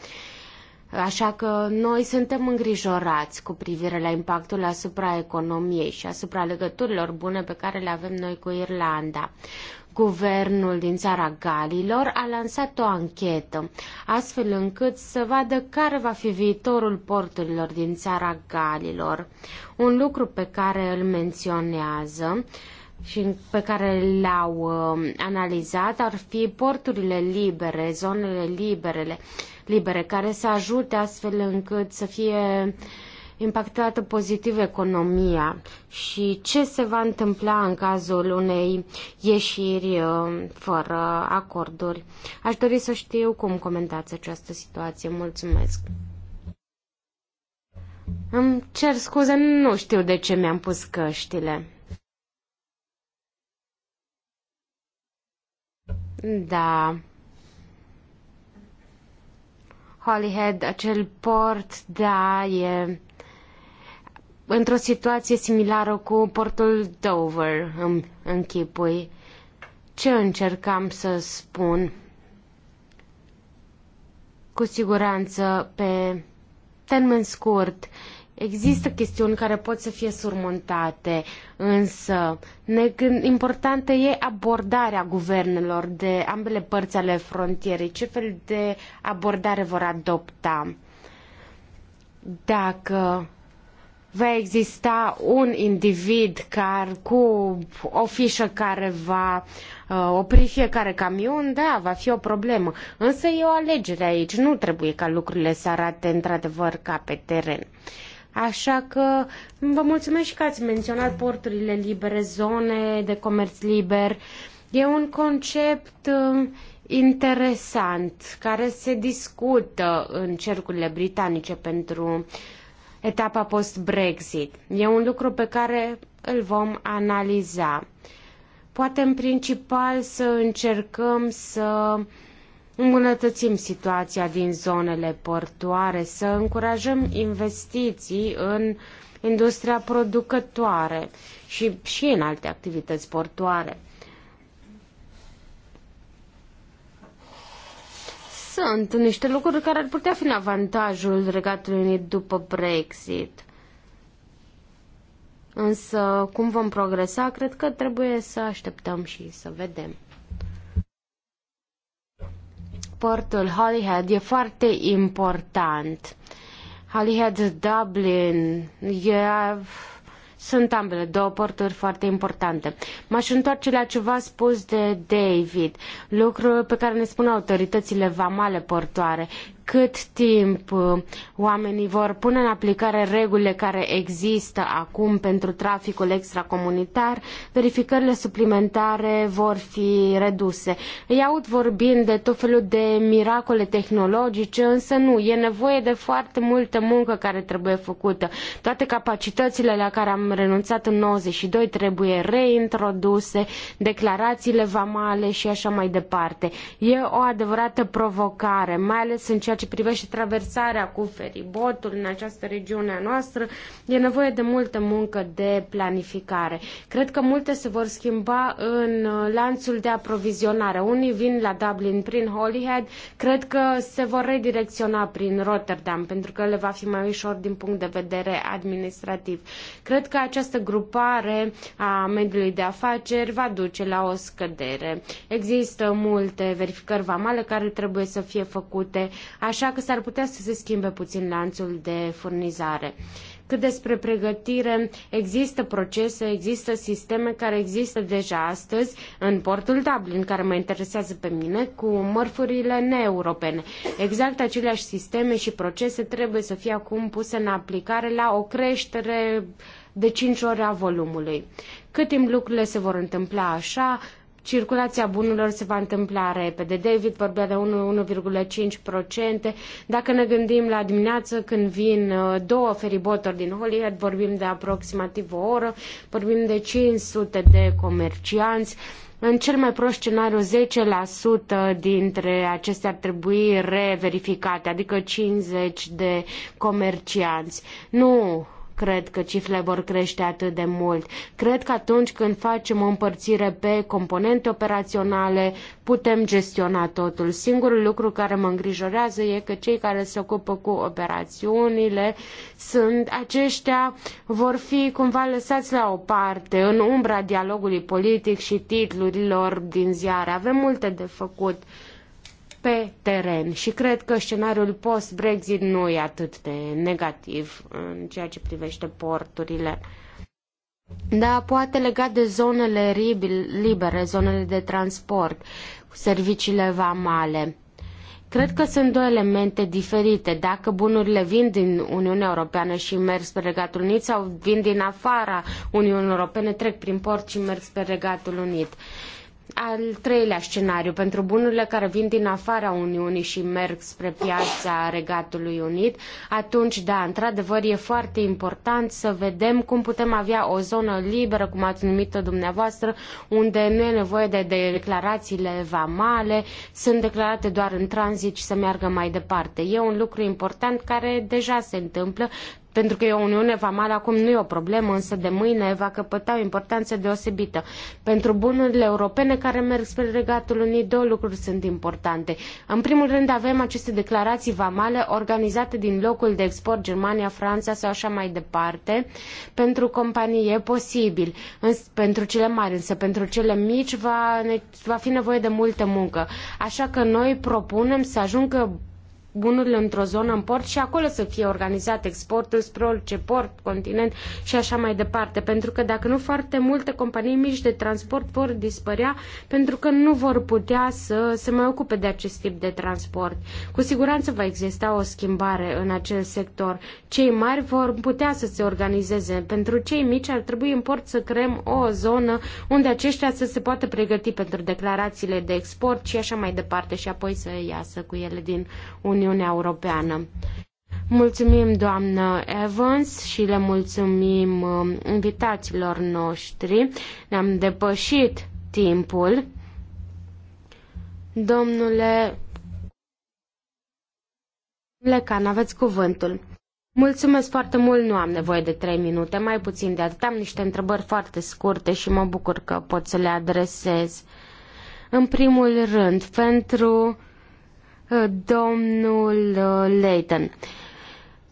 Așa că noi suntem îngrijorați cu privire la impactul asupra economiei și asupra legăturilor bune pe care le avem noi cu Irlanda. Guvernul din țara Galilor a lansat o anchetă, astfel încât să vadă care va fi viitorul porturilor din țara Galilor. Un lucru pe care îl menționează și pe care le-au uh, analizat ar fi porturile libere, zonele liberele, libere, care să ajute astfel încât să fie impactată pozitiv economia și ce se va întâmpla în cazul unei ieșiri uh, fără acorduri. Aș dori să știu cum comentați această situație. Mulțumesc! Îmi cer scuze, nu știu de ce mi-am pus căștile. Da. Holyhead, acel port, da, e într-o situație similară cu portul Dover, îmi închipui. Ce încercam să spun? Cu siguranță, pe termen scurt, Există chestiuni care pot să fie surmontate, însă ne gând, importantă e abordarea guvernelor de ambele părți ale frontierei. Ce fel de abordare vor adopta? Dacă va exista un individ care, cu o fișă care va uh, opri fiecare camion, da, va fi o problemă. Însă e o alegere aici. Nu trebuie ca lucrurile să arate într-adevăr ca pe teren. Uh, Așa că vă mulțumesc și că ați menționat porturile libere, zone de comerț liber. E un concept um, interesant care se discută în cercurile britanice pentru etapa post-Brexit. E un lucru pe care îl vom analiza. Poate în principal să încercăm să îmbunătățim situația din zonele portoare, să încurajăm investiții în industria producătoare și, și în alte activități portoare. Sunt niște lucruri care ar putea fi în avantajul Regatului Unit după Brexit. Însă, cum vom progresa, cred că trebuie să așteptăm și să vedem. Portul Holyhead e foarte important. Holyhead, Dublin, yeah. sunt ambele două porturi foarte importante. M-aș întoarce la ceva spus de David, lucru pe care ne spun autoritățile vamale portoare, cât timp uh, oamenii vor pune în aplicare regulile care există acum pentru traficul extracomunitar, verificările suplimentare vor fi reduse. Îi aud vorbind de tot felul de miracole tehnologice, însă nu, e nevoie de foarte multă muncă care trebuie făcută. Toate capacitățile la care am renunțat în 92 trebuie reintroduse, declarațiile vamale și așa mai departe. E o adevărată provocare, mai ales în ceea ceea ce privește traversarea cu feribotul în această regiune a noastră, e nevoie de multă muncă de planificare. Cred că multe se vor schimba în uh, lanțul de aprovizionare. Unii vin la Dublin prin Holyhead, cred că se vor redirecționa prin Rotterdam, pentru că le va fi mai ușor din punct de vedere administrativ. Cred că această grupare a mediului de afaceri va duce la o scădere. Există multe verificări vamale care trebuie să fie făcute așa că s-ar putea să se schimbe puțin lanțul de furnizare. Cât despre pregătire, există procese, există sisteme care există deja astăzi în portul Dublin, care mă interesează pe mine, cu mărfurile neeuropene. Exact aceleași sisteme și procese trebuie să fie acum puse în aplicare la o creștere de 5 ori a volumului. Cât timp lucrurile se vor întâmpla așa, circulația bunurilor se va întâmpla repede. David vorbea de 1,5%. Dacă ne gândim la dimineață când vin uh, două feriboturi din Hollywood, vorbim de aproximativ o oră, vorbim de 500 de comercianți. În cel mai prost scenariu, 10% dintre acestea ar trebui reverificate, adică 50 de comercianți. Nu cred că cifrele vor crește atât de mult. Cred că atunci când facem o împărțire pe componente operaționale, putem gestiona totul. Singurul lucru care mă îngrijorează e că cei care se ocupă cu operațiunile sunt aceștia vor fi cumva lăsați la o parte în umbra dialogului politic și titlurilor din ziare. Avem multe de făcut pe teren și cred că scenariul post-Brexit nu e atât de negativ în ceea ce privește porturile. Da, poate legat de zonele libere, zonele de transport, serviciile vamale. Cred că sunt două elemente diferite. Dacă bunurile vin din Uniunea Europeană și merg spre Regatul Unit sau vin din afara Uniunii Europene, trec prin port și merg spre Regatul Unit al treilea scenariu, pentru bunurile care vin din afara Uniunii și merg spre piața Regatului Unit, atunci, da, într-adevăr, e foarte important să vedem cum putem avea o zonă liberă, cum ați numit-o dumneavoastră, unde nu e nevoie de declarațiile vamale, sunt declarate doar în tranzit și să meargă mai departe. E un lucru important care deja se întâmplă, pentru că e o uniune vamală acum nu e o problemă, însă de mâine va căpăta o importanță deosebită. Pentru bunurile europene care merg spre Regatul Unit, două lucruri sunt importante. În primul rând avem aceste declarații vamale organizate din locul de export Germania, Franța sau așa mai departe. Pentru companii e posibil, însă, pentru cele mari, însă pentru cele mici va, va fi nevoie de multă muncă. Așa că noi propunem să ajungă bunurile într-o zonă în port și acolo să fie organizat exportul spre orice port, continent și așa mai departe. Pentru că dacă nu, foarte multe companii mici de transport vor dispărea pentru că nu vor putea să se mai ocupe de acest tip de transport. Cu siguranță va exista o schimbare în acel sector. Cei mari vor putea să se organizeze. Pentru cei mici ar trebui în port să creăm o zonă unde aceștia să se poată pregăti pentru declarațiile de export și așa mai departe și apoi să iasă cu ele din Uniune. Uniunea Europeană. Mulțumim, doamnă Evans, și le mulțumim um, invitaților noștri. Ne-am depășit timpul. Domnule Lecan, aveți cuvântul. Mulțumesc foarte mult, nu am nevoie de trei minute, mai puțin de atât. Am niște întrebări foarte scurte și mă bucur că pot să le adresez. În primul rând, pentru domnul uh, Leighton.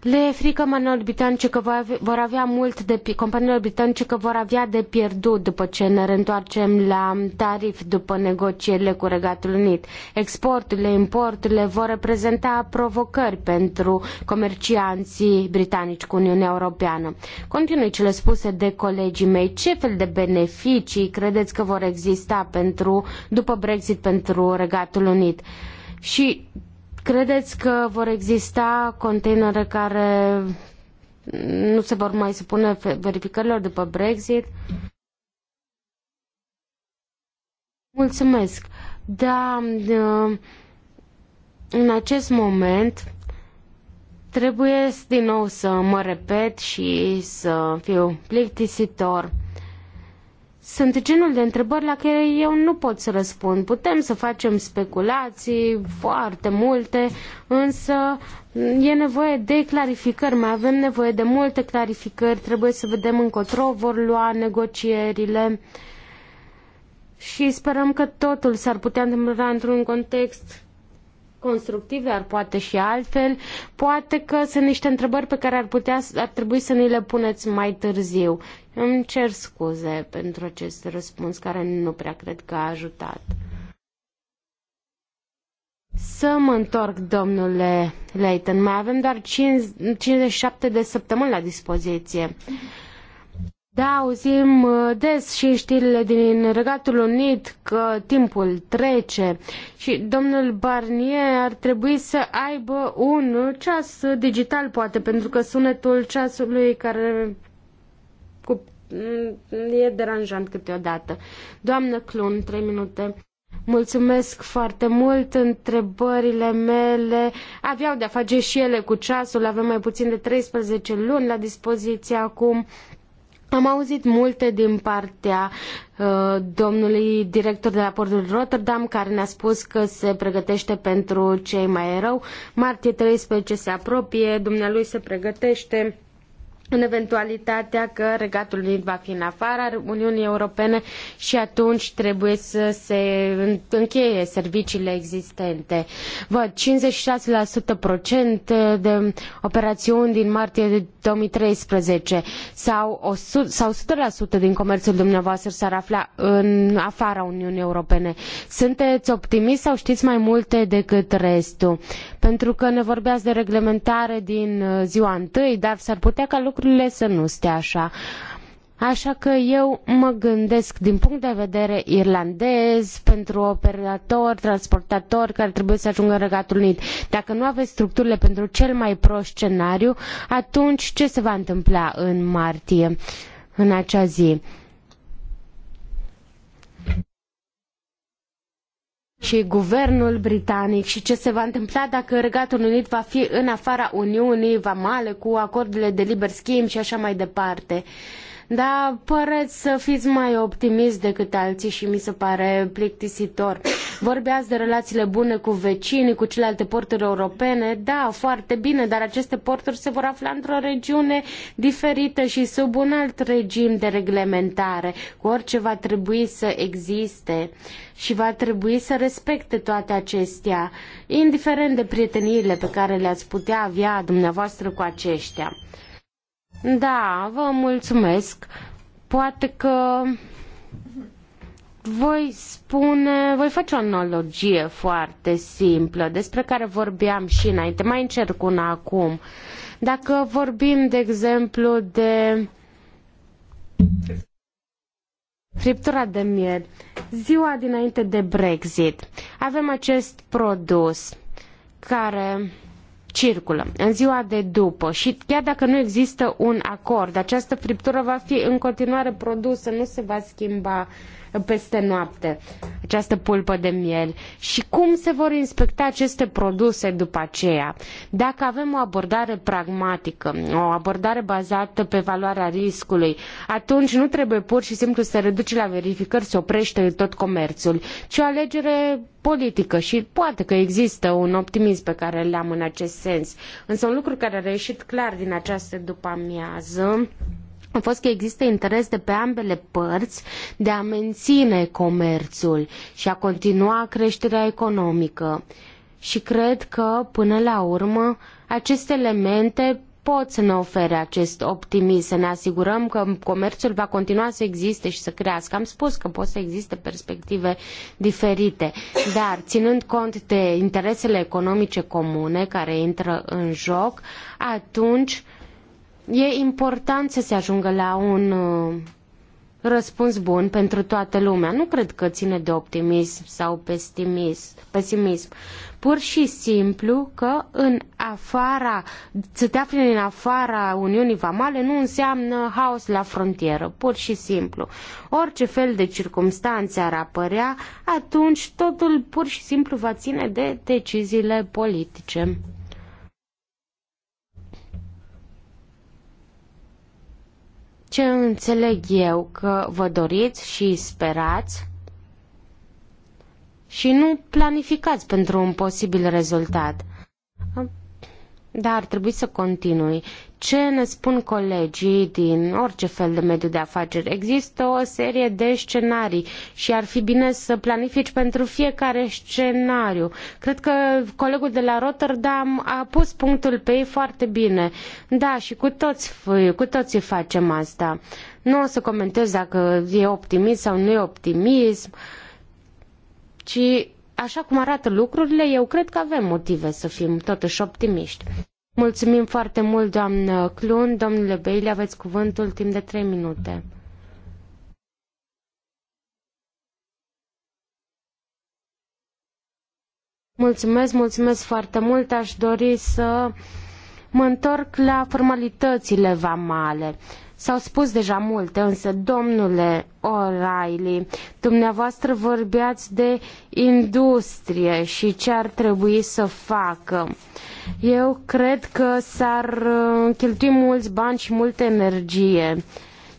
Le e frică companiilor britanice că vor avea mult de companiilor britanice că vor avea de pierdut după ce ne reîntoarcem la tarif după negocierile cu Regatul Unit. Exporturile, importurile vor reprezenta provocări pentru comercianții britanici cu Uniunea Europeană. Continui cele spuse de colegii mei. Ce fel de beneficii credeți că vor exista pentru, după Brexit pentru Regatul Unit? Uh, și credeți că vor exista containere care nu se vor mai supune verificărilor după Brexit? Mulțumesc. Da, uh, în acest moment trebuie din nou să mă repet și să fiu plictisitor sunt genul de întrebări la care eu nu pot să răspund. Putem să facem speculații foarte multe, însă e nevoie de clarificări, mai avem nevoie de multe clarificări, trebuie să vedem încotro vor lua negocierile și sperăm că totul s-ar putea întâmpla într-un context constructive, ar poate și altfel. Poate că sunt niște întrebări pe care ar, putea, ar trebui să ni le puneți mai târziu. Îmi cer scuze pentru acest răspuns care nu prea cred că a ajutat. Să mă întorc, domnule Leighton. Mai avem doar 5, 57 de săptămâni la dispoziție. Mm-hmm da, auzim uh, des și știrile din Regatul Unit că timpul trece și domnul Barnier ar trebui să aibă un ceas digital, poate, pentru că sunetul ceasului care cu... Mm, e deranjant câteodată. Doamnă Clun, trei minute. Mulțumesc foarte mult. Întrebările mele aveau de-a face și ele cu ceasul. Avem mai puțin de 13 luni la dispoziție acum. Am auzit multe din partea uh, domnului director de la portul Rotterdam, care ne-a spus că se pregătește pentru cei mai rău. Martie 13 se apropie, dumnealui se pregătește în eventualitatea că Regatul Unit va fi în afara Uniunii Europene și atunci trebuie să se încheie serviciile existente. Văd 56% procent de operațiuni din martie 2013 sau, 100, sau 100% din comerțul dumneavoastră s-ar afla în afara Uniunii Europene. Sunteți optimist sau știți mai multe decât restul? Pentru că ne vorbeați de reglementare din ziua întâi, dar s-ar putea ca lucrurile lucrurile să nu stea așa. Așa că eu mă gândesc din punct de vedere irlandez pentru operator, transportator care trebuie să ajungă în Regatul Unit. Dacă nu aveți structurile pentru cel mai prost scenariu, atunci ce se va întâmpla în martie, în acea zi? și guvernul britanic și ce se va întâmpla dacă Regatul Unit va fi în afara Uniunii, va male cu acordurile de liber schimb și așa mai departe. Uh, dar păreți să fiți mai optimist decât alții și mi se pare plictisitor. Vorbeați de relațiile bune cu vecinii, cu celelalte porturi europene, da, foarte bine, dar aceste porturi se vor afla într-o regiune diferită și sub un alt regim de reglementare. Cu orice va trebui să existe și va trebui să respecte toate acestea, indiferent de prieteniile pe care le-ați putea avea dumneavoastră cu aceștia. Da, vă mulțumesc. Poate că voi spune, voi face o analogie foarte simplă despre care vorbeam și înainte. Mai încerc una acum. Dacă vorbim, de exemplu, de friptura de miel, ziua dinainte de Brexit, avem acest produs care circulă în ziua de după și chiar dacă nu există un acord, această friptură va fi în continuare produsă, nu se va schimba uh, peste noapte, această pulpă de miel și cum se vor inspecta aceste produse după aceea. Dacă avem o abordare pragmatică, o abordare bazată pe valoarea riscului, atunci nu trebuie pur și simplu să reduci la verificări, să oprește tot comerțul, ci o alegere politică și poate că există un optimism pe care l-am în acest sens. Însă un lucru care a reieșit clar din această după amiază a fost că există interes de pe ambele părți de a menține comerțul și a continua creșterea economică. Și cred că, până la urmă, aceste elemente pot să ne ofere acest optimism, să ne asigurăm că comerțul va continua să existe și să crească. Am spus că pot să existe perspective diferite, dar ținând cont de interesele economice comune care intră în joc, atunci E important să se ajungă la un uh, răspuns bun pentru toată lumea. Nu cred că ține de optimism sau pesimism. Pur și simplu că în afara, să te afli în afara Uniunii Vamale nu înseamnă haos la frontieră, pur și simplu. Orice fel de circumstanțe ar apărea, atunci totul pur și simplu va ține de deciziile politice. Ce înțeleg eu că vă doriți și sperați și nu planificați pentru un posibil rezultat. Dar ar trebui să continui ce ne spun colegii din orice fel de mediu de afaceri. Există o serie de scenarii și ar fi bine să planifici pentru fiecare scenariu. Cred că colegul de la Rotterdam a pus punctul pe ei foarte bine. Da, și cu toți, cu toții facem asta. Nu o să comentez dacă e optimism sau nu e optimism, ci așa cum arată lucrurile, eu cred că avem motive să fim totuși optimiști. Mulțumim foarte mult, doamnă Clun. Domnule Bailey, aveți cuvântul timp de 3 minute. Mulțumesc, mulțumesc foarte mult. Aș dori să mă întorc la formalitățile vamale. Uh, S-au spus deja multe, însă, domnule O'Reilly, dumneavoastră vorbeați de industrie și ce ar trebui să facă. Eu cred că s-ar uh, cheltui mulți bani și multă energie.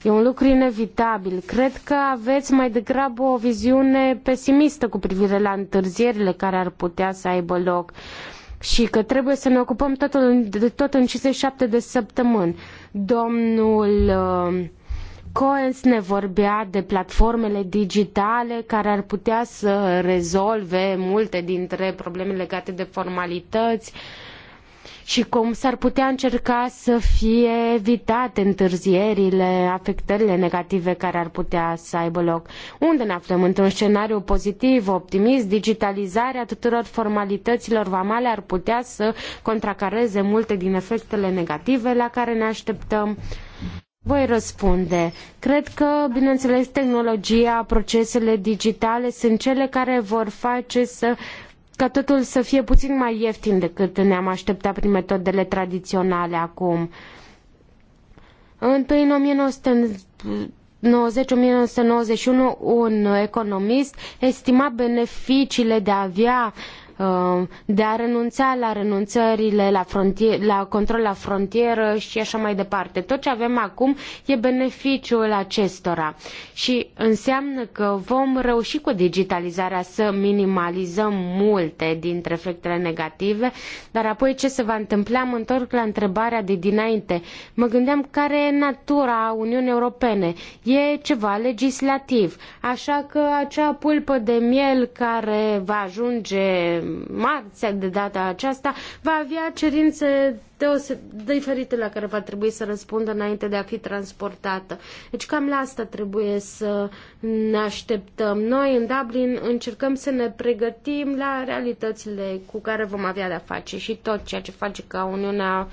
E un lucru inevitabil. Cred că aveți mai degrabă o viziune pesimistă cu privire la întârzierile care ar putea să aibă loc și că trebuie să ne ocupăm totul, de tot în 57 de săptămâni. Domnul uh, Coens ne vorbea de platformele digitale care ar putea să rezolve multe dintre problemele legate de formalități, uh, și cum s-ar putea încerca să fie evitate întârzierile, afectările negative care ar putea să aibă loc. Unde ne aflăm? Într-un scenariu pozitiv, optimist, digitalizarea tuturor formalităților vamale ar putea să contracareze multe din efectele negative la care ne așteptăm. Voi răspunde. Cred că, bineînțeles, tehnologia, procesele digitale sunt cele care vor face să ca totul să fie puțin mai ieftin decât ne-am așteptat prin metodele tradiționale acum. Întâi în 1990 1991 un economist estima beneficiile de a avea Um, de a renunța la renunțările la, frontier, la control la frontieră și așa mai departe. Tot ce avem acum e beneficiul acestora și înseamnă că vom reuși cu digitalizarea să minimalizăm multe dintre efectele negative, dar apoi ce se va întâmpla? Mă întorc la întrebarea de dinainte. Mă gândeam care e natura Uniunii Europene. E ceva legislativ, așa că acea pulpă de miel care va ajunge marți de data aceasta, va avea cerințe diferite la care va trebui să răspundă înainte de a fi transportată. Deci cam la asta trebuie să ne așteptăm. Noi în Dublin încercăm să ne pregătim la realitățile cu care vom avea de-a face și tot ceea ce face ca Uniunea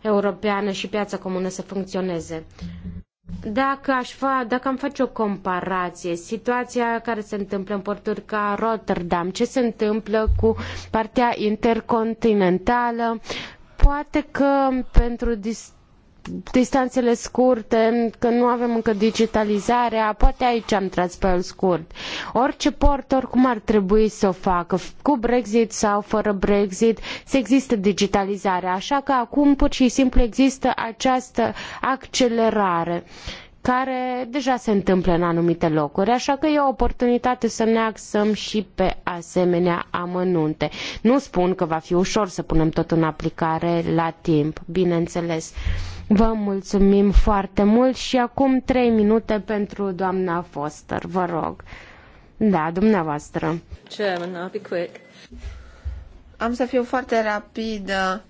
Europeană și piața comună să funcționeze. Dacă, aș fa, dacă am face o comparație, situația care se întâmplă în porturi ca Rotterdam, ce se întâmplă cu partea intercontinentală, poate că pentru distanță distanțele scurte, că nu avem încă digitalizarea, poate aici am tras pe el scurt. Orice port, oricum ar trebui să o facă, cu Brexit sau fără Brexit, să există digitalizare, așa că acum pur și simplu există această accelerare care deja se întâmplă în anumite locuri, așa că e o oportunitate să ne axăm și pe asemenea amănunte. Nu spun că va fi ușor să punem tot în aplicare la timp, bineînțeles. Vă mulțumim foarte mult și acum trei minute pentru doamna Foster, vă rog. Da, dumneavoastră. Chairman, I'll be quick. Am să fiu foarte rapidă.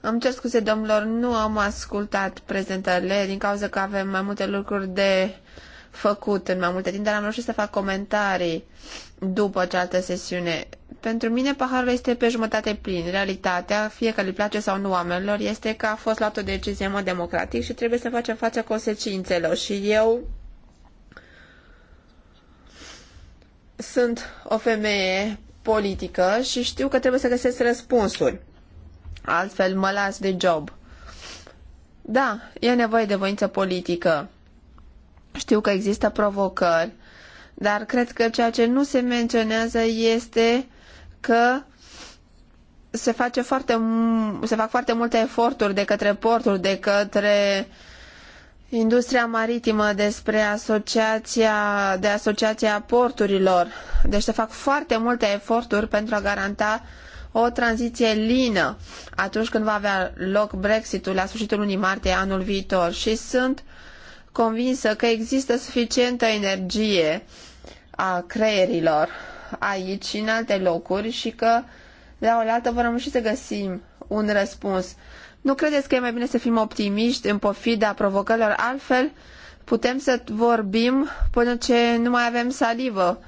Îmi cer scuze, domnilor, nu am ascultat prezentările din cauza că avem mai multe lucruri de făcut în mai multe timp, dar am reușit să fac comentarii după această sesiune. Pentru mine paharul este pe jumătate plin. Realitatea, fie că le place sau nu oamenilor, este că a fost luată o decizie mai democratic și trebuie să facem față consecințelor. Și eu sunt o femeie politică și știu că trebuie să găsesc răspunsuri altfel mă las de job. Da, e nevoie de voință politică. Știu că există provocări, dar cred că ceea ce nu se menționează este că se, face foarte, se fac foarte multe eforturi de către porturi, de către industria maritimă, despre asociația, de asociația porturilor. Deci se fac foarte multe eforturi pentru a garanta uh, o tranziție lină atunci când va avea loc Brexitul la sfârșitul lunii martie anul viitor și sunt convinsă că există suficientă energie a creierilor aici și în alte locuri și că de la oaltă vom reuși să găsim un răspuns. Nu credeți că e mai bine să fim optimiști în pofida provocărilor? Altfel, putem să vorbim până ce nu mai avem salivă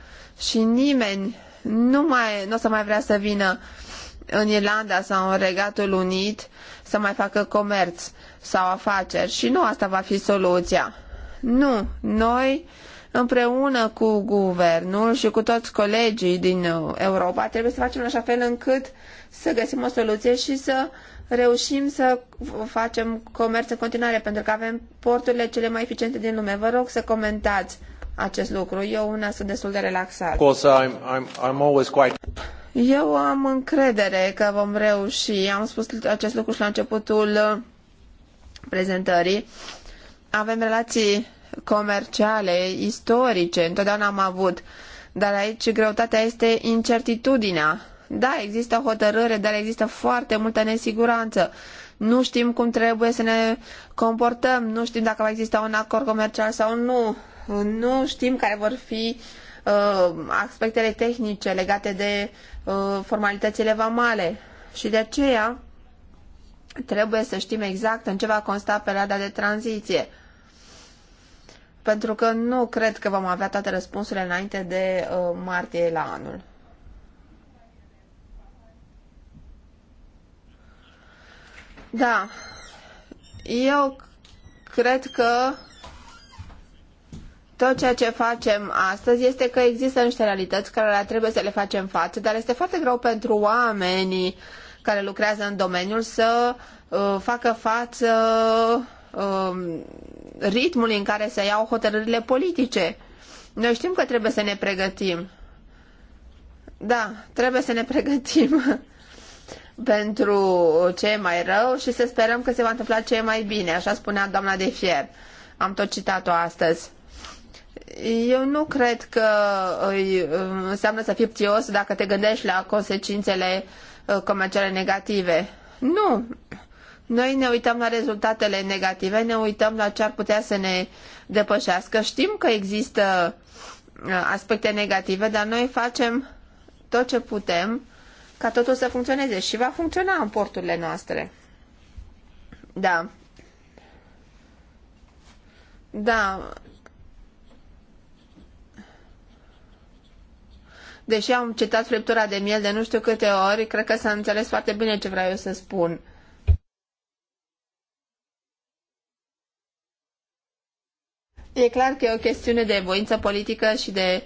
și nimeni nu mai, nu o să mai vrea să vină în Irlanda sau în Regatul Unit să mai facă comerț sau afaceri și nu asta va fi soluția. Nu, noi împreună cu guvernul și cu toți colegii din Europa trebuie să facem așa fel încât să găsim o soluție și să reușim să facem comerț în continuare, pentru că avem porturile cele mai eficiente din lume. Vă rog să comentați acest lucru. Eu una sunt destul de relaxat. Of course, I'm, I'm, I'm always quite... Eu am încredere că vom reuși. Am spus acest lucru și la începutul prezentării. Avem relații comerciale, istorice, întotdeauna am avut. Dar aici greutatea este incertitudinea. Da, există hotărâre, dar există foarte multă nesiguranță. Nu știm cum trebuie să ne comportăm, nu știm dacă va exista un acord comercial sau nu, nu știm care vor fi uh, Uh, aspectele tehnice legate de uh, formalitățile vamale și de aceea trebuie să știm exact în ce va consta perioada de tranziție. Pentru că nu cred că vom avea toate răspunsurile înainte de uh, martie la anul. Da, eu cred că tot ceea ce facem astăzi este că există niște realități care trebuie să le facem față, dar este foarte greu pentru oamenii care lucrează în domeniul să uh, facă față uh, ritmului în care se iau hotărârile politice. Noi știm că trebuie să ne pregătim. Da, trebuie să ne pregătim pentru ce e mai rău și să sperăm că se va întâmpla ce e mai bine, așa spunea doamna de fier. Am tot citat-o astăzi. Eu nu cred că îi, înseamnă să fii ptios dacă te gândești la consecințele uh, comerciale negative. Nu! Noi ne uităm la rezultatele negative, ne uităm la ce ar putea să ne depășească. Știm că există uh, aspecte negative, dar noi facem tot ce putem ca totul să funcționeze și va funcționa în porturile noastre. Da. Da, deși am citat friptura de miel de nu știu câte ori, cred că s-a înțeles foarte bine ce vreau eu să spun. E clar că e o chestiune de voință politică și de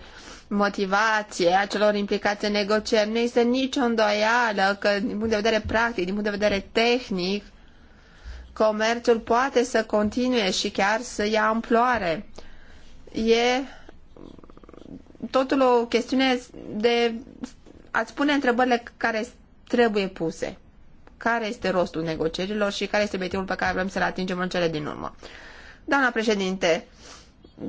motivație a celor implicați în negocieri. Nu este nicio îndoială că, din punct de vedere practic, din punct de vedere tehnic, comerțul poate să continue și chiar să ia amploare. E totul o chestiune de a-ți pune întrebările care trebuie puse. Care este rostul negocierilor și care este obiectivul pe care vrem să-l atingem în cele din urmă. Doamna președinte,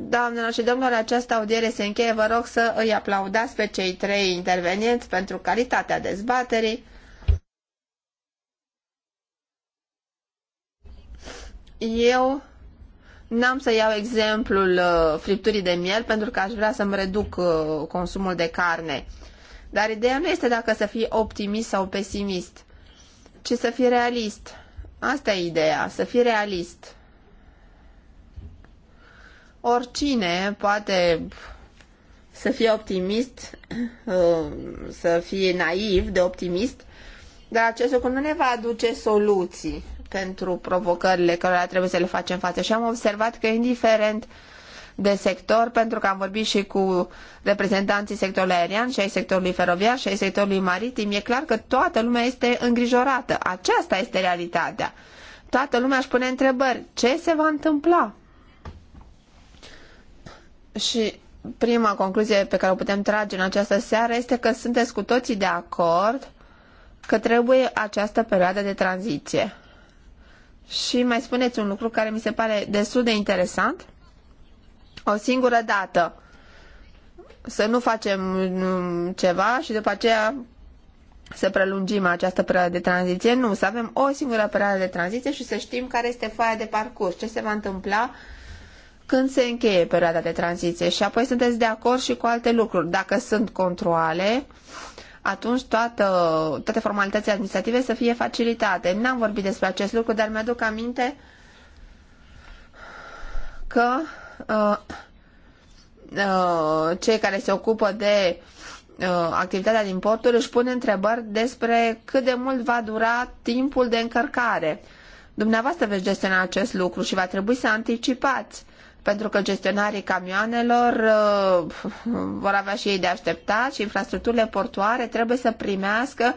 doamnelor și domnilor, această audiere se încheie. Vă rog să îi aplaudați pe cei trei intervenienți pentru calitatea dezbaterii. Eu N-am să iau exemplul uh, fripturii de miel pentru că aș vrea să-mi reduc uh, consumul de carne. Dar ideea nu este dacă să fii optimist sau pesimist, ci să fii realist. Asta e ideea, să fii realist. Oricine poate să fie optimist, uh, să fie naiv de optimist, dar acest lucru nu ne va aduce soluții pentru provocările cărora trebuie să le facem față și am observat că indiferent de sector, pentru că am vorbit și cu reprezentanții sectorului aerian și ai sectorului feroviar și ai sectorului maritim, e clar că toată lumea este îngrijorată. Aceasta este realitatea. Toată lumea își pune întrebări. Ce se va întâmpla? Și prima concluzie pe care o putem trage în această seară este că sunteți cu toții de acord că trebuie această perioadă de tranziție. Și mai spuneți un lucru care mi se pare destul de interesant. O singură dată să nu facem mm, ceva și după aceea să prelungim această perioadă de tranziție. Nu, să avem o singură perioadă de tranziție și să știm care este foaia de parcurs, ce se va întâmpla când se încheie perioada de tranziție. Și apoi sunteți de acord și cu alte lucruri. Dacă sunt controle, atunci toată, toate formalitățile administrative să fie facilitate. N-am vorbit despre acest lucru, dar mi-aduc aminte că uh, uh, cei care se ocupă de uh, activitatea din porturi își pun întrebări despre cât de mult va dura timpul de încărcare. Dumneavoastră veți gestiona acest lucru și va trebui să anticipați pentru că gestionarii camioanelor uh, vor avea și ei de așteptat și infrastructurile portoare trebuie să primească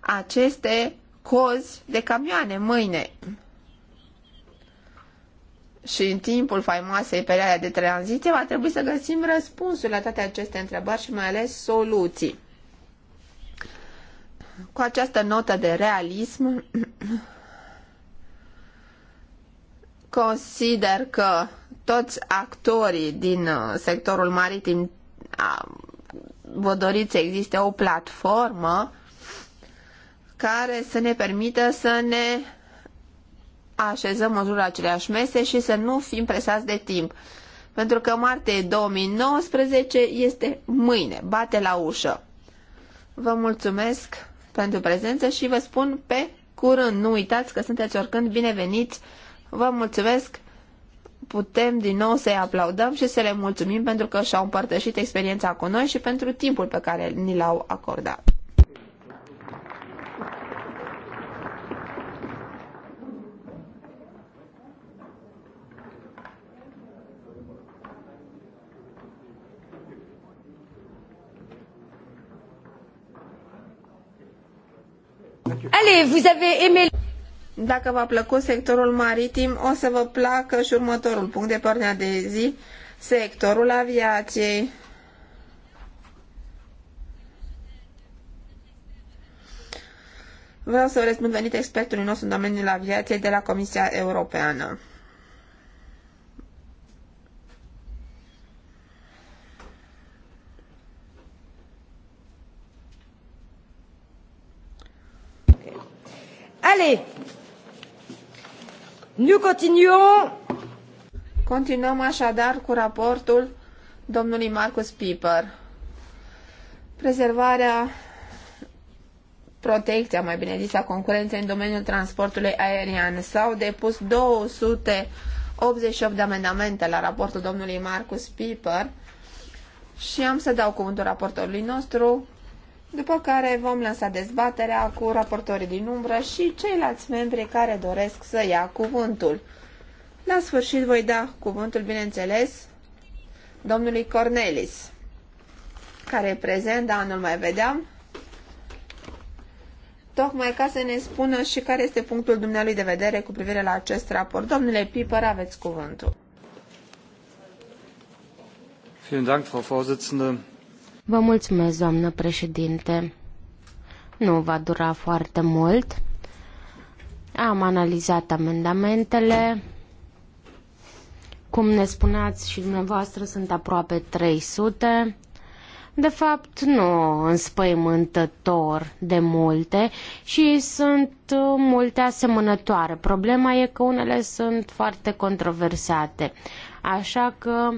aceste cozi de camioane mâine. Și în timpul faimoasei perioade de tranziție va trebui să găsim răspunsul la toate aceste întrebări și mai ales soluții. Cu această notă de realism, consider că toți actorii din uh, sectorul maritim vă doriți să existe o platformă care să ne permită să ne așezăm în jurul aceleași mese și să nu fim presați de timp. Pentru că martie 2019 este mâine, bate la ușă. Vă mulțumesc pentru prezență și vă spun pe curând. Nu uitați că sunteți oricând bineveniți. Vă mulțumesc! putem din nou să-i aplaudăm și să le mulțumim pentru că și-au împărtășit experiența cu noi și pentru timpul pe care ni l-au acordat. Allez, vous avez aimé... Dacă v-a plăcut sectorul maritim, o să vă placă și următorul punct de pornire de zi, sectorul aviației. Vreau să vă răspund venit expertului nostru în domeniul aviației de la Comisia Europeană. Allez nu continuăm. Continuăm așadar cu raportul domnului Marcus Piper. Prezervarea, protecția, mai bine zis, a concurenței în domeniul transportului aerian. S-au depus 288 de amendamente la raportul domnului Marcus Piper și am să dau cuvântul raportorului nostru, după care vom lansa dezbaterea cu raportorii din umbră și ceilalți membri care doresc să ia cuvântul. La sfârșit voi da cuvântul, bineînțeles, domnului Cornelis, care e prezent, dar nu-l mai vedeam, tocmai ca să ne spună și care este punctul dumnealui de vedere cu privire la acest raport. Domnule Piper, aveți cuvântul. Vielen Dank, Frau Vorsitzende. Vă mulțumesc, doamnă președinte. Nu va dura foarte mult. Am analizat amendamentele. Cum ne spuneați și dumneavoastră, sunt aproape 300. De fapt, nu înspăimântător de multe și sunt uh, multe asemănătoare. Problema e că unele sunt foarte controversate. Așa că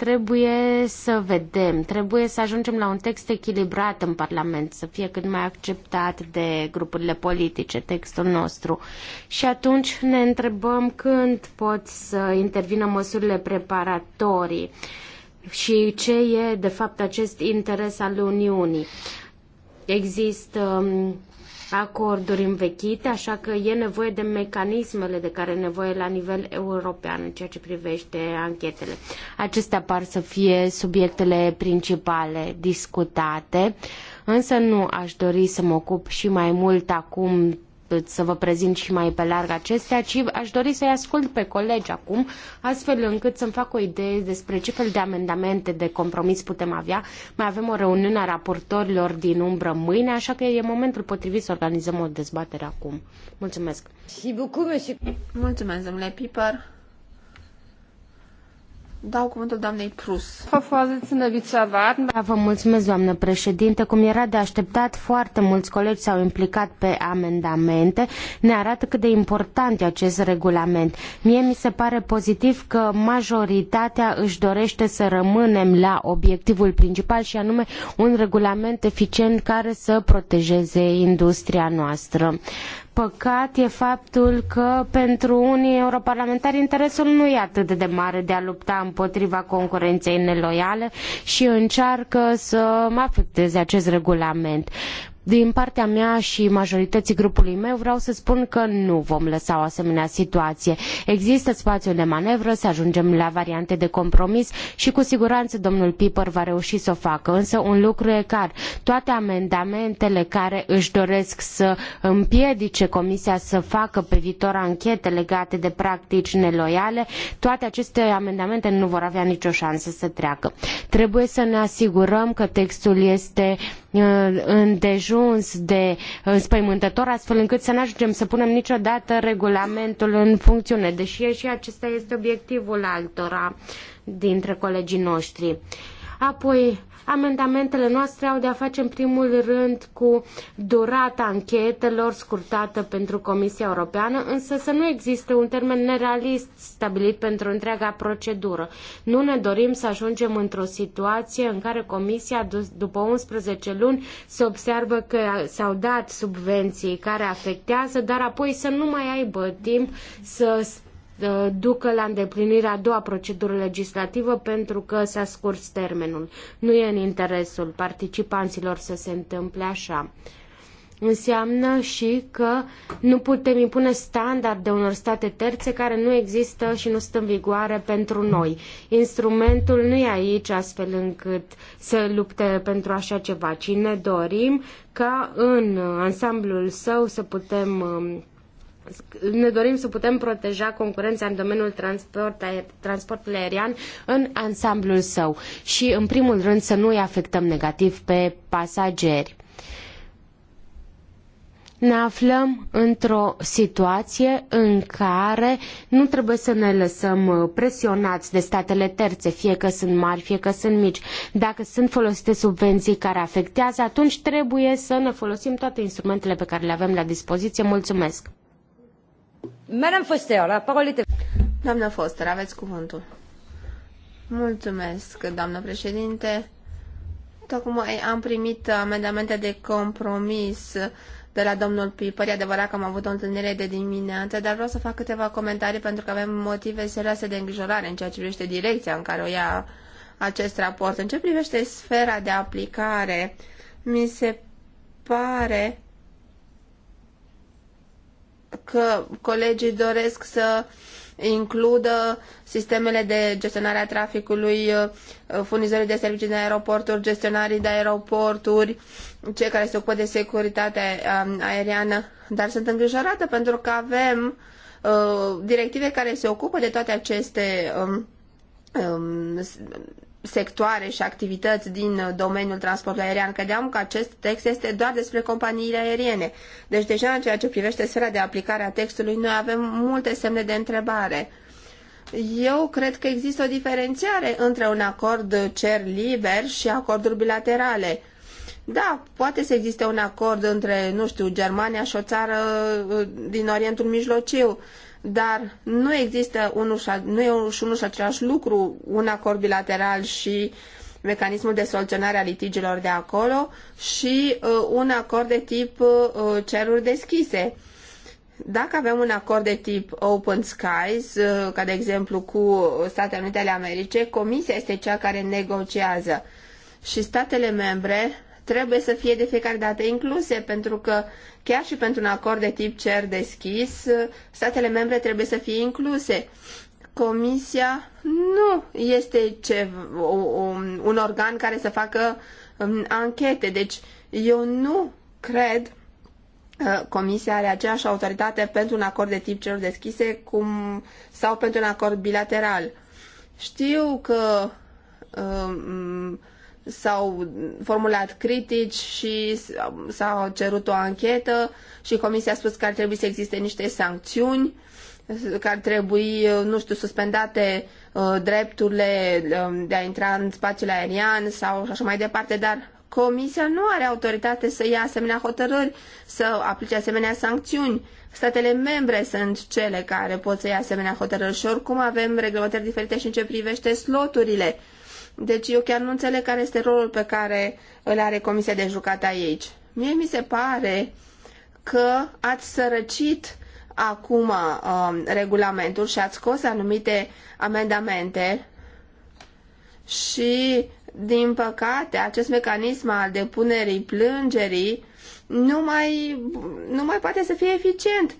Trebuie să vedem, trebuie să ajungem la un text echilibrat în Parlament, să fie cât mai acceptat de grupurile politice, textul nostru. Și atunci ne întrebăm când pot să intervină măsurile preparatorii și ce e, de fapt, acest interes al Uniunii există um, acorduri învechite, așa că e nevoie de mecanismele de care e nevoie la nivel european în ceea ce privește anchetele. Acestea par să fie subiectele principale discutate, însă nu aș dori să mă ocup și mai mult acum să vă prezint și mai pe larg acestea, ci aș dori să-i ascult pe colegi acum, astfel încât să-mi fac o idee despre ce fel de amendamente de compromis putem avea. Mai avem o reuniune a raportorilor din umbră mâine, așa că e momentul potrivit să organizăm o dezbatere acum. Mulțumesc! Mulțumesc, domnule Piper! Dau cuvântul doamnei Prus. Da, vă mulțumesc, doamnă președinte. Cum era de așteptat, foarte mulți colegi s-au implicat pe amendamente. Ne arată cât de important e acest regulament. Mie mi se pare pozitiv că majoritatea își dorește să rămânem la obiectivul principal și anume un regulament eficient care să protejeze industria noastră. Păcat e faptul că pentru unii europarlamentari interesul nu e atât de mare de a lupta împotriva concurenței neloiale și încearcă să afecteze acest regulament. Din partea mea și majorității grupului meu vreau să spun că nu vom lăsa o asemenea situație. Există spațiu de manevră, să ajungem la variante de compromis și cu siguranță domnul Piper va reuși să o facă. Însă un lucru e clar, toate amendamentele care își doresc să împiedice Comisia să facă pe viitor anchete legate de practici neloiale, toate aceste amendamente nu vor avea nicio șansă să treacă. Trebuie să ne asigurăm că textul este Uh, îndejuns de înspăimântător, astfel încât să nu ajungem să punem niciodată regulamentul în funcțiune, deși și acesta este obiectivul altora dintre colegii noștri. Uh, Apoi, amendamentele noastre au de-a face în primul rând cu durata anchetelor scurtată pentru Comisia Europeană, însă să nu existe un termen nerealist stabilit pentru întreaga procedură. Nu ne dorim să ajungem într-o situație în care Comisia, după 11 luni, se observă că s-au dat subvenții care afectează, dar apoi să nu mai aibă timp să Uh, ducă la îndeplinirea a doua procedură legislativă pentru că s-a scurs termenul. Nu e în interesul participanților să se întâmple așa înseamnă și că nu putem impune standarde unor state terțe care nu există și nu sunt în vigoare pentru noi. Instrumentul nu e aici astfel încât să lupte pentru așa ceva, ci ne dorim ca în ansamblul său să putem um, ne dorim să putem proteja concurența în domeniul transport, aer, transportului aerian în ansamblul său și, în primul rând, să nu îi afectăm negativ pe pasageri. Ne aflăm într-o situație în care nu trebuie să ne lăsăm uh, presionați de statele terțe, fie că sunt mari, fie că sunt mici. Dacă sunt folosite subvenții care afectează, atunci trebuie să ne folosim toate instrumentele pe care le avem la dispoziție. Mulțumesc! Madame Foster, la parole este... Doamna Foster, aveți cuvântul. Mulțumesc, doamnă președinte. Tocmai am primit amendamente de compromis de la domnul Piper. E adevărat că am avut o întâlnire de dimineață, dar vreau să fac câteva comentarii pentru că avem motive serioase de îngrijorare în ceea ce privește direcția în care o ia acest raport. În ce privește sfera de aplicare, mi se pare că colegii doresc să includă sistemele de gestionare a traficului, uh, furnizorii de servicii de aeroporturi, gestionarii de aeroporturi, cei care se ocupă de securitatea um, aeriană, dar sunt îngrijorată pentru că avem uh, directive care se ocupă de toate aceste um, um, sectoare și activități din domeniul transportului aerian. Credeam că acest text este doar despre companiile aeriene. Deci deja în ceea ce privește sfera de aplicare a textului, noi avem multe semne de întrebare. Eu cred că există o diferențiare între un acord cer liber și acorduri bilaterale. Da, poate să existe un acord între, nu știu, Germania și o țară uh, din Orientul Mijlociu, dar nu există unul nu e unul și unul și același lucru, un acord bilateral și mecanismul de soluționare a litigiilor de acolo și uh, un acord de tip uh, ceruri deschise. Dacă avem un acord de tip Open Skies, uh, ca de exemplu cu Statele Unite ale Americii, Comisia este cea care negociază și statele membre trebuie să fie de fiecare dată incluse pentru că uh, Chiar și pentru un acord de tip cer deschis, statele membre trebuie să fie incluse. Comisia nu este ce, un, un organ care să facă um, anchete, deci eu nu cred că uh, Comisia are aceeași autoritate pentru un acord de tip celor deschise cum, sau pentru un acord bilateral. Știu că um, s-au formulat critici și s-a cerut o anchetă și comisia a spus că ar trebui să existe niște sancțiuni, că ar trebui, nu știu, suspendate uh, drepturile um, de a intra în spațiul aerian sau așa mai departe, dar Comisia nu are autoritate să ia asemenea hotărâri, să aplice asemenea sancțiuni. Statele membre sunt cele care pot să ia asemenea hotărâri și oricum avem reglementări diferite și în ce privește sloturile. Deci eu chiar nu înțeleg care este rolul pe care îl are comisia de jucat aici. Mie mi se pare că ați sărăcit acum uh, regulamentul și ați scos anumite amendamente și, din păcate, acest mecanism al depunerii plângerii nu mai, nu mai poate să fie eficient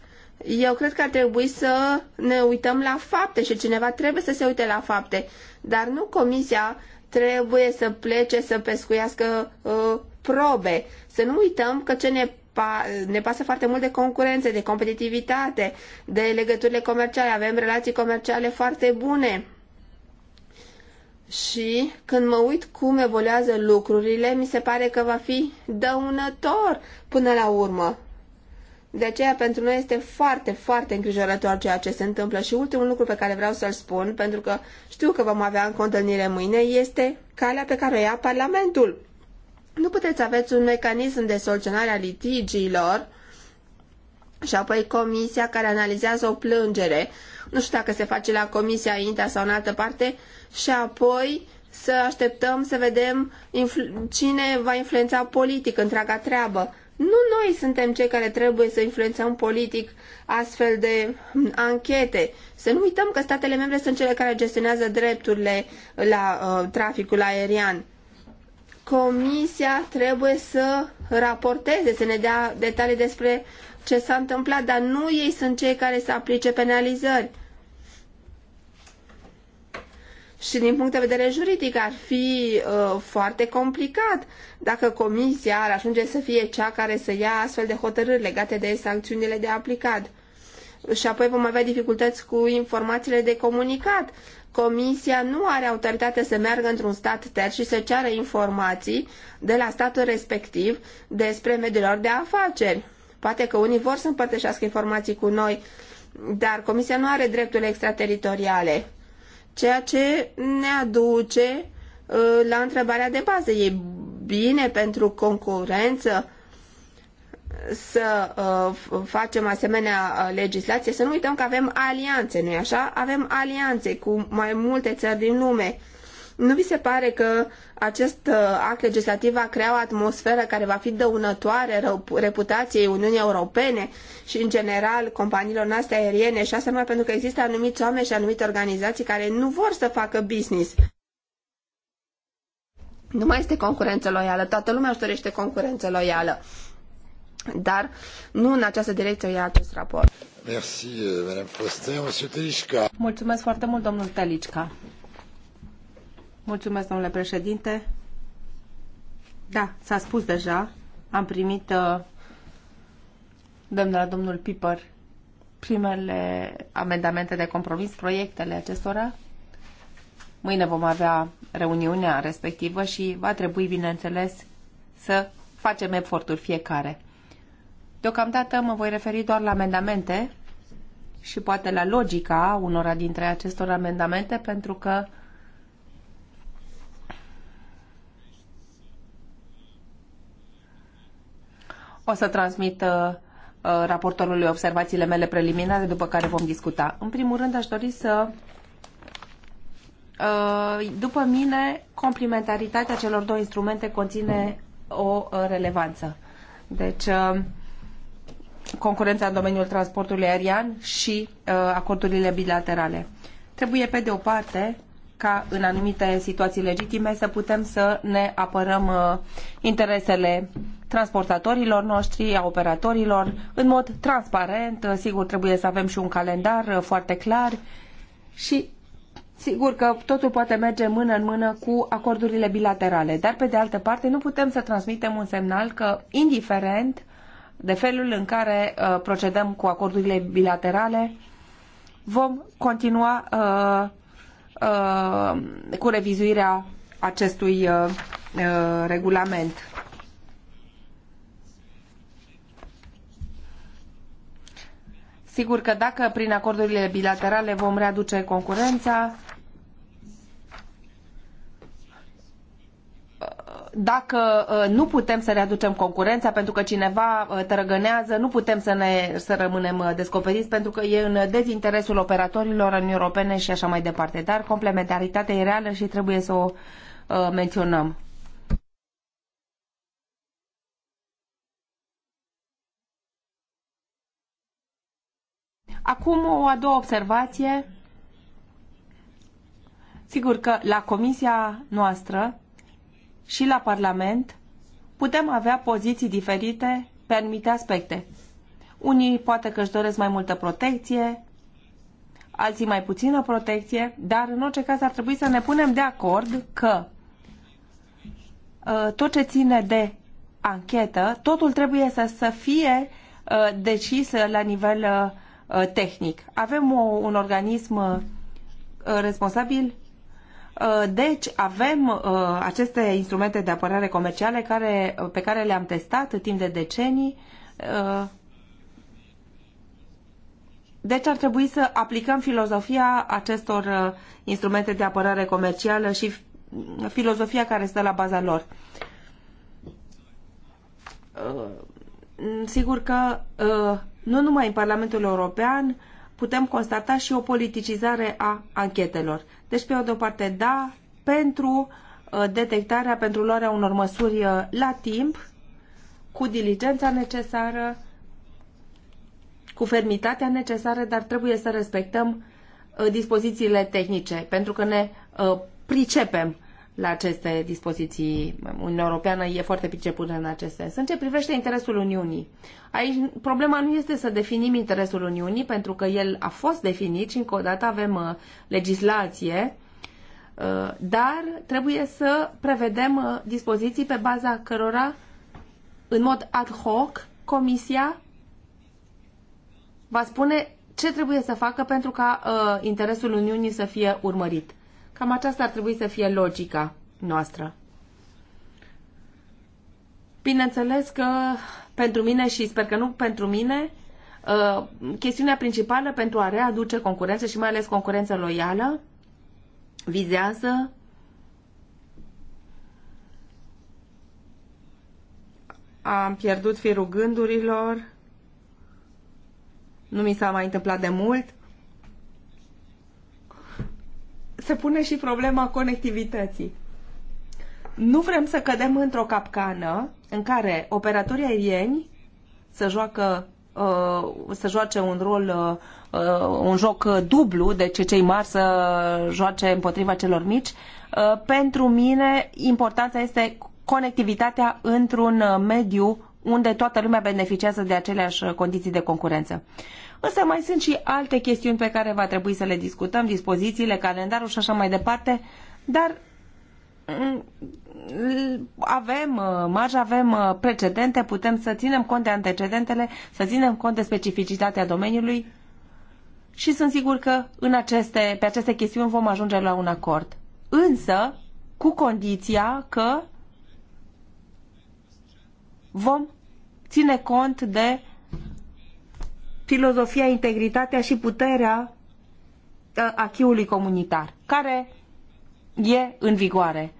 eu cred că ar trebui să ne uităm la fapte și cineva trebuie să se uite la fapte, dar nu comisia trebuie să plece să pescuiască uh, probe. Să nu uităm că ce ne, pa- ne pasă foarte mult de concurență, de competitivitate, de legăturile comerciale. Avem relații comerciale foarte bune. Și când mă uit cum evoluează lucrurile, mi se pare că va fi dăunător până la urmă. De aceea, pentru noi este foarte, foarte îngrijorător ceea ce se întâmplă. Și ultimul lucru pe care vreau să-l spun, pentru că știu că vom avea în contălnire mâine, este calea pe care o ia Parlamentul. Nu puteți aveți un mecanism de soluționare a litigiilor și apoi comisia care analizează o plângere, nu știu dacă se face la comisia INTA sau în altă parte, și apoi să așteptăm să vedem cine va influența politic întreaga treabă. Nu noi suntem cei care trebuie să influențăm politic astfel de hm, anchete. Să nu uităm că statele membre sunt cele care gestionează drepturile la uh, traficul aerian. Comisia trebuie să raporteze, să ne dea detalii despre ce s-a întâmplat, dar nu ei sunt cei care să aplice penalizări și din punct de vedere juridic ar fi uh, foarte complicat dacă comisia ar ajunge să fie cea care să ia astfel de hotărâri legate de sancțiunile de aplicat. Și apoi vom avea dificultăți cu informațiile de comunicat. Comisia nu are autoritate să meargă într-un stat terț și să ceară informații de la statul respectiv despre mediul lor de afaceri. Poate că unii vor să împărtășească informații cu noi, dar Comisia nu are drepturile extrateritoriale ceea ce ne aduce uh, la întrebarea de bază. E bine pentru concurență să uh, facem asemenea uh, legislație, să nu uităm că avem alianțe, nu-i așa? Avem alianțe cu mai multe țări din lume nu vi se pare că acest uh, act legislativ va crea o atmosferă care va fi dăunătoare reputației Uniunii Europene și, în general, companiilor noastre aeriene și asta numai pentru că există anumiți oameni și anumite organizații care nu vor să facă business? Nu mai este concurență loială. Toată lumea își dorește concurență loială. Dar nu în această direcție ia acest raport. Merci, uh, Madame Foster. Monsieur Telicca. Mulțumesc foarte mult, domnul Telicca. Mulțumesc, domnule președinte. Da, s-a spus deja. Am primit uh, dăm de la domnul Piper primele amendamente de compromis, proiectele acestora. Mâine vom avea reuniunea respectivă și va trebui, bineînțeles, să facem eforturi fiecare. Deocamdată mă voi referi doar la amendamente și poate la logica unora dintre acestor amendamente, pentru că O să transmit uh, uh, raportorului observațiile mele preliminare, după care vom discuta. În primul rând, aș dori să uh, după mine, complementaritatea celor două instrumente conține o relevanță. Deci, concurența în domeniul transportului aerian și acordurile bilaterale. Trebuie, pe de o parte, ca în anumite situații legitime să putem să ne apărăm uh, interesele transportatorilor noștri, a operatorilor, în mod transparent. Uh, sigur, trebuie să avem și un calendar uh, foarte clar și sigur că totul poate merge mână în mână cu acordurile bilaterale. Dar, pe de altă parte, nu putem să transmitem un semnal că, indiferent de felul în care procedăm cu acordurile bilaterale, vom continua uh, Uh, cu revizuirea acestui uh, uh, regulament. Sigur că dacă prin acordurile bilaterale vom readuce concurența, dacă uh, nu putem să readucem concurența pentru că cineva uh, tărăgânează, nu putem să, ne, să rămânem uh, descoperiți pentru că e în dezinteresul operatorilor în europene și așa mai departe. Dar complementaritatea e reală și trebuie să o menționăm. Acum o a doua observație. Sigur că la comisia noastră și la Parlament putem avea poziții diferite pe anumite aspecte. Unii poate că își doresc mai multă protecție, alții mai puțină protecție, dar în orice caz ar trebui să ne punem de acord că uh, tot ce ține de anchetă, totul trebuie să, să fie uh, decis la nivel uh, tehnic. Avem o, un organism responsabil Uh, deci avem uh, aceste instrumente de apărare comerciale care, uh, pe care le-am testat timp de decenii. Deci ar trebui să aplicăm filozofia acestor instrumente de apărare comercială și filozofia care stă la baza lor. Sigur că nu numai în Parlamentul European putem constata și o politicizare a anchetelor. Deci, pe o de parte, da, pentru uh, detectarea, pentru luarea unor măsuri uh, la timp, cu diligența necesară, cu fermitatea necesară, dar trebuie să respectăm uh, dispozițiile tehnice, pentru că ne pricepem la aceste dispoziții. Uniunea Europeană e foarte pricepută în acest sens. În ce privește interesul Uniunii, aici problema nu este să definim interesul Uniunii, pentru că el a fost definit și încă o dată avem uh, legislație, uh, dar trebuie să prevedem uh, dispoziții pe baza cărora, în mod ad hoc, Comisia va spune ce trebuie să facă pentru ca uh, interesul Uniunii să fie urmărit. Cam aceasta ar trebui să fie logica noastră. Bineînțeles că pentru mine și sper că nu pentru mine, uh, chestiunea principală pentru a readuce concurență și mai ales concurență loială vizează am pierdut firul gândurilor, nu mi s-a mai întâmplat de mult, se pune și problema conectivității. Nu vrem să cădem într-o capcană în care operatorii aerieni să joacă uh, să joace un rol, uh, un joc dublu, deci cei mari să joace împotriva celor mici. Uh, pentru mine, importanța este conectivitatea într-un mediu unde toată lumea beneficiază de aceleași condiții de concurență însă mai sunt și alte chestiuni pe care va trebui să le discutăm, dispozițiile, calendarul și așa mai departe, dar mm, avem uh, marj, avem uh, precedente, putem să ținem cont de antecedentele, să ținem cont de specificitatea domeniului și sunt sigur că în aceste, pe aceste chestiuni vom ajunge la un acord. Însă, cu condiția că vom ține cont de filozofia, integritatea și puterea ă, achiului comunitar, care e în vigoare.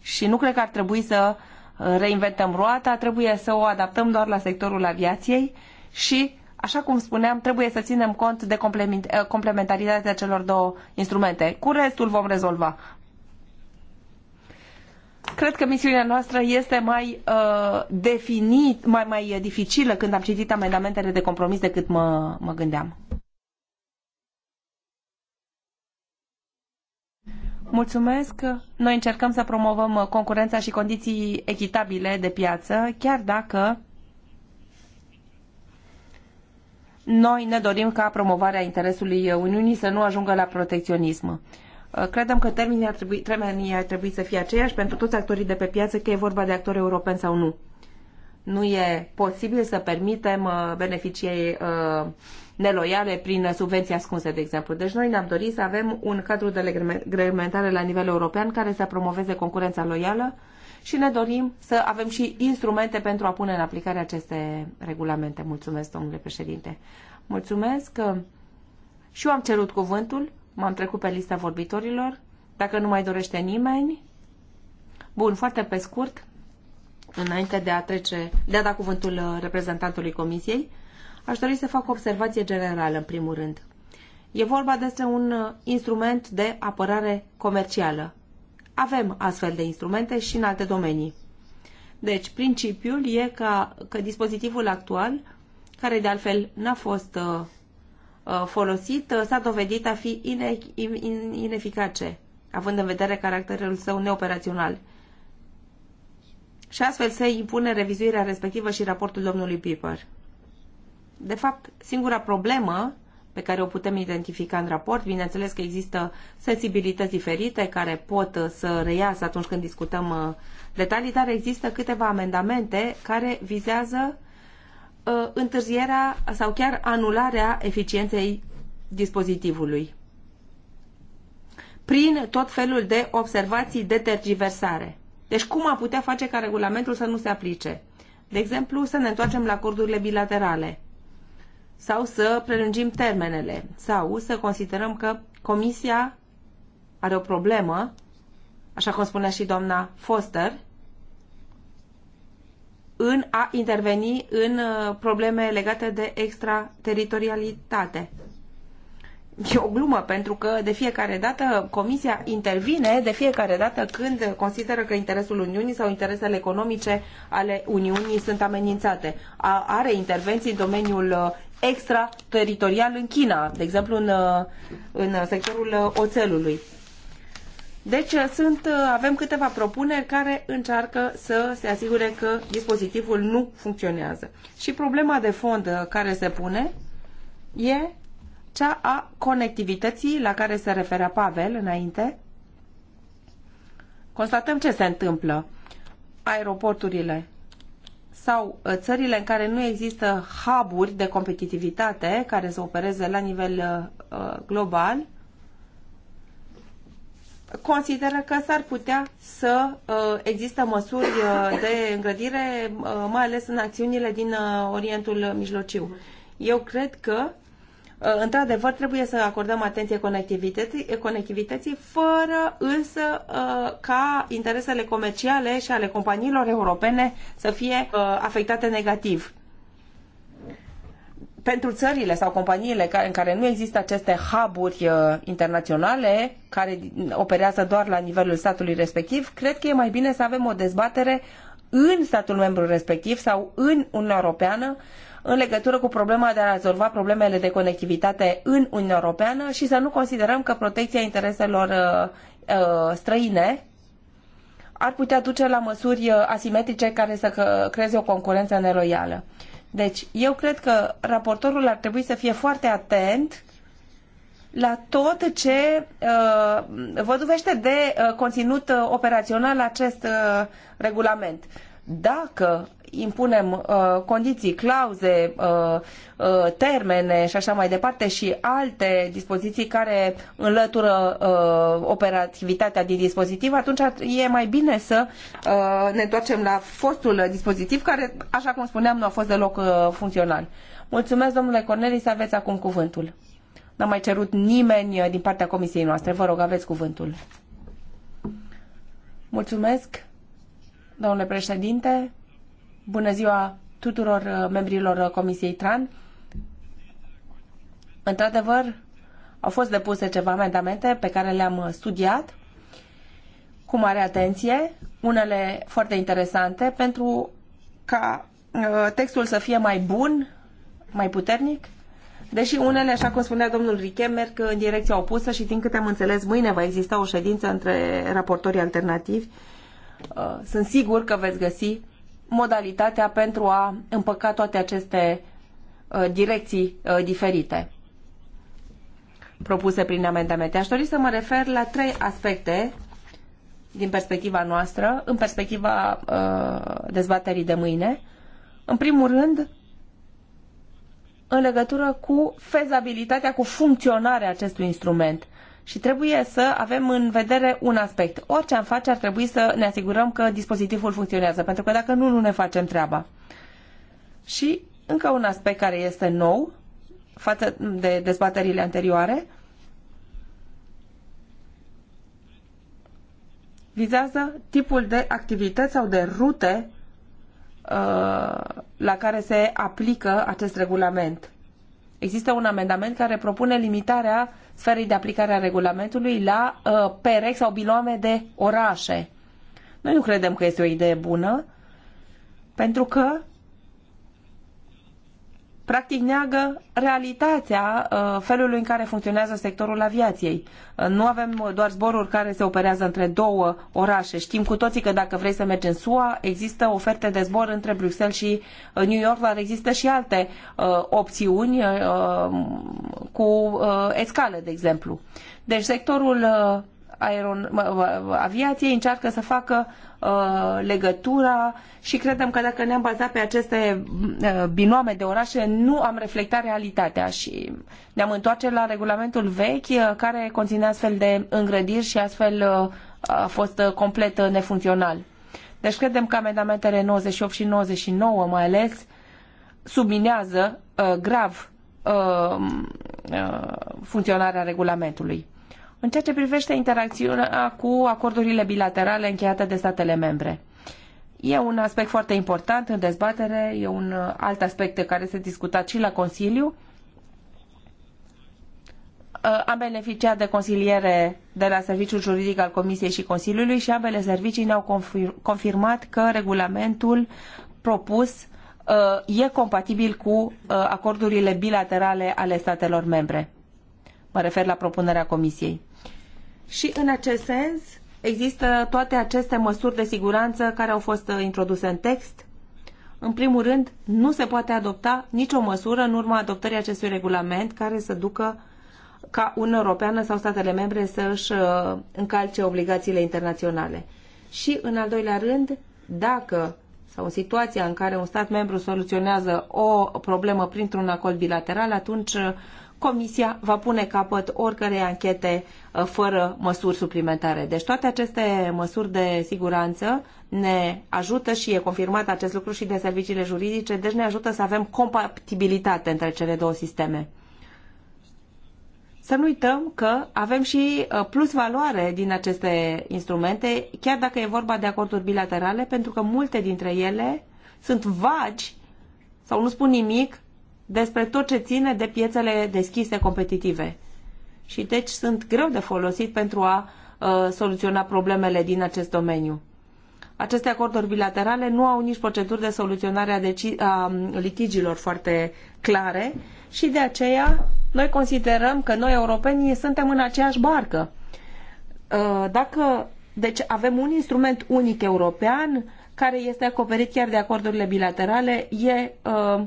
Și nu cred că ar trebui să ă, reinventăm roata, trebuie să o adaptăm doar la sectorul aviației și, așa cum spuneam, trebuie să ținem cont de ă, complementaritatea celor două instrumente. Cu restul vom rezolva. Cred că misiunea noastră este mai uh, definit, mai, mai dificilă când am citit amendamentele de compromis decât mă, mă gândeam. Mulțumesc! Noi încercăm să promovăm concurența și condiții echitabile de piață, chiar dacă noi ne dorim ca promovarea interesului Uniunii să nu ajungă la protecționism. Uh, credem că termenii ar, trebui, termenii ar trebui să fie aceiași pentru toți actorii de pe piață, că e vorba de actori europeni sau nu. Nu e posibil să permitem uh, beneficii uh, neloiale prin subvenții ascunse, de exemplu. Deci noi ne-am dorit să avem un cadru de reglementare la nivel european care să promoveze concurența loială și ne dorim să avem și instrumente pentru a pune în aplicare aceste regulamente. Mulțumesc, domnule președinte. Mulțumesc. Și eu am cerut cuvântul M-am trecut pe lista vorbitorilor. Dacă nu mai dorește nimeni. Bun, foarte pe scurt, înainte de a trece, de a da cuvântul uh, reprezentantului comisiei, aș dori să fac o observație generală, în primul rând. E vorba despre un uh, instrument de apărare comercială. Avem astfel de instrumente și în alte domenii. Deci, principiul e ca, că dispozitivul actual, care de altfel n-a fost uh, Uh, folosit uh, s-a dovedit a fi ine ineficace, având în vedere caracterul său neoperațional. Și astfel se impune revizuirea respectivă și raportul domnului Piper. De fapt, singura problemă pe care o putem identifica în raport. Bineînțeles că există sensibilități diferite care pot uh, să reiasă atunci când discutăm detalii, dar există câteva amendamente care vizează Uh, întârzierea sau chiar anularea eficienței dispozitivului prin tot felul de observații de tergiversare. Deci cum a putea face ca regulamentul să nu se aplice? De exemplu, să ne întoarcem la acordurile bilaterale sau să prelungim termenele sau să considerăm că Comisia are o problemă, așa cum spunea și doamna Foster, în a interveni în uh, probleme legate de extrateritorialitate. E o glumă, pentru că de fiecare dată Comisia intervine, de fiecare dată când consideră că interesul Uniunii sau interesele economice ale Uniunii sunt amenințate. A, are intervenții în domeniul uh, extrateritorial în China, de exemplu în, uh, în sectorul oțelului. Deci uh, sunt, uh, avem câteva propuneri care încearcă să se asigure că dispozitivul nu funcționează. Și problema de fond uh, care se pune e cea a conectivității la care se referea Pavel înainte. Constatăm ce se întâmplă. Aeroporturile sau țările în care nu există hub-uri de competitivitate care să opereze la nivel uh, global – consideră că s-ar putea să uh, există măsuri uh, de îngrădire, uh, mai ales în acțiunile din Orientul Mijlociu. Eu cred că, într-adevăr, trebuie să acordăm atenție conectivității, conectivității fără însă ca interesele comerciale și ale companiilor europene să fie afectate negativ pentru țările sau companiile care, în care nu există aceste huburi uh, internaționale care operează doar la nivelul statului respectiv, cred că e mai bine să avem o dezbatere în statul membru respectiv sau în Uniunea Europeană în legătură cu problema de a rezolva problemele de conectivitate în Uniunea Europeană și să nu considerăm că protecția intereselor uh, uh, străine ar putea duce la măsuri uh, asimetrice care să creeze o concurență neloială. Deci, eu cred că raportorul ar trebui să fie foarte atent la tot ce uh, văduvește de uh, conținut uh, operațional acest uh, regulament. Dacă impunem uh, condiții, clauze, uh, uh, termene și așa mai departe și alte dispoziții care înlătură operativitatea din dispozitiv, atunci e mai bine să ne întoarcem la fostul dispozitiv care, așa cum spuneam, nu a fost deloc funcțional. Mulțumesc, domnule Cornelis, aveți acum cuvântul. N-a mai cerut nimeni din partea comisiei noastre. Vă rog, aveți cuvântul. Mulțumesc, domnule președinte. Bună ziua tuturor uh, membrilor uh, Comisiei TRAN. Într-adevăr, au fost depuse ceva amendamente pe care le-am uh, studiat cu mare atenție, unele foarte interesante pentru ca textul să fie mai bun, mai puternic, deși unele, așa cum spunea domnul Riche, merg în direcția opusă și din câte am înțeles, mâine va exista o ședință între raportorii alternativi. Sunt sigur că veți găsi modalitatea pentru a împăca toate aceste uh, direcții uh, diferite propuse prin amendamente. Aș dori să mă refer la trei aspecte din perspectiva noastră, în perspectiva uh, dezbaterii de mâine. În primul rând, în legătură cu fezabilitatea, cu funcționarea acestui instrument. Și trebuie să avem în vedere un aspect. Orice am face, ar trebui să ne asigurăm că dispozitivul funcționează, pentru că dacă nu, nu ne facem treaba. Și încă un aspect care este nou față de dezbaterile anterioare, vizează tipul de activități sau de rute uh, la care se aplică acest regulament. Există un amendament care propune limitarea uh, sferii de aplicare a regulamentului la uh, perechi sau biloame de orașe. Noi nu credem că este o idee bună, pentru că practic neagă realitatea uh, felului în care funcționează sectorul aviației. Uh, nu avem doar zboruri care se operează între două orașe. Știm cu toții că dacă vrei să mergi în SUA, există oferte de zbor între Bruxelles și uh, New York, dar există și alte opțiuni cu escale, de exemplu. Deci sectorul aeron- aviației încearcă să facă uh, legătura și credem că dacă ne-am bazat pe aceste uh, binoame de orașe, nu am reflectat realitatea și ne-am întoarce la regulamentul vechi uh, care conține astfel de îngrădiri și astfel uh, a fost uh, complet uh, nefuncțional. Deci credem că amendamentele 98 și 99 mai ales subminează grav funcționarea regulamentului în ceea ce privește interacțiunea cu acordurile bilaterale încheiate de statele membre. E un aspect foarte important în dezbatere, e un alt aspect de care se discutat și la Consiliu. Am beneficiat de consiliere de la Serviciul Juridic al Comisiei și Consiliului și ambele servicii ne-au confirmat că regulamentul propus uh, e compatibil cu uh, acordurile bilaterale ale statelor membre. Mă refer la propunerea Comisiei. Și în acest sens există toate aceste măsuri de siguranță care au fost uh, introduse în text. În primul rând, nu se poate adopta nicio măsură în urma adoptării acestui regulament care să ducă ca Uniunea Europeană sau statele membre să își uh, încalce obligațiile internaționale. Și, în al doilea rând, dacă sau în situația în care un stat membru soluționează o problemă printr-un acord bilateral, atunci uh, Comisia va pune capăt oricărei anchete uh, fără măsuri suplimentare. Deci toate aceste măsuri de siguranță ne ajută și e confirmat acest lucru și de serviciile juridice, deci ne ajută să avem compatibilitate între cele două sisteme. Să nu uităm că avem și uh, plus valoare din aceste instrumente, chiar dacă e vorba de acorduri bilaterale, pentru că multe dintre ele sunt vagi sau nu spun nimic despre tot ce ține de piețele deschise competitive. Și deci sunt greu de folosit pentru a uh, soluționa problemele din acest domeniu. Aceste acorduri bilaterale nu au nici proceduri de soluționare a, deci- a um, litigilor foarte clare și de aceea noi considerăm că noi europenii suntem în aceeași barcă. Uh, dacă deci avem un instrument unic european care este acoperit chiar de acordurile bilaterale, e uh,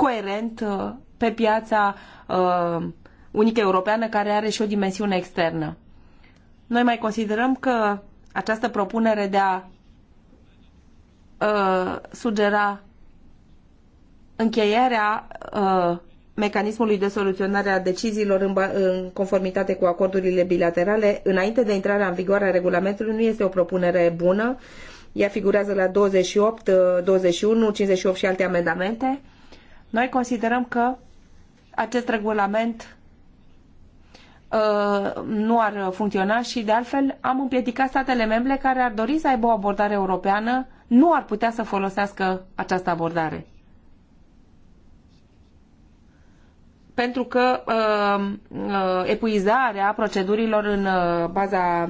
coerent uh, pe piața uh, unică europeană care are și o dimensiune externă. Noi mai considerăm că această propunere de a uh, sugera încheierea mecanismului de soluționare a deciziilor în, în, conformitate cu acordurile bilaterale înainte de intrarea în vigoare a regulamentului nu este o propunere bună. Ea figurează la 28, 21, 58 și alte amendamente. Noi considerăm că acest regulament uh, nu ar funcționa și, de altfel, am împiedicat statele membre care ar dori să aibă o abordare europeană, nu ar putea să folosească această abordare. pentru că uh, uh epuizarea procedurilor în uh, baza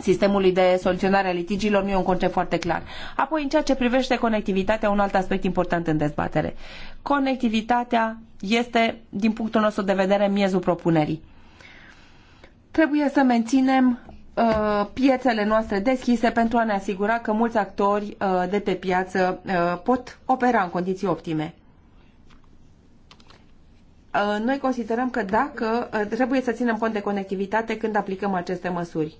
sistemului de soluționare a litigiilor nu e un concept foarte clar. Apoi, în ceea ce privește conectivitatea, un alt aspect important în dezbatere. Conectivitatea este, din punctul nostru de vedere, miezul propunerii. Trebuie să menținem uh, piețele noastre deschise pentru a ne asigura că mulți actori uh, de pe piață uh, pot opera în condiții optime noi considerăm că dacă trebuie să ținem cont de conectivitate când aplicăm aceste măsuri.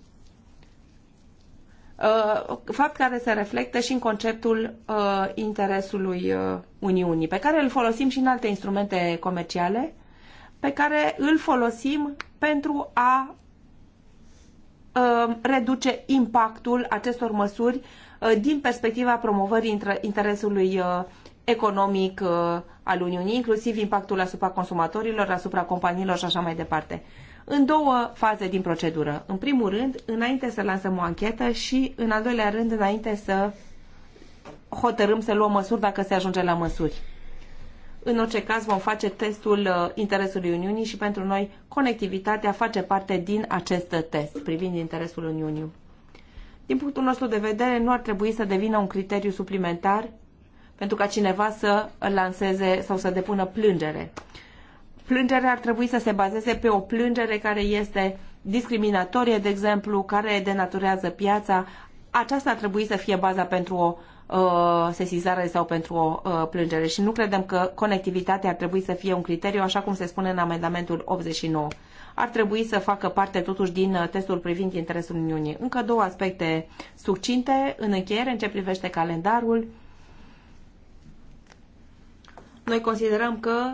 Uh, fapt care se reflectă și în conceptul uh, interesului uh, Uniunii, pe care îl folosim și în alte instrumente comerciale, pe care îl folosim pentru a reduce impactul acestor măsuri din perspectiva promovării interesului economic al Uniunii, inclusiv impactul asupra consumatorilor, asupra companiilor și așa mai departe în două faze din procedură. În primul rând, înainte să lansăm o anchetă și, în al doilea rând, înainte să hotărâm să luăm măsuri dacă se ajunge la măsuri. În orice caz vom face testul uh, interesului Uniunii și pentru noi conectivitatea face parte din acest test privind interesul Uniunii. Din punctul nostru de vedere, nu ar trebui să devină un criteriu suplimentar pentru ca cineva să lanseze sau să depună plângere plângerea ar trebui să se bazeze pe o plângere care este discriminatorie, de exemplu, care denaturează piața. Aceasta ar trebui să fie baza pentru o uh, sesizare sau pentru o uh, plângere și nu credem că conectivitatea ar trebui să fie un criteriu, așa cum se spune în amendamentul 89. Ar trebui să facă parte totuși din uh, testul privind interesul Uniunii. Încă două aspecte succinte în încheiere în ce privește calendarul. Noi considerăm că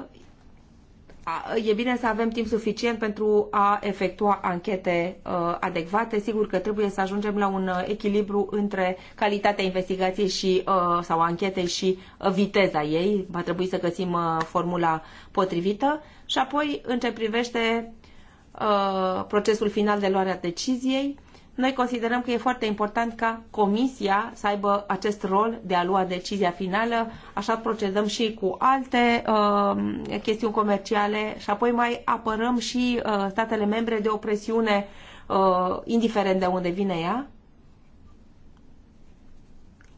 e bine să avem timp suficient pentru a efectua anchete uh, adecvate. Sigur că trebuie să ajungem la un uh, echilibru între calitatea investigației și, uh, sau anchetei și viteza ei. Va trebui să găsim formula potrivită. Și apoi, în ce privește procesul final de luare a deciziei, noi considerăm că e foarte important ca Comisia să aibă acest rol de a lua decizia finală, așa procedăm și cu alte uh, chestiuni comerciale și apoi mai apărăm și uh, statele membre de o presiune uh, indiferent de unde vine ea.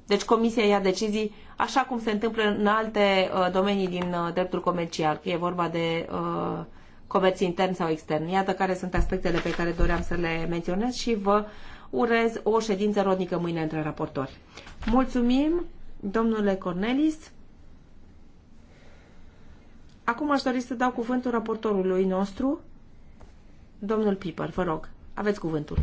Deci Comisia ia decizii așa cum se întâmplă în alte uh, domenii din uh, dreptul comercial, că e vorba de uh, comerț intern sau extern. Iată care sunt aspectele pe care doream să le menționez și vă urez o ședință rodnică mâine între raportori. Mulțumim, domnule Cornelis. Acum aș dori să dau cuvântul raportorului nostru, domnul Piper, vă rog, aveți cuvântul.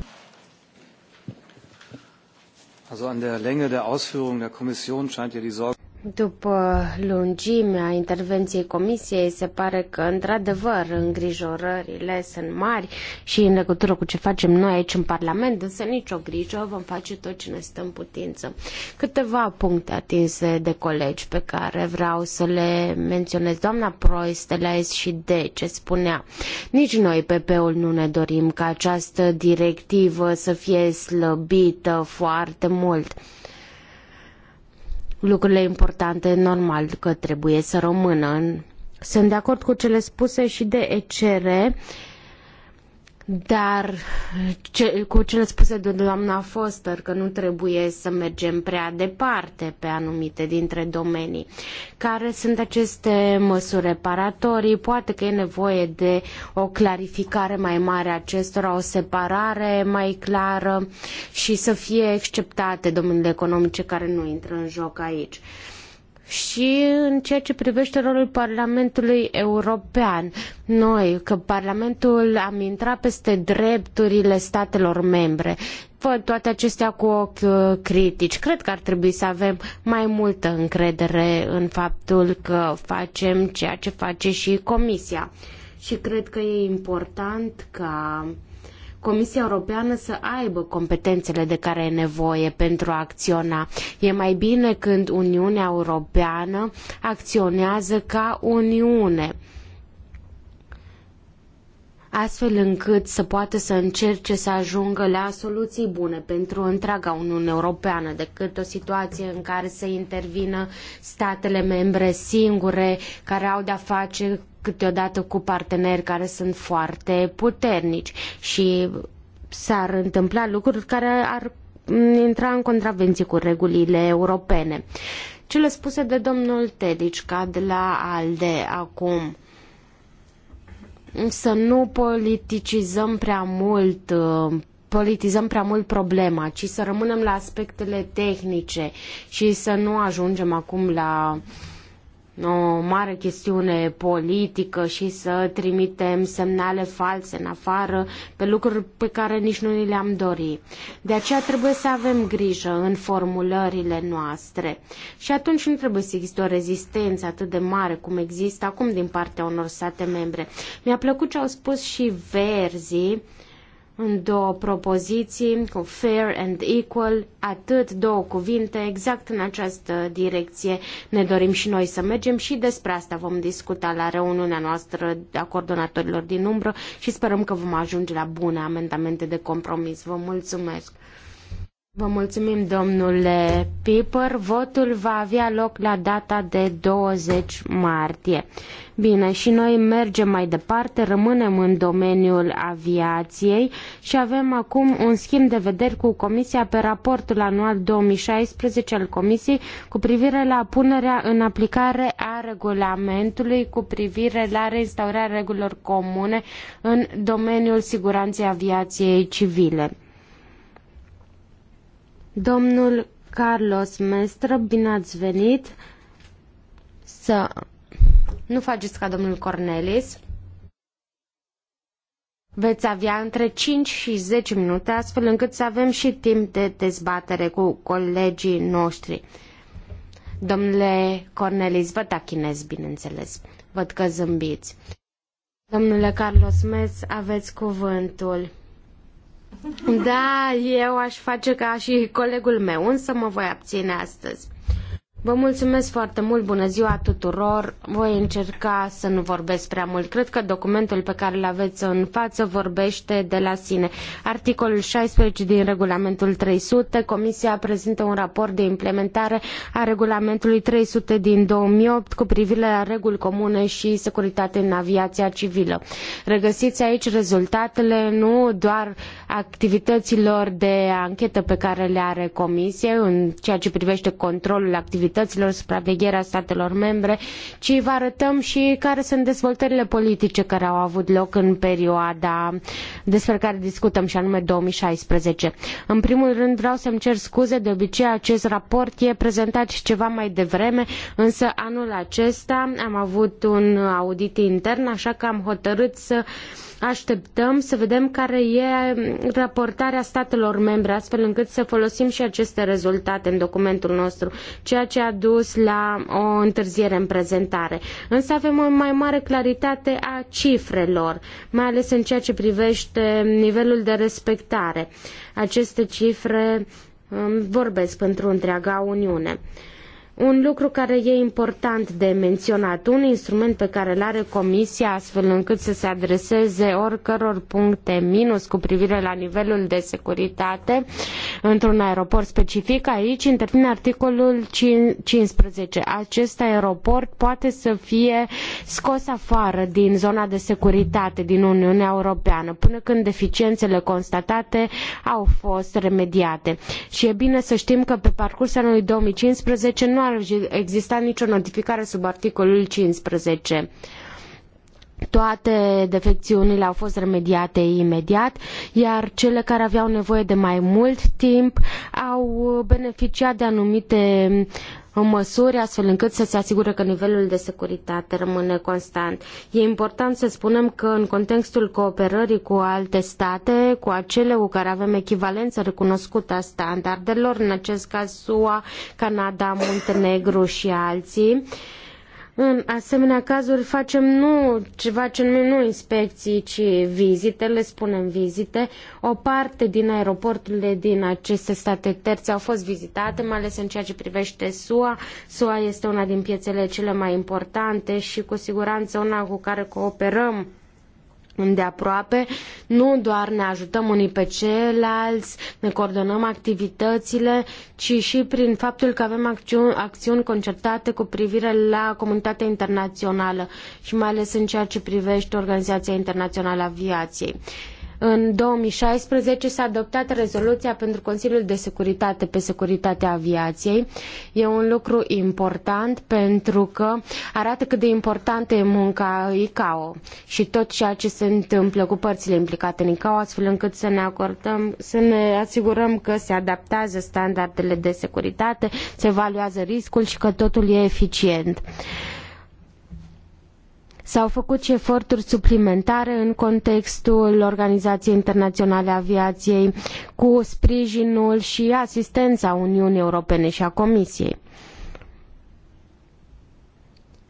Also an der Länge der Ausführungen der Kommission scheint ja die Sorge după lungimea intervenției comisiei, se pare că, într-adevăr, îngrijorările sunt mari și în legătură cu ce facem noi aici în Parlament, însă nicio grijă, vom face tot ce ne stă în putință. Câteva puncte atinse de colegi pe care vreau să le menționez. Doamna Prois de la S și de ce spunea, nici noi pe ul nu ne dorim ca această directivă să fie slăbită foarte mult lucrurile importante, normal că trebuie să rămână. Sunt de acord cu cele spuse și de ECR. Dar ce, cu cele spuse de doamna Foster, că nu trebuie să mergem prea departe pe anumite dintre domenii, care sunt aceste măsuri reparatorii, poate că e nevoie de o clarificare mai mare a acestora, o separare mai clară și să fie exceptate domeniile economice care nu intră în joc aici și în ceea ce privește rolul Parlamentului European. Noi, că Parlamentul am intrat peste drepturile statelor membre, văd toate acestea cu ochi uh, critici. Cred că ar trebui să avem mai multă încredere în faptul că facem ceea ce face și Comisia. Și cred că e important ca... Că Comisia Europeană să aibă competențele de care e nevoie pentru a acționa. E mai bine când Uniunea Europeană acționează ca Uniune astfel încât să poată să încerce să ajungă la soluții bune pentru întreaga Uniune Europeană, decât o situație în care să intervină statele membre singure care au de-a face câteodată cu parteneri care sunt foarte puternici și s-ar întâmpla lucruri care ar intra în contravenție cu regulile europene. Cele spuse de domnul Tedic, ca de la ALDE acum, să nu politicizăm prea mult politizăm prea mult problema, ci să rămânem la aspectele tehnice și să nu ajungem acum la uh, o mare chestiune politică și să trimitem semnale false în afară pe lucruri pe care nici nu ni le-am dori. De aceea trebuie să avem grijă în formulările noastre. Și atunci nu trebuie să existe o rezistență atât de mare cum există acum din partea unor state membre. Mi-a plăcut ce au spus și verzii în două propoziții, cu fair and equal, atât două cuvinte, exact în această direcție ne dorim și noi să mergem și despre asta vom discuta la reuniunea noastră a coordonatorilor din umbră și sperăm că vom ajunge la bune amendamente de compromis. Vă mulțumesc! Vă mulțumim, domnule Piper. Votul va avea loc la data de 20 martie. Bine, și noi mergem mai departe, rămânem în domeniul aviației și avem acum un schimb de vederi cu Comisia pe raportul anual 2016 al Comisiei cu privire la punerea în aplicare a regulamentului cu privire la reinstaurarea regulilor comune în domeniul siguranței aviației civile. Domnul Carlos Mestră, bine ați venit să nu faceți ca domnul Cornelis. Veți avea între 5 și 10 minute, astfel încât să avem și timp de dezbatere cu colegii noștri. Domnule Cornelis, vă tachinez, bineînțeles. Văd că zâmbiți. Domnule Carlos Mes, aveți cuvântul. Da, eu aș face ca și colegul meu, însă mă voi abține astăzi. Vă mulțumesc foarte mult, bună ziua tuturor. Voi încerca să nu vorbesc prea mult. Cred că documentul pe care îl aveți în față vorbește de la sine. Articolul 16 din regulamentul 300, Comisia prezintă un raport de implementare a regulamentului 300 din 2008 cu privire la reguli comune și securitate în aviația civilă. Regăsiți aici rezultatele nu doar activităților de anchetă pe care le are Comisia în ceea ce privește controlul activității autorităților, supravegherea statelor membre, ci vă arătăm și care sunt dezvoltările politice care au avut loc în perioada despre care discutăm și anume 2016. În primul rând vreau să-mi cer scuze, de obicei acest raport e prezentat și ceva mai devreme, însă anul acesta am avut un audit intern, așa că am hotărât să Așteptăm să vedem care e raportarea statelor membre, astfel încât să folosim și aceste rezultate în documentul nostru, ceea ce a dus la o întârziere în prezentare. Însă avem o mai mare claritate a cifrelor, mai ales în ceea ce privește nivelul de respectare. Aceste cifre um, vorbesc pentru întreaga Uniune. Un lucru care e important de menționat, un instrument pe care îl are Comisia astfel încât să se adreseze oricăror puncte minus cu privire la nivelul de securitate într-un aeroport specific, aici intervine articolul 15. Acest aeroport poate să fie scos afară din zona de securitate din Uniunea Europeană până când deficiențele constatate au fost remediate. Și e bine să știm că pe parcursul anului 2015 nu ar exista nicio notificare sub articolul 15. Toate defecțiunile au fost remediate imediat, iar cele care aveau nevoie de mai mult timp au beneficiat de anumite uh, în măsuri astfel încât să se asigure că nivelul de securitate rămâne constant. E important să spunem că în contextul cooperării cu alte state, cu acele cu care avem echivalență recunoscută a standardelor, în acest caz SUA, Canada, Muntenegru și alții, în asemenea cazuri facem nu ceva ce numim nu inspecții, ci vizite, le spunem vizite. O parte din aeroporturile din aceste state terțe au fost vizitate, mai ales în ceea ce privește SUA. SUA este una din piețele cele mai importante și cu siguranță una cu care cooperăm îndeaproape, nu doar ne ajutăm unii pe ceilalți, ne coordonăm activitățile, ci și prin faptul că avem acțiuni, acțiuni concertate cu privire la comunitatea internațională și mai ales în ceea ce privește Organizația Internațională a Aviației. În 2016 s-a adoptat rezoluția pentru Consiliul de Securitate pe securitatea aviației. E un lucru important pentru că arată cât de importantă e munca ICAO și tot ceea ce se întâmplă cu părțile implicate în ICAO, astfel încât să ne acordăm, să ne asigurăm că se adaptează standardele de securitate, se evaluează riscul și că totul e eficient. S-au făcut și eforturi suplimentare în contextul Organizației Internaționale a Aviației cu sprijinul și asistența Uniunii Europene și a Comisiei.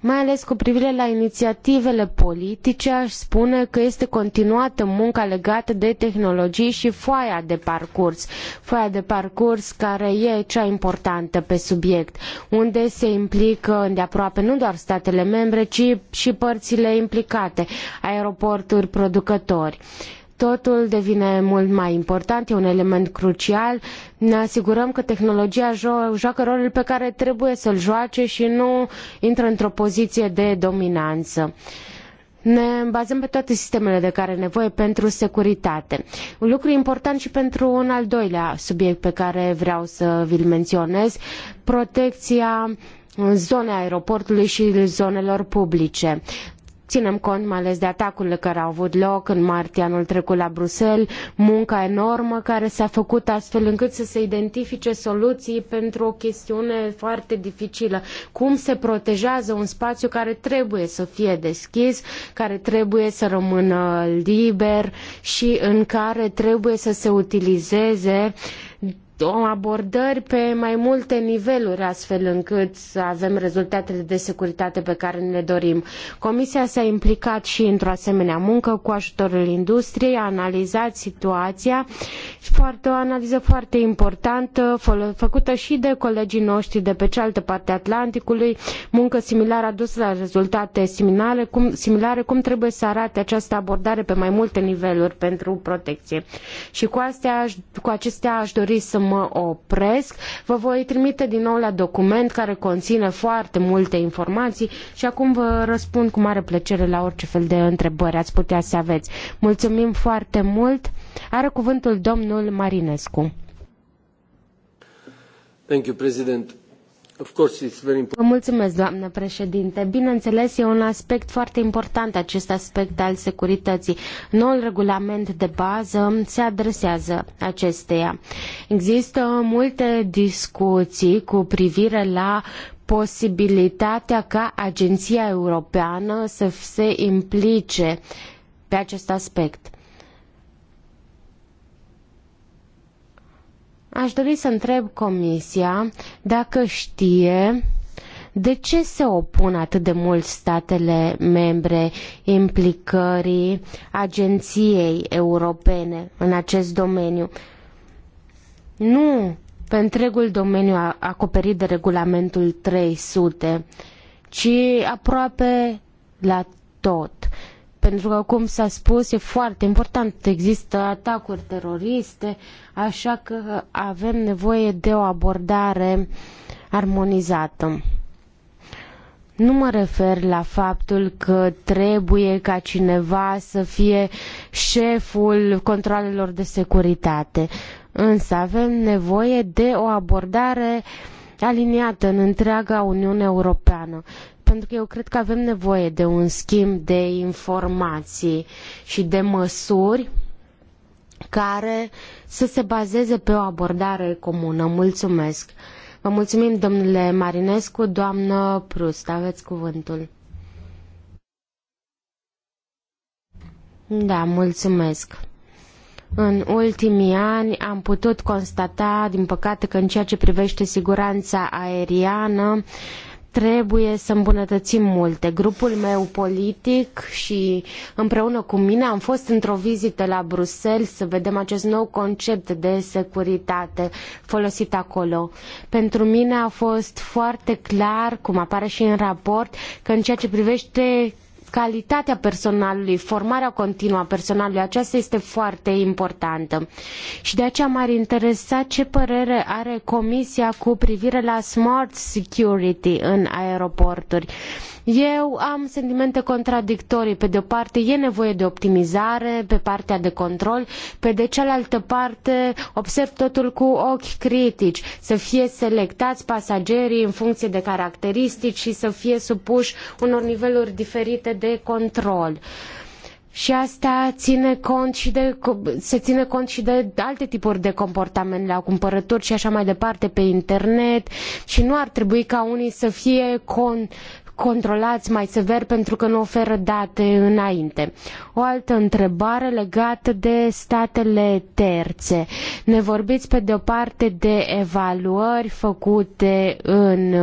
Mai ales cu privire la inițiativele politice, aș spune că este continuată munca legată de tehnologii și foaia de parcurs. Foaia de parcurs care e cea importantă pe subiect, unde se implică îndeaproape nu doar statele membre, ci și părțile implicate, aeroporturi, producători totul devine mult mai important, e un element crucial. Ne asigurăm că tehnologia jo- joacă rolul pe care trebuie să-l joace și nu intră într-o poziție de dominanță. Ne bazăm pe toate sistemele de care nevoie pentru securitate. Un lucru important și pentru un al doilea subiect pe care vreau să vi-l menționez, protecția zone aeroportului și zonelor publice ținem cont mai ales de atacurile care au avut loc în martie anul trecut la Bruxelles, munca enormă care s-a făcut astfel încât să se identifice soluții pentru o chestiune foarte dificilă. Cum se protejează un spațiu care trebuie să fie deschis, care trebuie să rămână liber și în care trebuie să se utilizeze uh, abordări pe mai multe niveluri, astfel încât să avem rezultatele de securitate pe care ne le dorim. Comisia s-a implicat și într-o asemenea muncă cu ajutorul industriei, a analizat situația și foarte, o analiză foarte importantă, făcută și de colegii noștri de pe cealaltă parte a Atlanticului, muncă similară adusă la rezultate similare cum, similare, cum trebuie să arate această abordare pe mai multe niveluri pentru protecție. Și cu, astea, cu acestea aș dori să mă opresc. Vă voi trimite din nou la document care conține foarte multe informații și acum vă răspund cu mare plăcere la orice fel de întrebări ați putea să aveți. Mulțumim foarte mult. Are cuvântul domnul Marinescu. Thank you, President. Vă mulțumesc, doamnă președinte. Bineînțeles, e un aspect foarte important acest aspect al securității. Noul regulament de bază se adresează acesteia. Există multe discuții cu privire la posibilitatea ca Agenția Europeană să se implice pe acest aspect. Aș dori să întreb Comisia dacă știe de ce se opun atât de mult statele membre implicării agenției europene în acest domeniu. Nu pe întregul domeniu acoperit de regulamentul 300, ci aproape la tot pentru că, cum s-a spus, e foarte important. Există atacuri teroriste, așa că avem nevoie de o abordare armonizată. Nu mă refer la faptul că trebuie ca cineva să fie șeful controlelor de securitate, însă avem nevoie de o abordare aliniată în întreaga Uniune Europeană pentru că eu cred că avem nevoie de un schimb de informații și de măsuri care să se bazeze pe o abordare comună. Mulțumesc! Vă mulțumim, domnule Marinescu, doamnă Prust, aveți cuvântul. Da, mulțumesc. În ultimii ani am putut constata, din păcate, că în ceea ce privește siguranța aeriană, Trebuie să îmbunătățim multe. Grupul meu politic și împreună cu mine am fost într-o vizită la Bruxelles să vedem acest nou concept de securitate folosit acolo. Pentru mine a fost foarte clar, cum apare și în raport, că în ceea ce privește calitatea personalului, formarea continuă a personalului, aceasta este foarte importantă. Și de aceea m-ar interesa ce părere are Comisia cu privire la smart security în aeroporturi. Eu am sentimente contradictorii. Pe de o parte e nevoie de optimizare pe partea de control, pe de cealaltă parte observ totul cu ochi critici, să fie selectați pasagerii în funcție de caracteristici și să fie supuși unor niveluri diferite de control. Și asta ține cont și de, se ține cont și de alte tipuri de comportament la cumpărături și așa mai departe pe internet și nu ar trebui ca unii să fie con, controlați mai sever pentru că nu oferă date înainte. O altă întrebare legată de statele terțe. Ne vorbiți pe de o parte de evaluări făcute în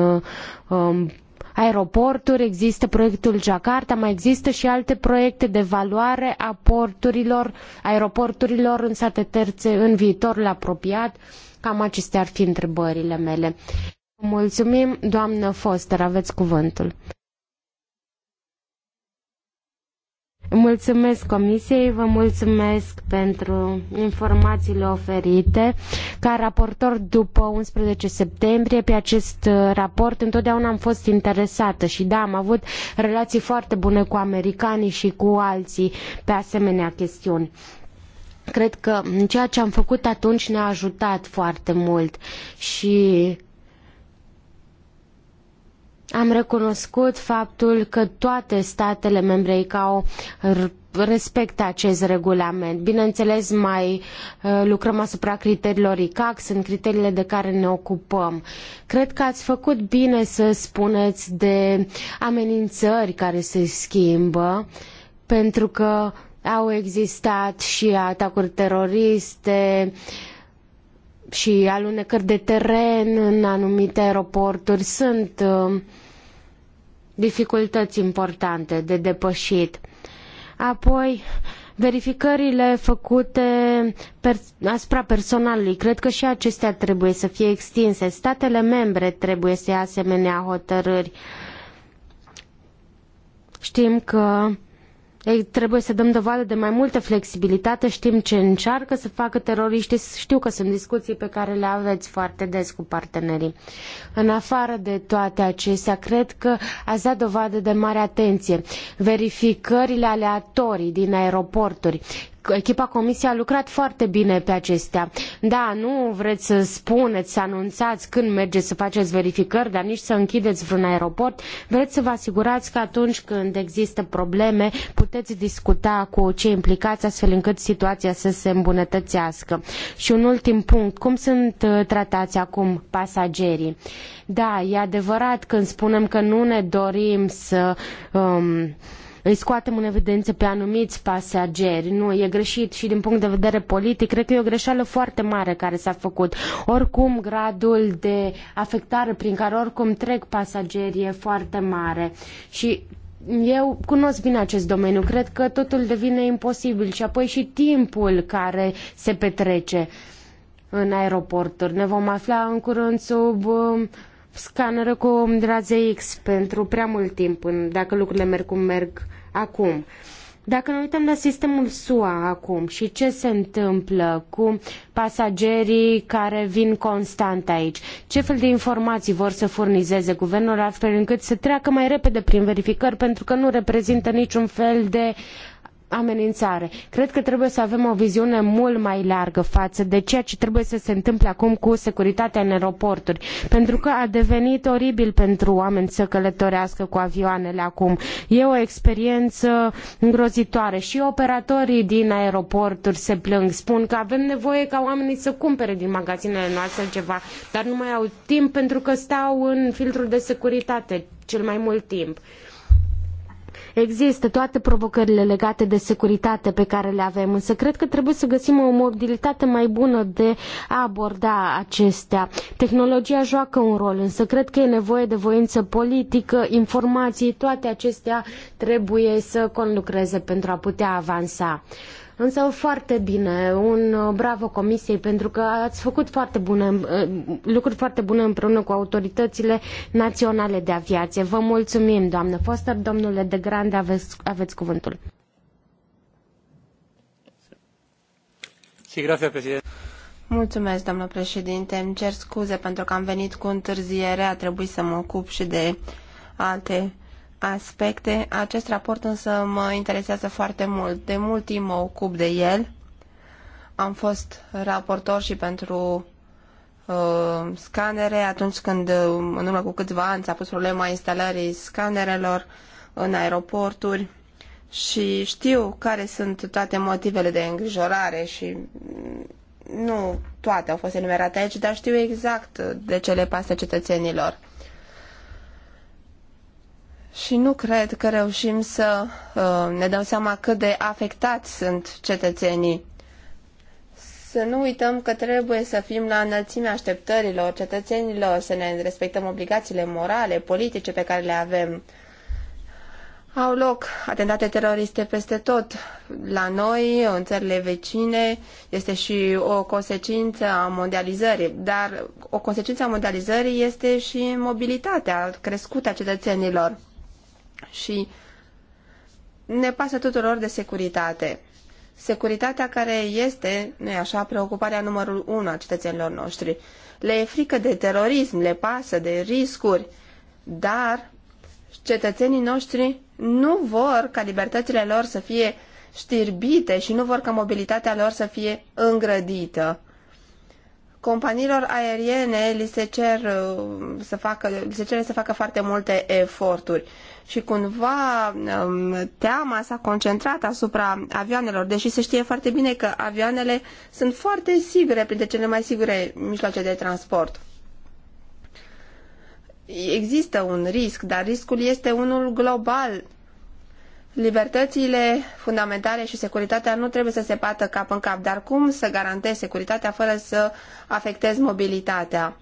um, aeroporturi, există proiectul Jakarta, mai există și alte proiecte de evaluare a porturilor, aeroporturilor în state terțe în viitorul apropiat. Cam acestea ar fi întrebările mele. Mulțumim, doamnă Foster, aveți cuvântul. Mulțumesc Comisiei, vă mulțumesc pentru informațiile oferite. Ca raportor după 11 septembrie pe acest raport întotdeauna am fost interesată și da, am avut relații foarte bune cu americanii și cu alții pe asemenea chestiuni cred că ceea ce am făcut atunci ne-a ajutat foarte mult și am recunoscut faptul că toate statele membre ICAO respectă acest regulament. Bineînțeles, mai uh, lucrăm asupra criteriilor ICAC, sunt criteriile de care ne ocupăm. Cred că ați făcut bine să spuneți de amenințări care se schimbă, pentru că au existat și atacuri teroriste, și alunecări de teren în anumite aeroporturi sunt uh, dificultăți importante de depășit. Apoi, verificările făcute per, asupra personalului, cred că și acestea trebuie să fie extinse. Statele membre trebuie să ia asemenea hotărâri. Știm că ei, trebuie să dăm dovadă de mai multă flexibilitate, știm ce încearcă să facă teroriștii, știu că sunt discuții pe care le aveți foarte des cu partenerii. În afară de toate acestea, cred că ați dat dovadă de mare atenție. Verificările aleatorii din aeroporturi, echipa comisiei a lucrat foarte bine pe acestea. Da, nu vreți să spuneți, să anunțați când mergeți să faceți verificări, dar nici să închideți vreun aeroport. Vreți să vă asigurați că atunci când există probleme puteți discuta cu cei implicați astfel încât situația să se îmbunătățească. Și un ultim punct, cum sunt uh, tratați acum pasagerii? Da, e adevărat când spunem că nu ne dorim să um, îi scoatem în evidență pe anumiți pasageri. Nu, e greșit și din punct de vedere politic. Cred că e o greșeală foarte mare care s-a făcut. Oricum, gradul de afectare prin care oricum trec pasagerii e foarte mare. Și eu cunosc bine acest domeniu, cred că totul devine imposibil și apoi și timpul care se petrece în aeroporturi. Ne vom afla în curând sub um, scaneră cu raze X pentru prea mult timp, dacă lucrurile merg cum merg acum. Dacă ne uităm la sistemul SUA acum și ce se întâmplă cu pasagerii care vin constant aici, ce fel de informații vor să furnizeze guvernul astfel încât să treacă mai repede prin verificări pentru că nu reprezintă niciun fel de amenințare. Cred că trebuie să avem o viziune mult mai largă față de ceea ce trebuie să se întâmple acum cu securitatea în aeroporturi, pentru că a devenit oribil pentru oameni să călătorească cu avioanele acum. E o experiență îngrozitoare și operatorii din aeroporturi se plâng, spun că avem nevoie ca oamenii să cumpere din magazinele noastre ceva, dar nu mai au timp pentru că stau în filtrul de securitate cel mai mult timp. Există toate provocările legate de securitate pe care le avem, însă cred că trebuie să găsim o mobilitate mai bună de a aborda acestea. Tehnologia joacă un rol, însă cred că e nevoie de voință politică, informații, toate acestea trebuie să conlucreze pentru a putea avansa. Însă foarte bine, un uh, bravo comisiei pentru că ați făcut foarte bune, uh, lucruri foarte bune împreună cu autoritățile naționale de aviație. Vă mulțumim, doamnă Foster, domnule de Grande, aveți, aveți cuvântul. Mulțumesc, doamnă președinte. Îmi cer scuze pentru că am venit cu întârziere. A trebuit să mă ocup și de alte aspecte. Acest raport însă mă interesează foarte mult. De mult timp mă ocup de el. Am fost raportor și pentru uh, scanere atunci când, uh, în urmă cu câțiva ani, s-a pus problema instalării scanerelor în aeroporturi și știu care sunt toate motivele de îngrijorare și mm, nu toate au fost enumerate aici, dar știu exact de ce le pasă cetățenilor și nu cred că reușim să uh, ne dăm seama cât de afectați sunt cetățenii. Să nu uităm că trebuie să fim la înălțimea așteptărilor cetățenilor, să ne respectăm obligațiile morale, politice pe care le avem. Au loc atentate teroriste peste tot. La noi, în țările vecine, este și o consecință a mondializării, dar o consecință a mondializării este și mobilitatea crescută a cetățenilor și ne pasă tuturor de securitate. Securitatea care este, nu așa, preocuparea numărul unu a cetățenilor noștri. Le e frică de terorism, le pasă de riscuri, dar cetățenii noștri nu vor ca libertățile lor să fie știrbite și nu vor ca mobilitatea lor să fie îngrădită. Companiilor aeriene li se, cer uh, să facă, li se cere să facă foarte multe eforturi și cumva um, teama s-a concentrat asupra avioanelor, deși se știe foarte bine că avioanele sunt foarte sigure, printre cele mai sigure mijloace de transport. Există un risc, dar riscul este unul global. Libertățile fundamentale și securitatea nu trebuie să se pată cap în cap, dar cum să garantezi securitatea fără să afectezi mobilitatea?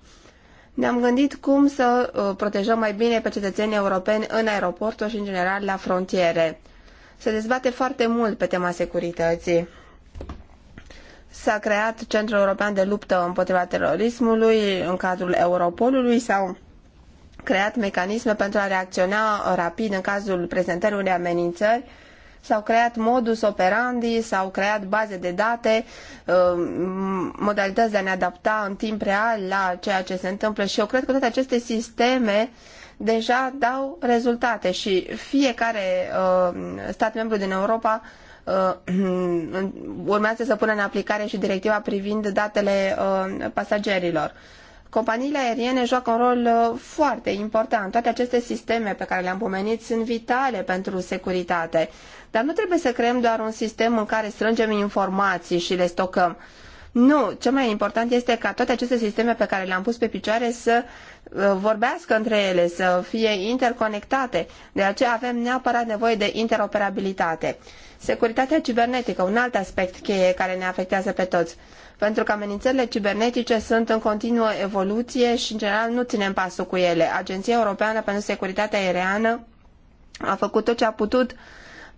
Ne-am gândit cum să uh, protejăm mai bine pe cetățenii europeni în aeroporturi și, în general, la frontiere. Se dezbate foarte mult pe tema securității. S-a creat Centrul European de Luptă împotriva terorismului în cadrul Europolului sau creat mecanisme pentru a reacționa rapid în cazul prezentării unei amenințări s-au creat modus operandi, s-au creat baze de date, uh, modalități de a ne adapta în timp real la ceea ce se întâmplă și eu cred că toate aceste sisteme deja dau rezultate și fiecare uh, stat membru din Europa uh, urmează să pună în aplicare și directiva privind datele pasagerilor. Companiile aeriene joacă un rol uh, foarte important. Toate aceste sisteme pe care le-am pomenit sunt vitale pentru securitate. Dar nu trebuie să creăm doar un sistem în care strângem informații și le stocăm. Nu, cel mai important este ca toate aceste sisteme pe care le-am pus pe picioare să uh, vorbească între ele, să fie interconectate. De aceea avem neapărat nevoie de interoperabilitate. Securitatea cibernetică, un alt aspect cheie care ne afectează pe toți pentru că amenințările cibernetice sunt în continuă evoluție și, în general, nu ținem pasul cu ele. Agenția Europeană pentru Securitatea Aeriană a făcut tot ce a putut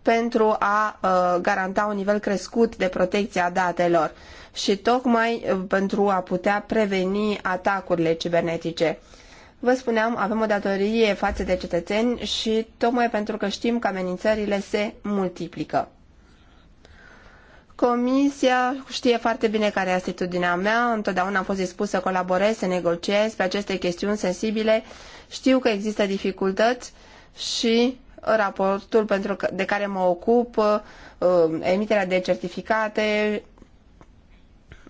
pentru a uh, garanta un nivel crescut de protecție a datelor și tocmai uh, pentru a putea preveni atacurile cibernetice. Vă spuneam, avem o datorie față de cetățeni și tocmai pentru că știm că amenințările se multiplică. Comisia știe foarte bine care este atitudinea mea, întotdeauna am fost dispus să colaborez, să negociez pe aceste chestiuni sensibile. Știu că există dificultăți și raportul pentru că, de care mă ocup, uh, emiterea de certificate,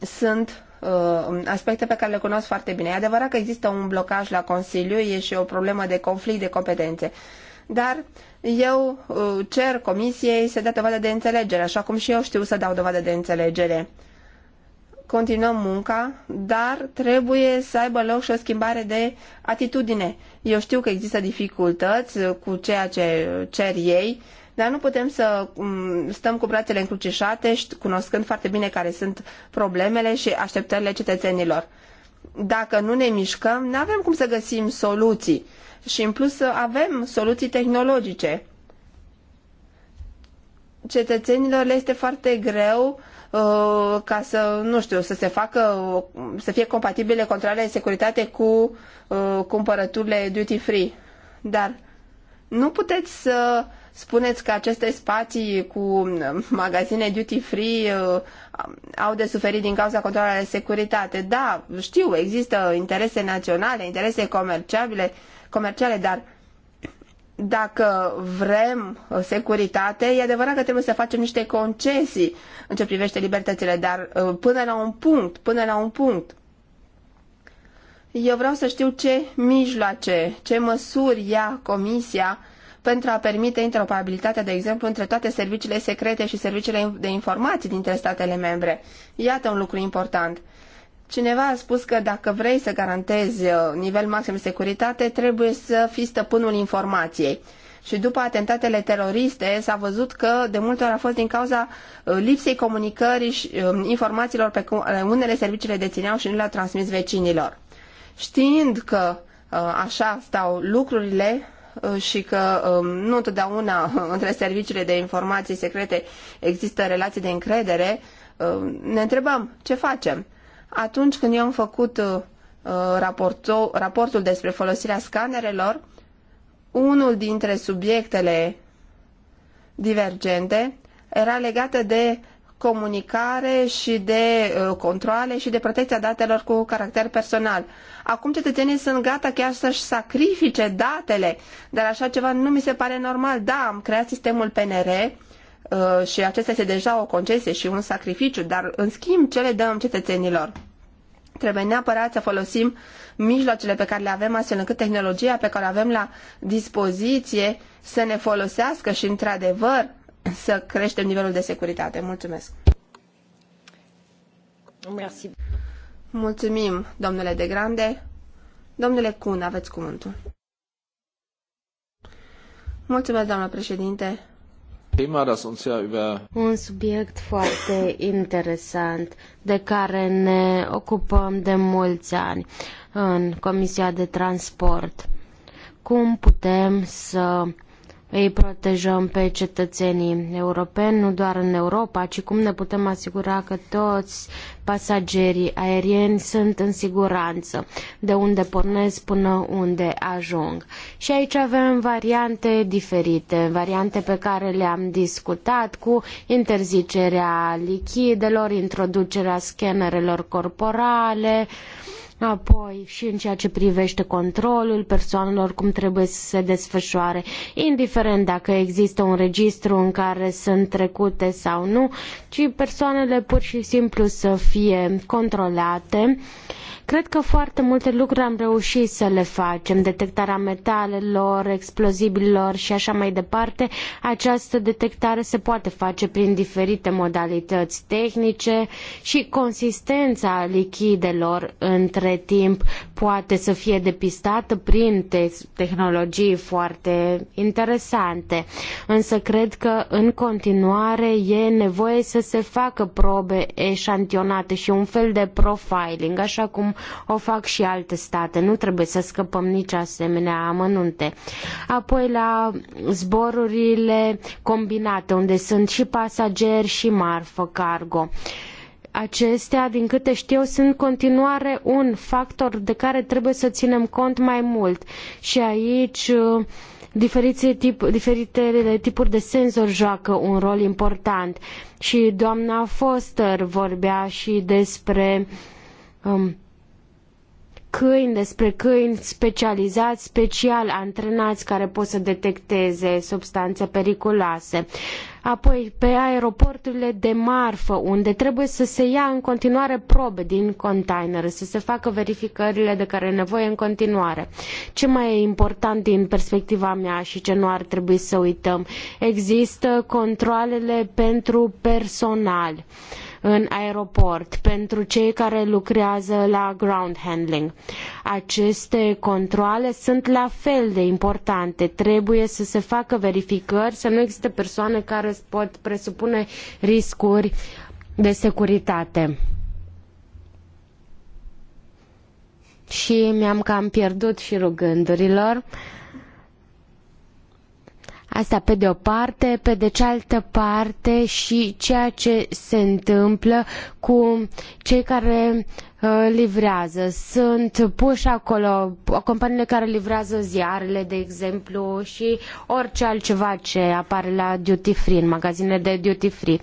sunt uh, aspecte pe care le cunosc foarte bine. E adevărat că există un blocaj la Consiliu, e și o problemă de conflict de competențe dar eu uh, cer comisiei să dea dovadă de înțelegere, așa cum și eu știu să dau dovadă de înțelegere. Continuăm munca, dar trebuie să aibă loc și o schimbare de atitudine. Eu știu că există dificultăți uh, cu ceea ce cer ei, dar nu putem să um, stăm cu brațele încrucișate, cunoscând foarte bine care sunt problemele și așteptările cetățenilor dacă nu ne mișcăm, nu avem cum să găsim soluții. Și în plus avem soluții tehnologice. Cetățenilor le este foarte greu uh, ca să, nu știu, să se facă, să fie compatibile controlele de securitate cu uh, cumpărăturile duty free. Dar nu puteți să uh, Spuneți că aceste spații cu magazine duty-free uh, au de suferit din cauza controlului de securitate. Da, știu, există interese naționale, interese comerciale, comerciale dar dacă vrem uh, securitate, e adevărat că trebuie să facem niște concesii în ce privește libertățile, dar uh, până la un punct, până la un punct. Eu vreau să știu ce mijloace, ce măsuri ia Comisia pentru a permite interoperabilitatea, de exemplu, între toate serviciile secrete și serviciile de informații dintre statele membre. Iată un lucru important. Cineva a spus că dacă vrei să garantezi uh, nivel maxim de securitate, trebuie să fii stăpânul informației. Și după atentatele teroriste s-a văzut că de multe ori a fost din cauza uh, lipsei comunicării și um, informațiilor pe care uh, unele serviciile dețineau și nu le-au transmis vecinilor. Știind că așa stau lucrurile, Uh, și că um, nu întotdeauna uh, între serviciile de informații secrete există relații de încredere, uh, ne întrebăm ce facem. Atunci când eu am făcut raportul, despre folosirea scanerelor, unul dintre subiectele divergente era legată de comunicare și de uh, controle și de protecția datelor cu caracter personal. Acum cetățenii sunt gata chiar să-și sacrifice datele, dar așa ceva nu mi se pare normal. Da, am creat sistemul PNR uh, și acesta este deja o concesie și un sacrificiu, dar în schimb ce le dăm cetățenilor? Trebuie neapărat să folosim mijloacele pe care le avem astfel încât tehnologia pe care o avem la dispoziție să ne folosească și într-adevăr să creștem nivelul de securitate. Mulțumesc! Merci. Mulțumim, domnule de Grande. Domnule Cun, aveți cuvântul. Mulțumesc, doamnă președinte. Un subiect foarte interesant de care ne ocupăm de mulți ani în Comisia de Transport. Cum putem să îi protejăm pe cetățenii europeni, nu doar în Europa, ci cum ne putem asigura că toți pasagerii aerieni sunt în siguranță, de unde pornesc până unde ajung. Și aici avem variante diferite, variante pe care le-am discutat cu interzicerea lichidelor, introducerea scanerelor corporale, uh, Apoi și în ceea ce privește controlul persoanelor, cum trebuie să se desfășoare, indiferent dacă există un registru în care sunt trecute sau nu, ci persoanele pur și simplu să fie controlate. Uh, Cred că foarte multe lucruri am reușit să le facem, detectarea metalelor, explozibililor și așa mai departe. Această detectare se poate face prin diferite modalități tehnice și consistența lichidelor între timp poate să fie depistată prin te tehnologii foarte interesante. Însă cred că în continuare e nevoie să se facă probe eșantionate și un fel de profiling, așa cum o fac și alte state, nu trebuie să scăpăm nici asemenea amănunte. Apoi la zborurile combinate, unde sunt și pasageri și marfă, cargo acestea, din câte știu, sunt în continuare un factor de care trebuie să ținem cont mai mult. Și aici uh, tip, diferitele tipuri de senzori joacă un rol important. Și doamna Foster vorbea și despre um, câini, despre câini specializați, special antrenați care pot să detecteze substanțe periculoase. Apoi pe aeroporturile de marfă, unde trebuie să se ia în continuare probe din containere, să se facă verificările de care e nevoie în continuare. Ce mai e important din perspectiva mea și ce nu ar trebui să uităm? Există controlele pentru personal. Uh, în aeroport, pentru cei care lucrează la ground handling. Aceste controle sunt la fel de importante. Trebuie să se facă verificări, să nu existe persoane care pot presupune riscuri de securitate. Și mi-am cam pierdut și rugândurilor. Asta pe de o parte, pe de cealaltă parte și ceea ce se întâmplă cu cei care uh, livrează. Sunt puși acolo companiile care livrează ziarele, de exemplu, și orice altceva ce apare la duty free, în magazine de duty free.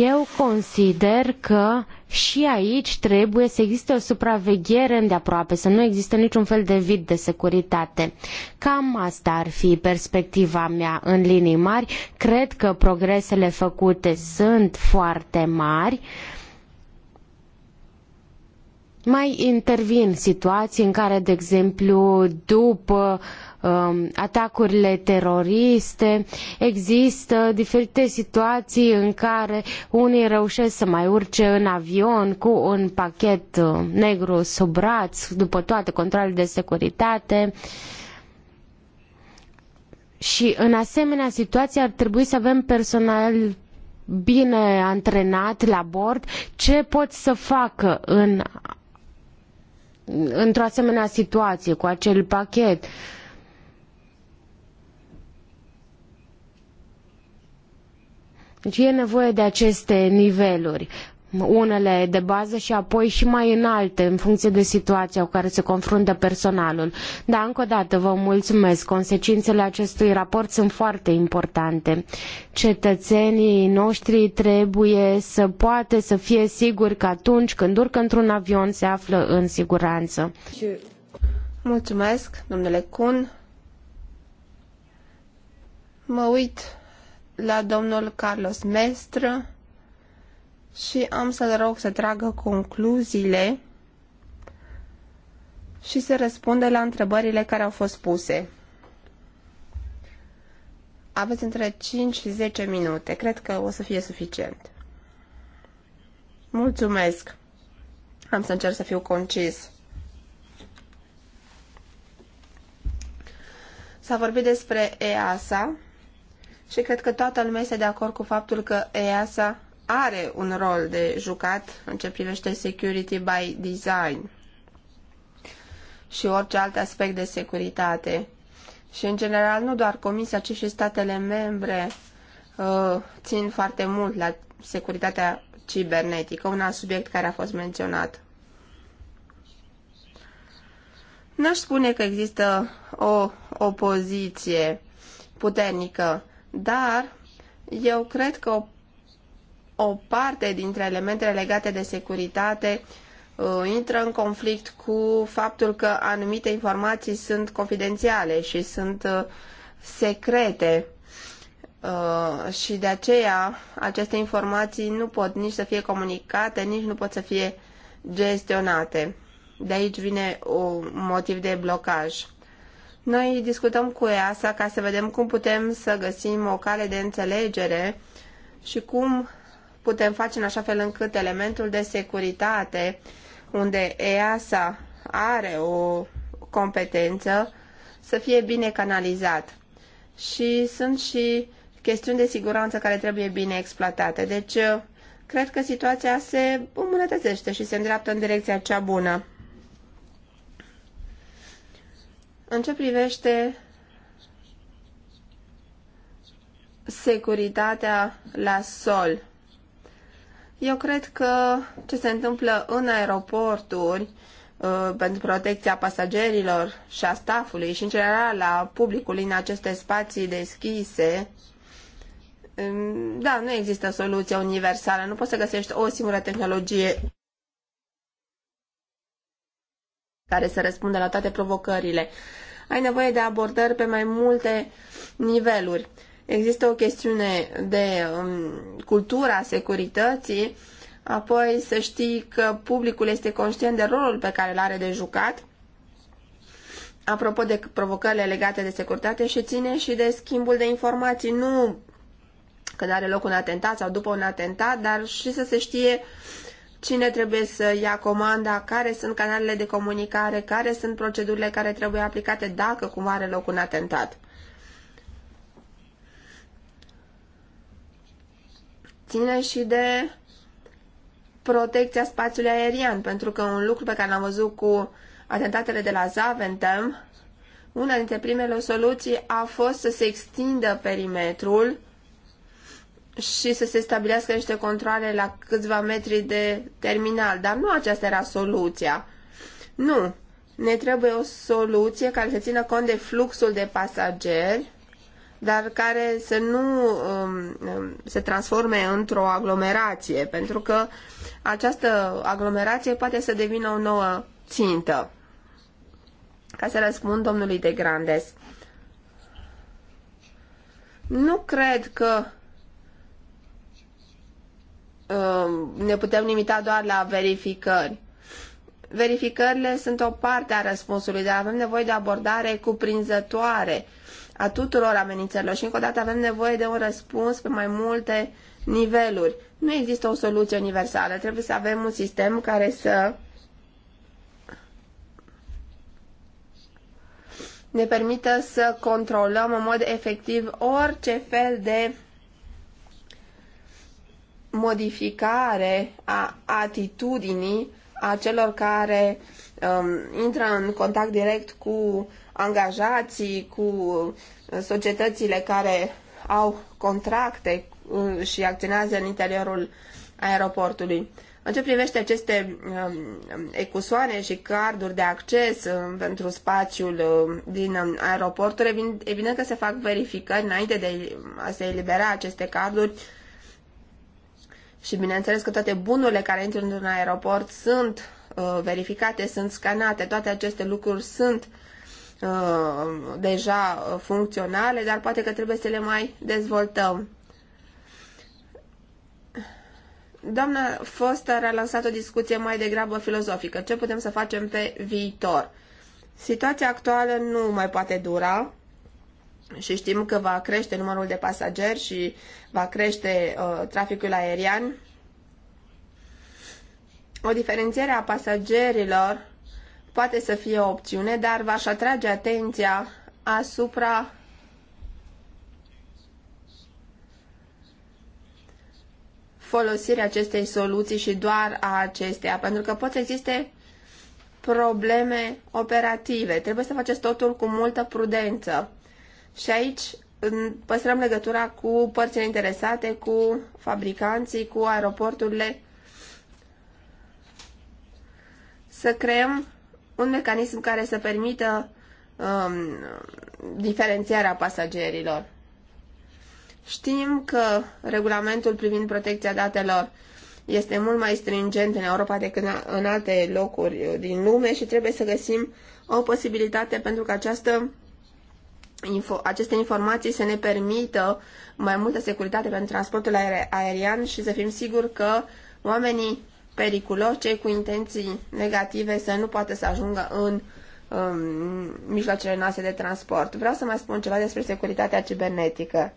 Eu consider că și aici trebuie să existe o supraveghere îndeaproape, să nu existe niciun fel de vid de securitate. Cam asta ar fi perspectiva mea în linii mari. Cred că progresele făcute sunt foarte mari. Mai intervin situații în care, de exemplu, după uh, Um, atacurile teroriste, există diferite situații în care unii reușesc să mai urce în avion cu un pachet uh, negru sub braț, după toate controlele de securitate. Și în asemenea situație ar trebui să avem personal bine antrenat la bord, ce pot să facă în, într-o asemenea situație cu acel pachet. Uh, Deci e nevoie de aceste niveluri unele de bază și apoi și mai înalte în funcție de situația cu care se confruntă personalul. Dar încă o dată vă mulțumesc. Consecințele acestui raport sunt foarte importante. Cetățenii noștri trebuie să poată să fie siguri că atunci când urcă într-un avion se află în siguranță. Mulțumesc, domnule Kun. Mă uit la domnul Carlos Mestre și am să-l rog să tragă concluziile și să răspundă la întrebările care au fost puse. Aveți între 5 și 10 minute. Cred că o să fie suficient. Mulțumesc. Am să încerc să fiu concis. S-a vorbit despre EASA și cred că toată lumea este de acord cu faptul că EASA are un rol de jucat în ce privește security by design și orice alt aspect de securitate. Și, în general, nu doar Comisia, ci și statele membre uh, țin foarte mult la securitatea cibernetică, un alt subiect care a fost menționat. N-aș spune că există o opoziție puternică dar eu cred că o, o parte dintre elementele legate de securitate uh, intră în conflict cu faptul că anumite informații sunt confidențiale și sunt uh, secrete uh, și de aceea aceste informații nu pot nici să fie comunicate, nici nu pot să fie gestionate. De aici vine un motiv de blocaj. Noi discutăm cu EASA ca să vedem cum putem să găsim o cale de înțelegere și cum putem face în așa fel încât elementul de securitate, unde EASA are o competență, să fie bine canalizat. Și sunt și chestiuni de siguranță care trebuie bine exploatate. Deci, cred că situația se îmbunătățește și se îndreaptă în direcția cea bună. În ce privește securitatea la sol, eu cred că ce se întâmplă în aeroporturi uh, pentru protecția pasagerilor și a stafului și în general la publicului în aceste spații deschise, um, da, nu există soluție universală, nu poți să găsești o singură tehnologie care să răspundă la toate provocările. Ai nevoie de abordări pe mai multe niveluri. Există o chestiune de um, cultura securității, apoi să știi că publicul este conștient de rolul pe care îl are de jucat, apropo de provocările legate de securitate și ține și de schimbul de informații, nu când are loc un atentat sau după un atentat, dar și să se știe cine trebuie să ia comanda, care sunt canalele de comunicare, care sunt procedurile care trebuie aplicate dacă cumva are loc un atentat. Ține și de protecția spațiului aerian, pentru că un lucru pe care l-am văzut cu atentatele de la Zaventem, una dintre primele soluții a fost să se extindă perimetrul și să se stabilească niște controle la câțiva metri de terminal, dar nu aceasta era soluția. Nu, ne trebuie o soluție care să țină cont de fluxul de pasageri, dar care să nu um, um se transforme într-o aglomerație, pentru că această aglomerație poate să devină o nouă țintă. Ca să răspund domnului de Grandes. Nu cred că Um, ne putem limita doar la verificări. Verificările sunt o parte a răspunsului, dar avem nevoie de abordare cuprinzătoare a tuturor amenințărilor și încă o dată avem nevoie de un răspuns pe mai multe niveluri. Nu există o soluție universală, trebuie să avem un sistem care să ne permită să controlăm în mod efectiv orice fel de modificare a atitudinii a celor care um, intră în contact direct cu angajații, cu uh, societățile care au contracte uh, și acționează în interiorul aeroportului. În ce privește aceste um, ecusoane și carduri de acces uh, pentru spațiul din um, aeroporturi, evident că se fac verificări înainte de a se elibera aceste carduri și bineînțeles că toate bunurile care intră într-un aeroport sunt uh, verificate, sunt scanate, toate aceste lucruri sunt uh, deja uh, funcționale, dar poate că trebuie să le mai dezvoltăm. Doamna Foster a lansat o discuție mai degrabă filozofică. Ce putem să facem pe viitor? Situația actuală nu mai poate dura și știm că va crește numărul de pasageri și va crește uh, traficul aerian. O diferențiere a pasagerilor poate să fie o opțiune, dar v-aș atrage atenția asupra folosirea acestei soluții și doar a acesteia, pentru că pot există existe probleme operative. Trebuie să faceți totul cu multă prudență și aici păstrăm legătura cu părțile interesate, cu fabricanții, cu aeroporturile, să creăm un mecanism care să permită um, diferențierea pasagerilor. Știm că regulamentul privind protecția datelor este mult mai stringent în Europa decât în alte locuri din lume și trebuie să găsim o posibilitate pentru că această info, aceste informații să ne permită mai multă securitate pentru transportul aer, aerian și să fim siguri că oamenii periculoși, cei cu intenții negative, să nu poată să ajungă în um, mijloacele noastre de transport. Vreau să mai spun ceva despre securitatea cibernetică.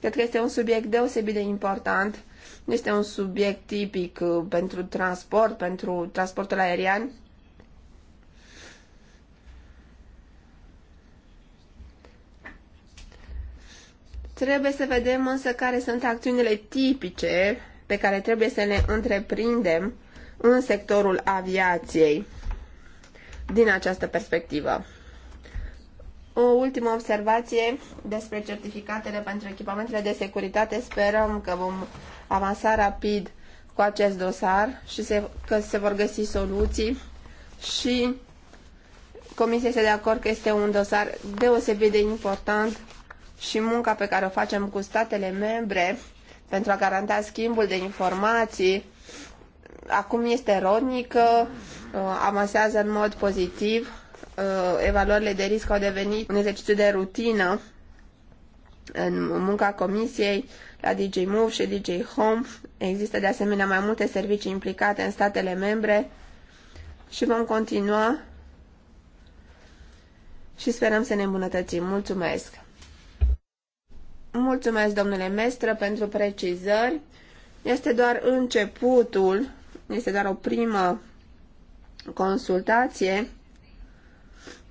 Cred că este un subiect deosebit de important. Nu este un subiect tipic uh, pentru transport, pentru transportul aerian, Trebuie să vedem însă care sunt acțiunile tipice pe care trebuie să le întreprindem în sectorul aviației din această perspectivă. O ultimă observație despre certificatele pentru echipamentele de securitate. Sperăm că vom avansa rapid cu acest dosar și se, că se vor găsi soluții și Comisia este de acord că este un dosar deosebit de important și munca pe care o facem cu statele membre pentru a garanta schimbul de informații acum este rodnică, uh, amasează în mod pozitiv, uh, evaluările de risc au devenit un exercițiu de rutină în munca comisiei la DJ Move și DJ Home. Există de asemenea mai multe servicii implicate în statele membre și vom continua și sperăm să ne îmbunătățim. Mulțumesc! Mulțumesc, domnule Mestră, pentru precizări. Este doar începutul, este doar o primă consultație.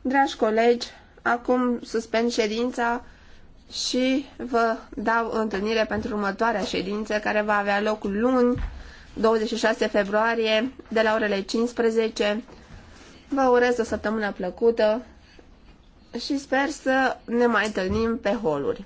Dragi colegi, acum suspend ședința și vă dau întâlnire pentru următoarea ședință care va avea loc luni, 26 februarie, de la orele 15. Vă urez o săptămână plăcută și sper să ne mai întâlnim pe holuri.